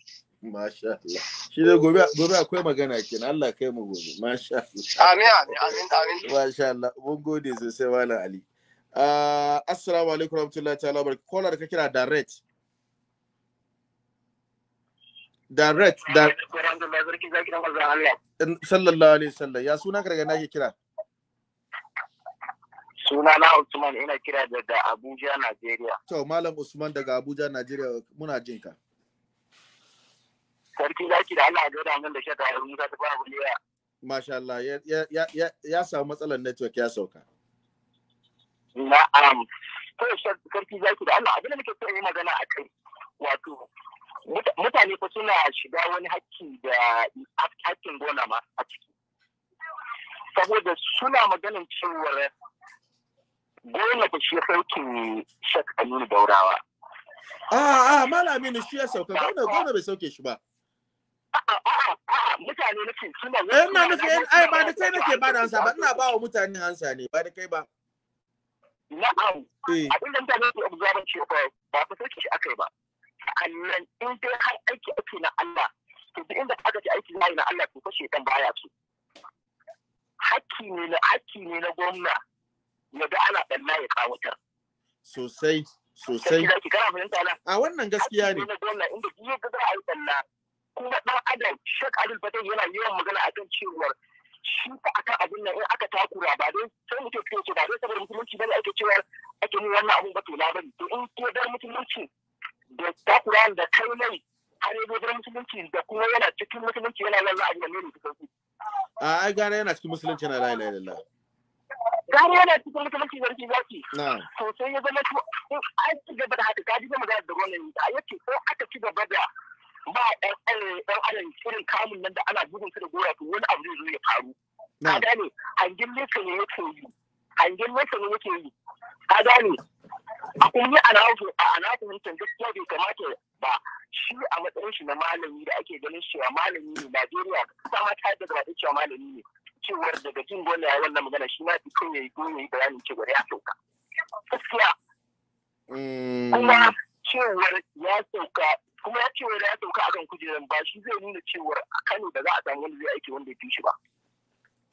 Masha Allah. Shi ne gobe akwai magana na Allah kai mu gobe. Masha Allah. Amin amin amin amin. Masha Allah. Mun gode sosai Malam Ali. Uh, assalamu alaikum rahmatullahi ta'ala barka. Kola da ka kira direct. Direct. Sallallahu alaihi sallam. Ya suna ka daga nake kira? Suna na Usman ina kira daga Abuja, Najeriya. To, Malam Usman daga Abuja, Najeriya muna jin ka. Sarki zaki da Allah gada nan da shaka Musa ta fara buliya. Masha Allah, ya samu matsalar network ya sauka. Na'am. Kawai sarki ku da Allah abin da muke so yi magana a kai wato mutane fa suna shiga wani hakki da hakkin gona ma a ciki. Saboda suna maganin cewar gona da shi sauki shakalin daurawa. A a malami ne shi ya sauka gona gona bai sauke shi ba. mutane nake suna. Eh, eh ba da kai nake ba da ansa ba ina ba wa mutane ansa ne ba da kai ba. na'am eh. abin da mutane ke observance shi ba ba ku sake shi akai ba sa'annan in dai har aiki ake na Allah to duk inda aka ji aiki na Allah to fa shedan baya so hakki ne na hakki ne na gwamna ya ga ana dan ya kawatar sosai sosai a wannan gaskiya ne na gwamna inda duk ya ga za a kuma dan adam shek adil fatai yana yawan magana akan cewar shi fa akan abin nan in aka takura ba dai sai mutum ke ce ba dai saboda musulunci bane ake cewa ake yin wannan abin ba to na bari to in ke bar musulunci da takura da kai nai har yanzu bar musulunci da kuma yana cikin musulunci yana nan za a yi ne sauki a ai gane yana cikin musulunci yana la ilaha gane yana cikin musulunci zarki zaki sosai ya zama to in an ci gaba da haka ka ji magana da gwamnati a yake ko aka ci gaba da ba ɗan ɗan adam irin kamun nan da ana gudun su da gora to wani abu zai zo ya faru ka gane hangin nesa ne yake yi hangin nesa ne yake yi ka gane a kuma a nahu a anahu mutum gaskiya bai kamata ba shi a matsayin shi na malami da ake ganin cewa malami ne Najeriya ta ma ta da gaba cewa malami ne cewar daga jin gona ya wannan magana shi ma fito ya yi ko ya bayanin cewar ya sauka gaskiya mm. kuma cewar ya sauka kuma ya ce wani ya sauka akan kujerar ba shi zai nuna cewar a Kano da za a samu wanda zai aiki wanda ya fi shi ba.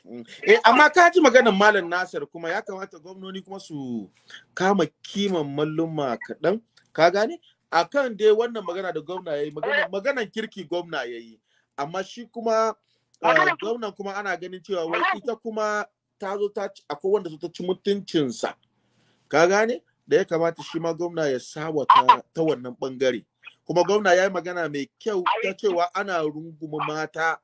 Mm. Eh, amma ka ji maganar Malam Nasir kuma ya kamata gwamnoni kuma su kama kiman malluma kaɗan, ka gane? A kan dai wannan magana da gwamna ya yi, maganar kirki gwamna ya yi, amma shi kuma ah, gwamnan kuma ana ganin cewa wai ita kuma ta zo ta ci, akwai wanda ta ci mutuncinsa, ka gane? Da ya kamata shi ma gwamna ya sawa ta wannan ɓangare. kuma gwamna ya yi magana mai kyau ta cewa ana runguma mata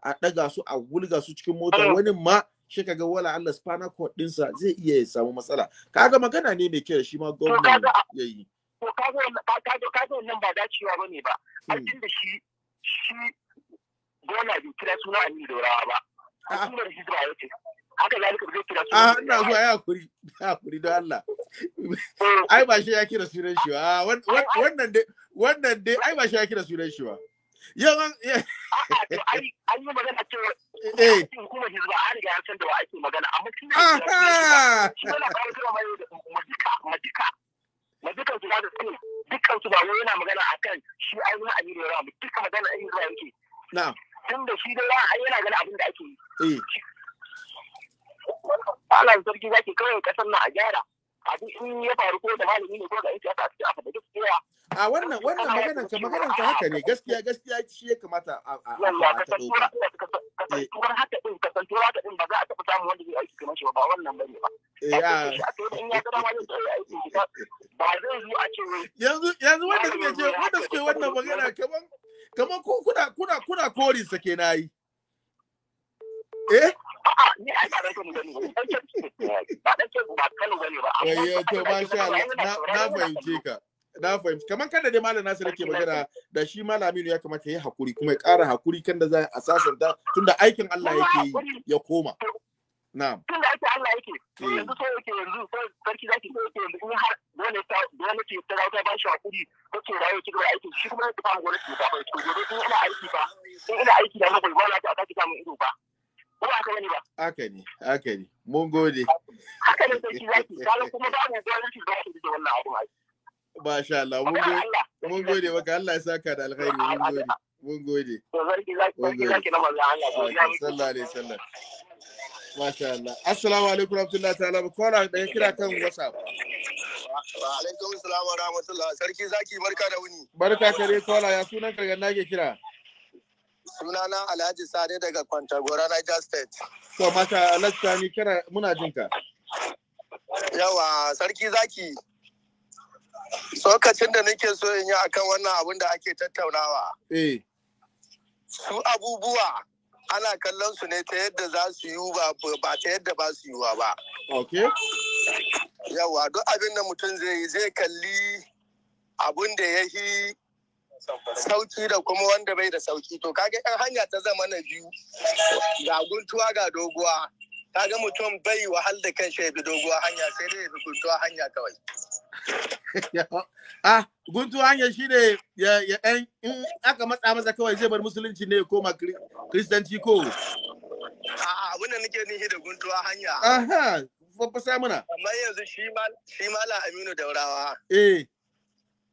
a ɗaga su a wulga su cikin mota wani ma shi ga wala Allah spana cord zai iya ya samu matsala kaga magana ne mai kyau shi ma gwamna ya yi to kaga kaga wannan ba dacewa bane ba a hmm. da shi shi dole bai kira suna Aminu Dorawa ba a kuma da hijira yake haka zalika zai kira ah, su a ina zuwa ya hakuri ya hakuri don Allah eh. ai ba shi ya kira sunan shi ba ah, wannan dai wannan dai ai ba shi ya kira sunan shi ba an yi magana cewa eh. hukumar hizba an riga ya san da wa ake magana amma shi ne shi yana kawo kira mai da su ba wai yana magana kan, shi ai wani amiri duka magana ai hizba yake Tun da shi da yana gani abin da ake yi eh. ana sarki zaki kawai kasar na a gyara abin in faru ko ko a wannan wannan maganar ka maganar ka haka ne gaskiya gaskiya shi ya kamata a a a ta doka haka din eh. tura haka din ba za a taɓa samun wanda zai aiki kamar shi ba wannan bane ba yanzu yanzu wanda suke ce wannan magana kaman kuna kuna kuna na yi eh to ka na fahimci kamar dai malam Nasir yake magana da shi malam Aminu ya kamata ya hakuri kuma ya hakuri kan da za a sasanta tunda aikin Allah yake yi ya koma aikin Allah yake eh. yanzu so yake yanzu sarki zaki so yake yanzu in har dole ta dole ta ba shi hakuri ko ce rayo ki gaba shi kuma ya tafi gona ki ba ko ina aiki ba in ina aiki da na gulma na ta ta samu ido ba ko ba haka wani ba haka ne haka ne mun gode haka ne sai zaki kalan kuma babu wani shi zaki da wannan abu Ba sha Allah, mun gode maka Allah ya sa ka da alkhairi mun gode. Mun gode. Mun gode. Sallah ne, sallah. Masha Allah. Assalamu alaikum rahmatullahi ta'ala. Kola da ya kira kan WhatsApp. Wa alaikum salam wa rahmatullah. Sarki zaki barka da wuni. Barka kare kola ya sunan kargan nake kira. Sunana Alhaji Sade daga Kwantagora, Niger State. To, mata Alhaji Sani, kira muna jinka. Yawa, sarki zaki. Sokacin da nake so in yi akan wannan abin da ake tattaunawa. Eh. Su abubuwa ana kallon su ne ta yadda za su yi ba ta yadda ba su wa ba. Yawa, duk abin da mutum zai yi zai kalli abun da ya yi sauki da kuma wanda bai da sauki to kaga yan hanya ta zama na biyu ga guntuwa ga doguwa kaga mutum bai wahal da kan shi bi doguwa hanya sai dai bi guntuwa hanya kawai ah guntuwa hanya shine ya ya dan in aka matsa masa kawai zai bar musulunci ne ko ma kristanci ko a'a wannan nake nihi da guntuwa hanya aha babba mana amma yanzu shi shi mala aminu daurawa eh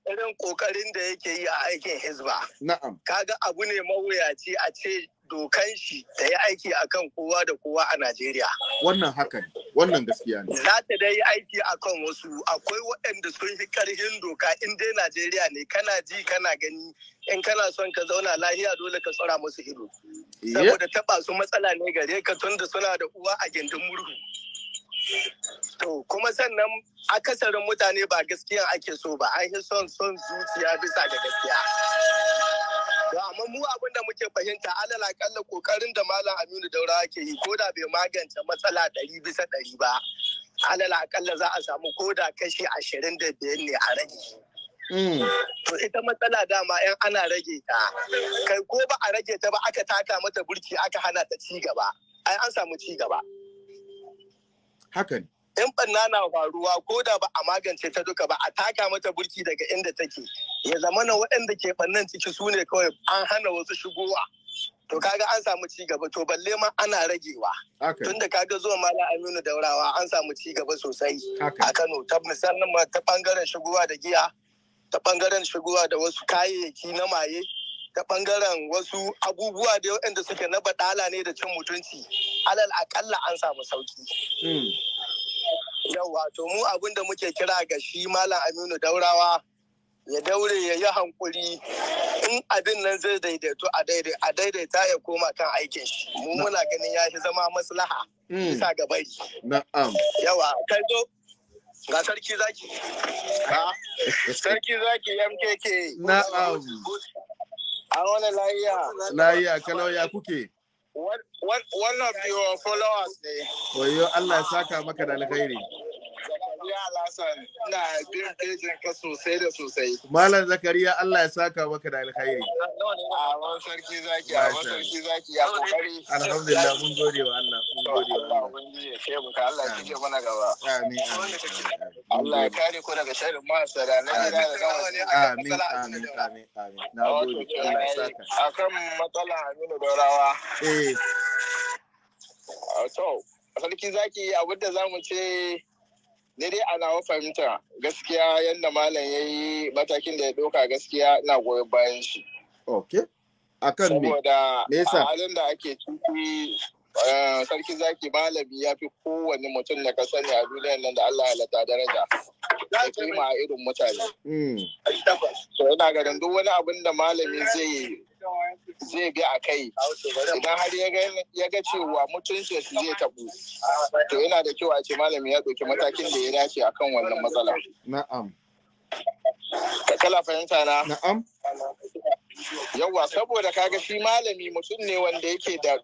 irin kokarin da yake yi a aikin hizba. Na'am. Kaga abu ne mawuyaci a ce dokan shi ta yi aiki a kan kowa da kowa a Najeriya. Wannan haka wannan gaskiya ne. Za ta dai yi aiki kan wasu, akwai waɗanda sun fi ƙarfin doka in dai Najeriya ne kana ji kana gani in kana son ka zauna lahiya dole ka tsara musu ido. Saboda taɓa su matsala ne gare ka tun da suna da uwa a gindin murhu. To kuma sannan akasarin mutane ba gaskiya ake so ba an yi son son zuciya bisa ga gaskiya. amma mu abin da muke fahimta alal akalla kokarin da malam Aminu Daura ke yi ko da bai magance matsala ɗari bisa ɗari ba. Alal akalla za a samu ko da kashi ashirin da biyar ne a rage. Mm. To ita matsala dama yan ana rage ta. Kai ko ba a rage ta ba aka taka mata burki aka hana ta ci gaba. Ai an samu ci gaba. haka ne in banna na faruwa ko da ba a magance ta duka ba a taka mata burki daga inda take ya zama na waɗanda ke bannan ciki su ne kawai an hana wasu shigowa to kaga an samu ci to balle ma ana ragewa tunda kaga zuwa mala aminu daurawa an samu ci sosai a kano ta musamman ta bangaren shigowa da giya ta bangaren shigowa da wasu kayayyaki na maye ta bangaren wasu abubuwa da yadda suke na baɗala ne da cin mutunci alal akalla an samu sauki. Hmm. Yawwa to mu abin da muke kira ga shi Malam Aminu Daurawa ya daure ya yi hankuri in abin nan zai daidaito a daidaita ya koma kan aikin shi. Mu muna ganin ya shi zama maslaha. Bisa hmm. ga bari. Na'am. Yawa kai zo ga sarki zaki. Sarki zaki MKK. Na'am. An wani layiya. Layiya, kalau ya kuke? One of your followers ne. Wayo Allah ya saka maka da alkhairi. ina bin pejin ka sosai da sosai. Malam Zakariya Allah ya saka maka da alkhairi. Awon sarki zaki, awon sarki zaki, ya kokari. Alhamdulillah mun gode wa Allah, mun gode wa Allah. Mun gode ke muka Allah ya kike mana gaba. Amin. Allah ya kare ku daga sharrin masara na gida da gama ne. Amin, amin, amin, amin. Na gode, Allah ya saka. Akan matsala Aminu Dorawa. Eh. Ah, to, sarki zaki abinda za mu ce daidai dai nawa fahimta gaskiya yadda malam ya yi matakin da ya ɗauka gaskiya na goyon bayan shi. Ok. kan me? Saboda a halin da ake cikin eh, sarki zaki malami ya fi kowane mutum da ka sani a duniya nan da Allah halatta daraja da kima a irin mutane. So hmm. yana ganin duk wani abin da malami zai yi zai bi a kai idan har ya ga cewa mutunci su zai tabu to yana da kyau a ce malami ya ɗauki matakin da ya dace akan wannan matsala na'am kala fahimta na na'am yawa saboda kaga shi malami mutum ne wanda yake da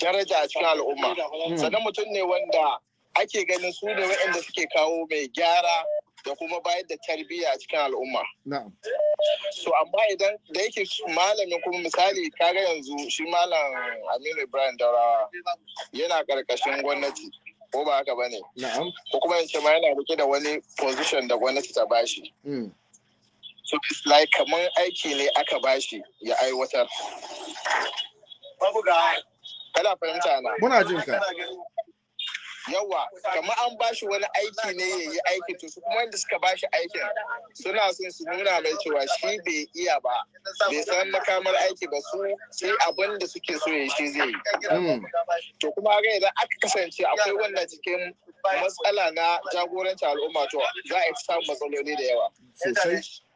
daraja a cikin al'umma hmm. sannan mutum ne wanda ake ganin su ne waɗanda suke kawo mai gyara da kuma bayar da tarbiyya a cikin al'umma. So amma idan da yake malamin kuma misali kaga yanzu shi malam Aminu Ibrahim Daurawa yana karkashin gwamnati ko ba haka bane. Ko kuma yace ma yana rike da wani position da gwamnati ta bashi. Hmm. So it's like kamar aiki ne aka bashi ya aiwatar. Babu ga fahimta na. Muna jin ka. yawa kamar an ba shi wani aiki ne ya yi aiki to su kuma wanda suka ba shi aikin suna son su nuna mai cewa shi bai iya ba bai san makamar aiki ba su sai abin da suke so ya shi zai yi hmm. to kuma ga idan aka kasance akwai wannan cikin matsala na jagorancin al'umma to za a samun matsaloli da yawa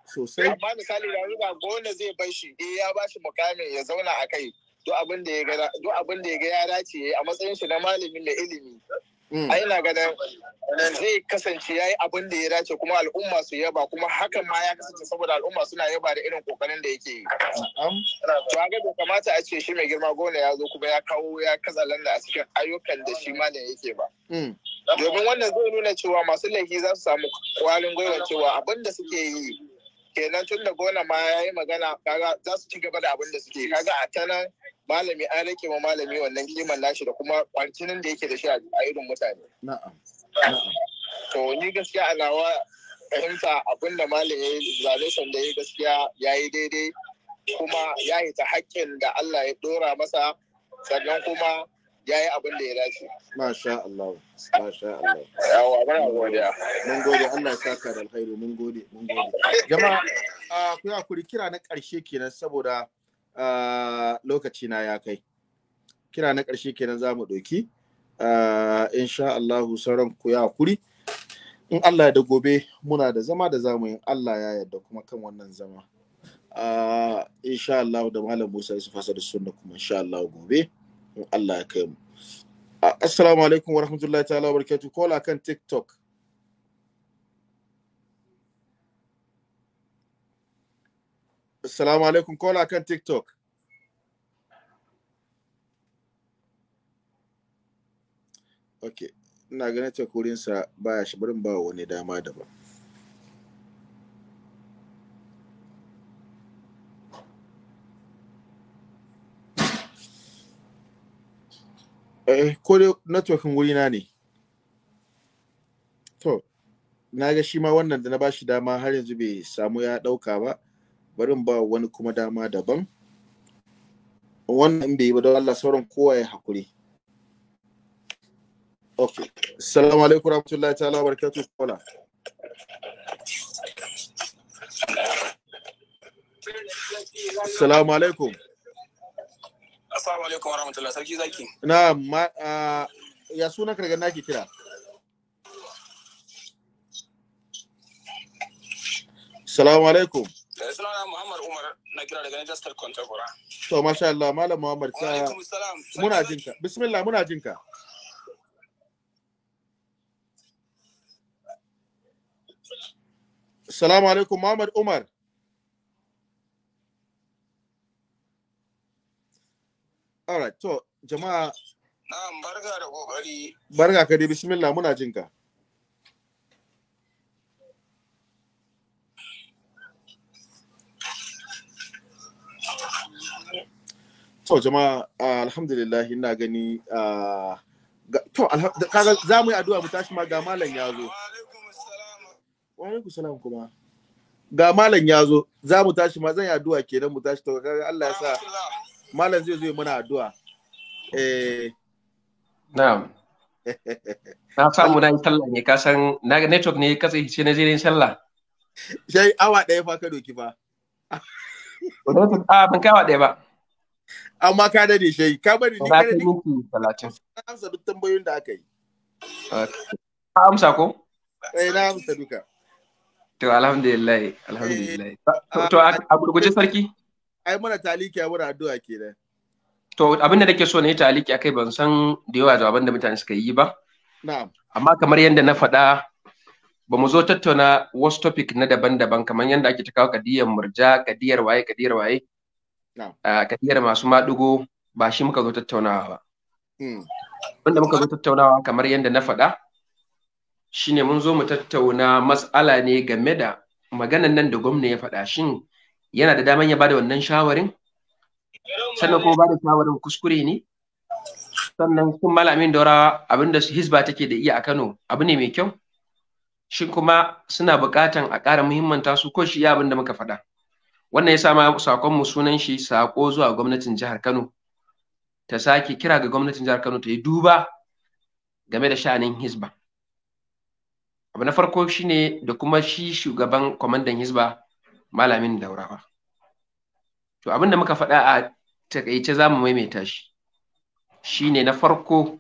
sosai amma misali da ba gona zai bar shi eh ya ba shi mukamin ya zauna a kai duk abin da ya ga ya dace a matsayin shi na malamin da ilimi Mm. a ina ganin zai kasance ya yi abin da ya dace kuma al'umma su yaba kuma hakan ma ya kasance saboda al'umma suna yaba da irin kokarin da yake yi. To ga bai kamata a ce shi mai girma gona ya zo kuma ya kawo ya kazalan da a cikin ayyukan da shi ma ne yake ba. Mm. Domin wannan zai nuna cewa masu laifi za su samu kwarin gwiwa cewa abin da suke yi kenan tun da gona ma ya yi magana kaga za su ci gaba da abin da suke kaga a ta nan malami an rike ma malami wannan kiman nashi da kuma kwancinin da yake da shi a irin mutane. To ni gaskiya a nawa fahimta abinda Malami ya yi zalunsan da ya gaskiya ya yi daidai kuma ya yi ta hakkin da Allah ya dora masa sannan kuma ya yi abin da ya dace. Masha Allah, masha Allah. Yawa, a godiya. Mun gode, Allah ya ka da alkhairu, mun gode, mun gode. Jama'a, ku ya kuri kira na ƙarshe kenan saboda lokaci na ya kai kira na ƙarshe kenan za mu ɗauki insha Allahu sauran ku ya kuri in Allah da gobe muna da zama da zamu yin Allah ya yarda kuma kan wannan zama insha Allah da malam Musa fasa da sunna kuma insha Allah gobe in Allah ya kai mu assalamu alaikum warahmatullahi ta'ala wabarakatuh kola kan TikTok Assalamu alaikum kola kan TikTok. Ok, ina ganin takurinsa baya shi barin ba wani dama daban. Eh, ko da networkin wuri na ne. To, na ga shi ma wannan da na ba shi dama har yanzu bai samu ya ɗauka ba. barin ba wani kuma dama daban wannan bai yi ba don Allah sauran kowa ya hakuri ok salamu alaikum rahmatullahi ta'ala wa barakatuh kola salamu alaikum assalamu alaikum wa rahmatullahi sarki zaki na ma ya suna karga naki kira salamu alaikum da eh, suna na Muhammad Umar na kira daga Niger State Contemporary. To masha Allah Malam Muhammad ka muna jinka. Bismillah muna jinka. Salamu alaikum Muhammad Umar. All right, to jama'a Na barga da kokari. Barka ka dai bismillah muna jinka. ka. to jama'a alhamdulillah ina gani to kaga za mu yi addu'a mu tashi ma ga malam ya zo wa alaikum salam kuma ga malam ya zo za mu tashi ma zan yi addu'a kenan mu tashi to kaga Allah ya sa malam zai zo mana addu'a eh na'am na samu na yi sallah ne ka san na network ne ka sai ne je ne sallah sai awa ɗaya fa ka doki fa a ban kai awa ɗaya ba amma ka dade shi ka bari ni kare ni amsa duk tambayoyin da aka yi ka amsa ko eh na amsa duka to alhamdulillah alhamdulillah eh, to a gurguje sarki ai muna taliki a wurin addu'a kenan to abin da nake so ne yi taliki akai ban san da yawa jawaban da mutane suka yi ba na'am amma kamar yadda na faɗa ba mu zo tattauna wasu topic na daban-daban kamar yadda ake ta kawo kadiyar murja kadiyar waye kadiyar waye a katiyar masu maɗigo ba shi muka zo tattaunawa ba wanda hmm. muka zo tattaunawa kamar yadda na faɗa shine mun zo mu tattauna matsala ne game da maganan nan da gwamna ya faɗa shin yana da daman ya bada wannan shawarin sannan kuma bada shawarin kuskure ne sannan kun malamin daura abinda hizba take da iya a kano abu ne mai kyau shin kuma suna buƙatan a ƙara muhimmanta su ko shi abin da muka faɗa wannan ya sama sakonmu sunan shi sako zuwa gwamnatin jihar Kano ta sake kira ga gwamnatin jihar Kano ta yi duba game da sha'anin Hizba. Abu na farko shine da kuma shi shugaban kwamandan Hizba malamin daurawa. To abin da muka faɗa a takaice za mu maimaita shi shine na farko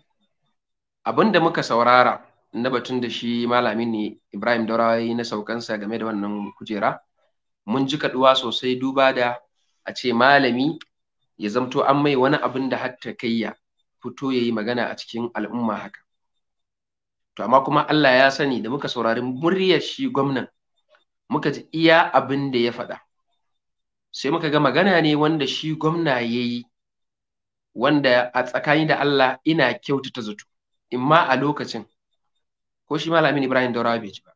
abin da muka saurara na batun da shi malamin ne Ibrahim Daurawa yi na saukansa game da wannan kujera. mun ji kaduwa sosai duba da a ce malami ya zamto an mai wani abin da hatta ya fito ya yi magana a cikin al'umma haka to amma kuma Allah ya sani da muka saurari muryar shi gwamnan muka ji iya abin da ya faɗa sai muka ga magana ne wanda shi gwamna ya yi wanda a tsakani da Allah ina kyautata zato In ma a lokacin ko shi malamin Ibrahim Daurawa bai ba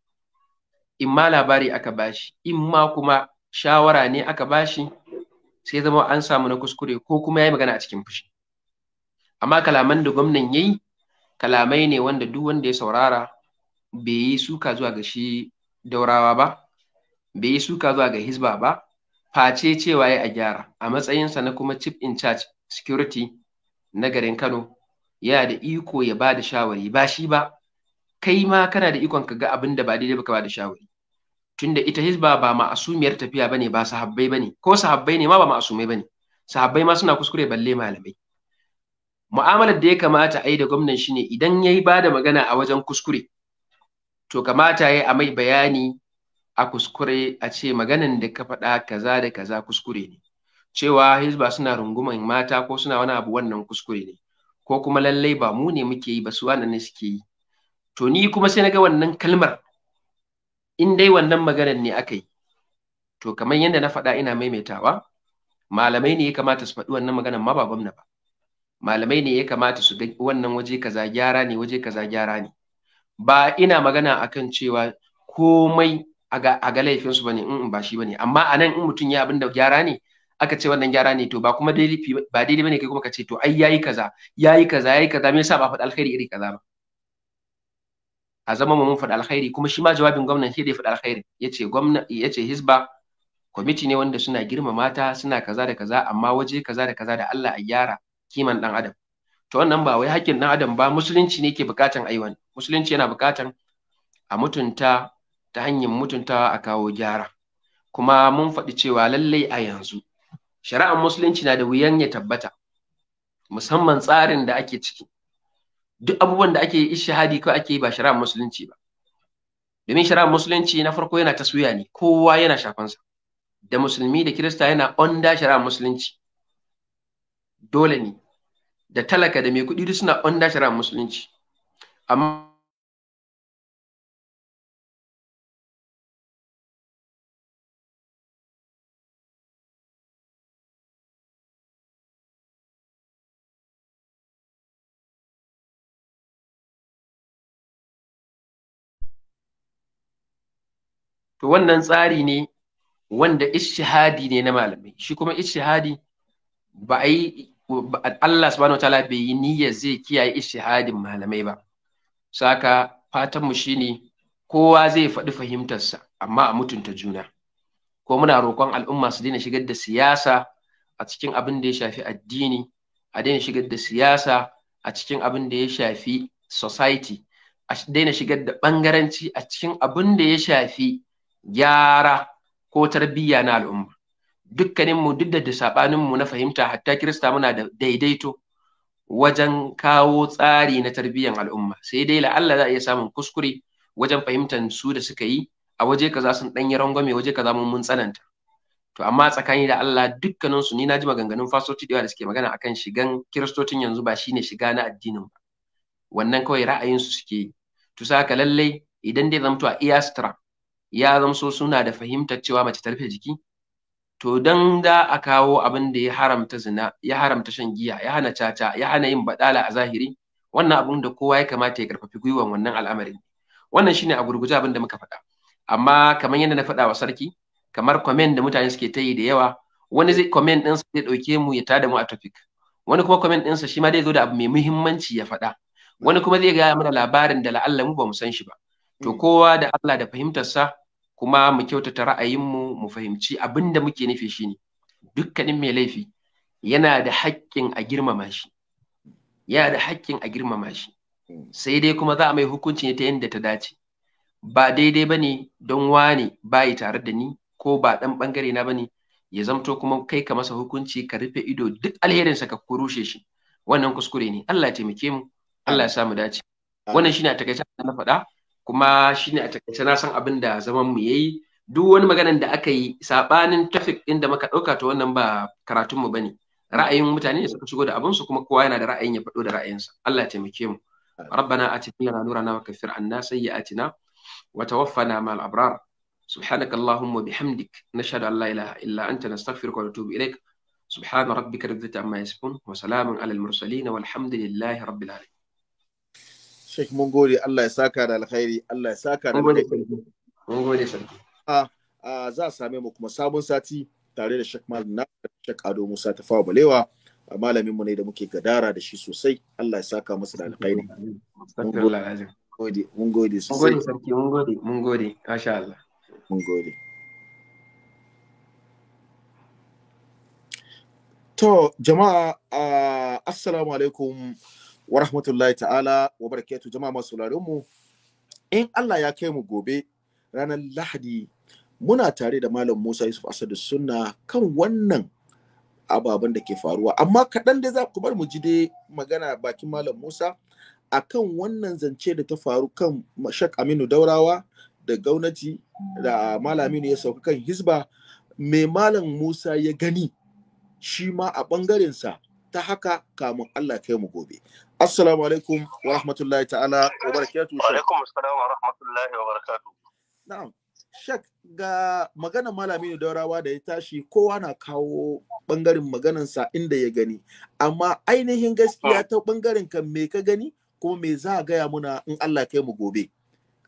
in ma labari aka bashi in ma kuma shawara ne aka bashi sai zama an samu na kuskure ko kuma yayi magana a cikin fushi amma kalaman da gwamnan yayi kalamai ne wanda duk wanda ya saurara bai yi suka zuwa ga shi daurawa ba bai yi suka zuwa ga Hisba ba face cewa ya a gyara a matsayinsa na kuma chief in charge security na garin Kano yana da iko ya bada shawari ba shi ba kai ma kana da ikon ka ga abin da ba daidai ba ka ba shawari tunda ita hizba ba ma'asumiyar tafiya bane ba sahabbai bane ko sahabbai ne ma ba ma'asumai bane sahabbai ma suna kuskure balle malamai mu'amalar da ya kamata a yi da gwamnan shine idan ya yi ba da magana a wajen kuskure to kamata ya a mai bayani a kuskure a ce maganan da ka faɗa kaza da kaza kuskure ne cewa hizba suna runguman mata ko suna wani abu wannan kuskure ne ko kuma lallai ba mu ne muke yi ba su ne suke yi to ni kuma sai na ga wannan kalmar in dai wannan maganar ne aka yi to kamar yadda na faɗa ina maimaitawa malamai ne ya kamata su faɗi wannan maganar ma ba gwamna ba malamai ne ya kamata su ga wannan waje kaza gyara ne waje kaza gyara ne ba ina magana akan cewa komai a ga laifinsu ba ne in ba shi ba ne amma a nan in mutum ya abinda gyara ne aka ce wannan gyara ne to ba kuma daidai ba daidai bane kai kuma ka ce to ai yayi kaza yayi kaza yayi kaza me yasa ba faɗi alkhairi iri kaza ba a zama mu mun faɗi alkhairi kuma shi ma jawabin gwamnan shi da ya faɗi alkhairi yace gwamna yace hisba kwamiti ne wanda suna girma mata suna kaza da kaza amma waje kaza da kaza da Allah a gyara kiman ɗan adam to wannan ba wai haƙƙin dan adam ba musulunci ne ke bukatan aiwan musulunci yana buƙatan a mutunta ta hanyar mutuntawa a kawo gyara kuma mun faɗi cewa lallai a yanzu shari'ar musulunci na da wuyan ya tabbata musamman tsarin da ake ciki duk abubuwan da ake ishihadi kawai ake yi ba shari'ar musulunci ba domin shari'ar musulunci na farko yana taswiya ne kowa yana shafansa da musulmi da kirista yana onda shari'ar musulunci dole ne da talaka da mai kuɗi duk suna onda shari'ar musulunci amma to wannan tsari ne wanda ishihadi ne na malamai shi kuma ishihadi ba a yi Allah subhanahu wa ta'ala bai yi niyyar zai kiyaye ishihadin malamai ba saka fatan mu shine kowa zai faɗi fahimtarsa amma a mutunta juna ko muna roƙon al'umma su daina shigar da siyasa a cikin abin da ya shafi addini a daina shigar da siyasa a cikin abin da ya shafi society a daina shigar da bangaranci a cikin abin da ya shafi gyara ko tarbiyya na al'umma dukkaninmu duk da mu na fahimta hatta kirista muna da daidaito wajen kawo tsari na tarbiyyan al'umma sai dai la Allah za a iya samun kuskure wajen fahimtar su da suka yi a waje kaza sun ɗanyi rangwame waje kaza mun mun tsananta to amma tsakani da Allah dukkanin su ni naji maganganun fasoci da da suke magana akan shigan kiristocin yanzu ba shine shiga na addinin ba wannan kawai ra'ayin su suke yi to saka lallai idan dai zamto a iya ya zamso suna da fahimtar cewa mace ta rufe jiki to dan da a kawo abin da ya haramta zina ya haramta shan giya ya hana caca ya hana yin badala a zahiri wannan abin da kowa ya kamata ya karfafi gwiwan wannan al'amarin wannan shine a gurguje abin da muka faɗa amma kamar yadda na faɗa wa sarki kamar comment da mutane suke ta yi da yawa wani zai comment ɗinsa zai ɗauke mu ya tada mu a topic wani kuma comment ɗinsa shi ma zai zo da abu mai muhimmanci ya faɗa wani kuma zai gaya mana labarin da la'alla mu ba mu san shi ba to mm. kowa da Allah da fahimtar sa, kuma mu kyautata ra'ayinmu mu fahimci abin da muke nufi shi ne dukkanin mai laifi yana da haƙƙin a girmama shi yana da haƙƙin a girmama shi mm. sai dai kuma za a mai hukunci ne ta yadda ta dace ba daidai ba ne don wane bayi tare da ni ko ba ɗan ɓangare na ba ne ya zamto kuma kai ka masa hukunci ka rufe ido duk alherinsa ka kurushe shi wannan kuskure ne Allah ya taimake mu Allah ya samu dace wannan shine a takaice na faɗa kuma shine a takaice na san abin da zaman mu yayi duk wani maganan da aka yi sabanin traffic din da muka dauka to wannan ba karatun mu bane ra'ayin mutane ne suka shigo da abin su kuma kowa yana da ra'ayin ya faɗo da ra'ayinsa Allah ya taimake mu ربنا آتنا نورنا وكفر عنا سيئاتنا وتوفنا مع الأبرار سبحانك اللهم وبحمدك نشهد أن لا إله إلا أنت نستغفرك ونتوب إليك سبحان ربك رب العزة عما يصفون وسلام على المرسلين والحمد لله رب العالمين Sheikh mun gode Allah ya saka da alkhairi Allah ya saka da alkhairi. sarki. A za a same mu kuma sabon sati tare da Sheikh Malam na Sheikh Ado Musa ta Tafawa Balewa malamin mu ne da muke gadara da shi sosai Allah ya saka masa da alkhairi. Mun gode Mun gode sarki mun gode mun gode masha Allah. Mun gode. To jama'a assalamu alaikum wa rahmatullahi ta'ala wa barakatu jama'a masu mu in Allah ya kai mu gobe ranar Lahadi muna tare da Malam Musa Yusuf Asadu Sunna kan wannan ababen da ke faruwa amma kaɗan dai za ku bar mu ji dai magana bakin Malam Musa a kan wannan zance da ta faru kan Shak Aminu Daurawa da gwamnati da malamin ya sauka kan Hizba mai Malam Musa ya gani shi ma a ɓangarensa ta haka kamun Allah kai mu gobe Assalamu alaikum wa rahmatullahi ta'ala wa barakatu. Wa alaikum assalam wa rahmatullahi wa barakatu. Na'am. Shek ga magana malami ne daurawa da ya tashi kowa na kawo bangaren maganansa inda ya gani. Amma ainihin gaskiya ta bangaren kan me ka gani kuma me za a gaya muna in Allah kai mu gobe.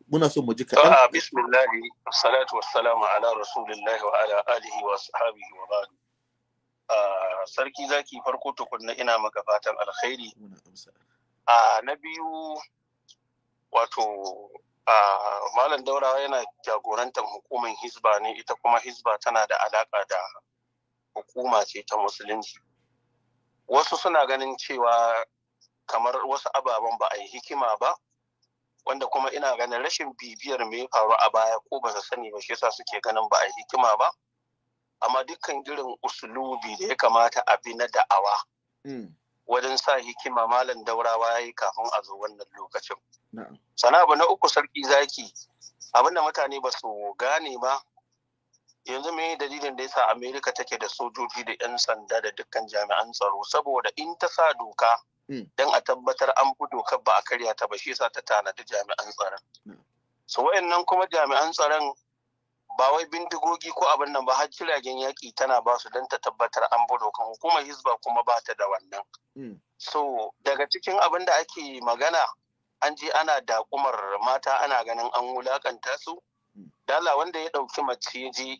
Muna so mu ji kaɗan. Ah, bismillahi, salatu wassalamu ala rasulillahi wa ala alihi wa sahabihi wa ba'du. Ah, sarki zaki farko tukunna ina maka fatan alkhairi a ah, na biyu wato ah, malam daurawa yana jagorantar hukumar hisba ne ita kuma hisba tana da alaka da hukuma ce ta musulunci wasu suna ganin cewa kamar wasu ababen ba a yi hikima ba wanda kuma ina ganin rashin bibiyar me faru a baya ko ba su sani ba shi yasa suke ganin ba a yi hikima ba amma dukkan irin usulubi da ya kamata a bi na da'awa hmm. wajen sa hikima malam daurawa ya yi kafin a zo wannan lokacin sana abu na uku sarki zaki abinda mutane ba su gane ba yanzu mai dalilin da yasa amerika take da sojoji da 'yan sanda da dukkan jami'an tsaro saboda in ta sa doka hmm. don a tabbatar an fi dokar ba a karya ta ba shi sa ta tanadi jami'an tsaron su wayannan kuma jami'an tsaron ba wai bindigogi ko abin nan ba har jiragen yaƙi tana ba su don ta tabbatar an bi dokan hukumar hizba kuma ba ta da wannan hmm. so daga cikin abin da ake magana an je ana dakumar mata ana ganin an wulakanta su hmm. dala wanda ya ɗauki mace je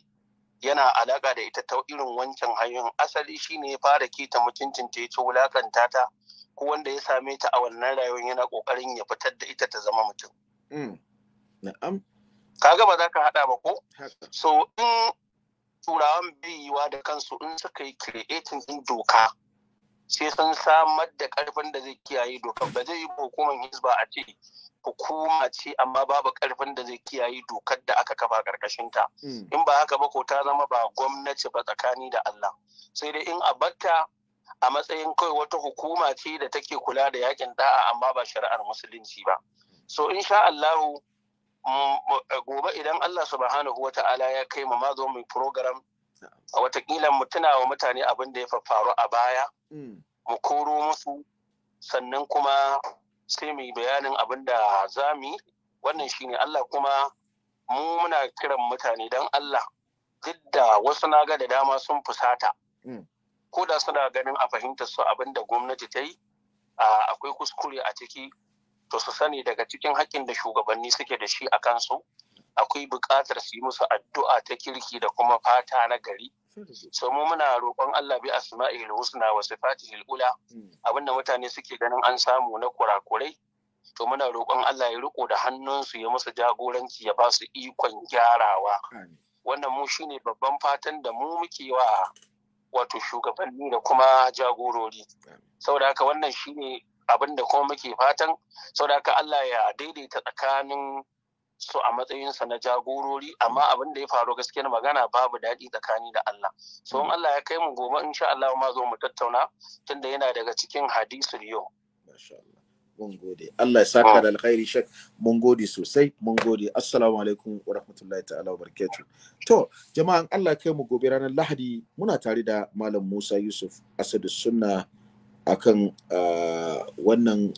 yana alaƙa da ita ta irin wancan hanyoyin asali shine ya fara kita mutuncin ta ya ci wulakanta ta ko wanda ya same ta a wannan rayuwar yana ƙoƙarin ya fitar da ita ta zama mutum. Hmm. kaga ba za ka hada ba ko so in turawan biyuwa da kansu in suka yi creating din doka sai sun samar da karfin da zai kiyaye doka ba zai yi hukumar hizba a ce hukuma ce amma babu karfin da zai kiyaye dokar da aka kafa karkashin ta hmm. in ba haka ba ko ta zama ba gwamnati ba tsakani da Allah sai dai in a batta a matsayin kawai wata hukuma ce da take kula da yakin da'a amma ba shari'ar musulunci ba hmm. so insha Allahu Eh, gobe idan Allah subhanahu Ta'ala ya kai mu ma zo mu program a watakila mu tuna wa mutane abin da ya faru a baya mm. mu koro musu sannan kuma sai mu bayanin abin da za mu wannan shine Allah kuma mu muna kiran mutane dan Allah duk da wasu na ga da dama sun fusata mm. ko da suna ganin a fahimtar su abin da gwamnati ta yi akwai kuskure a ciki to su sani daga cikin hakkin da shugabanni suke da shi a kansu akwai buƙatar su yi musu addu'a ta kirki da kuma fata na gari so mu muna roƙon Allah bi asma'il husna wa sifatihil ula abinda mutane suke ganin an samu na kurakurai to muna roƙon Allah ya riko da hannunsu ya musu jagoranci ya ba su ikon gyarawa wannan mu shine babban fatan da mu muke wa wato shugabanni da kuma jagorori saboda haka wannan shine abin da kuma muke fatan saboda haka Allah ya daidaita tsakanin su a matsayinsa na jagorori amma abin da ya faru gaskiyar magana babu daɗi tsakani da Allah so in Allah ya kai mu gobe in sha Allah ma zo mu tattauna tunda yana daga cikin hadisu yau mun gode Allah ya saka da alkhairi shek mun gode sosai mun gode assalamu alaikum wa rahmatullahi ta'ala wa barakatuh to jama'an Allah kai mu gobe ranar Lahadi muna tare da malam Musa Yusuf Asadu Sunna akan wannan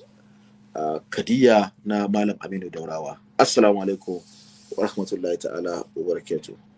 kadiya na malam aminu daurawa assalamu alaikum wa rahmatullahi ta'ala wa barakatuh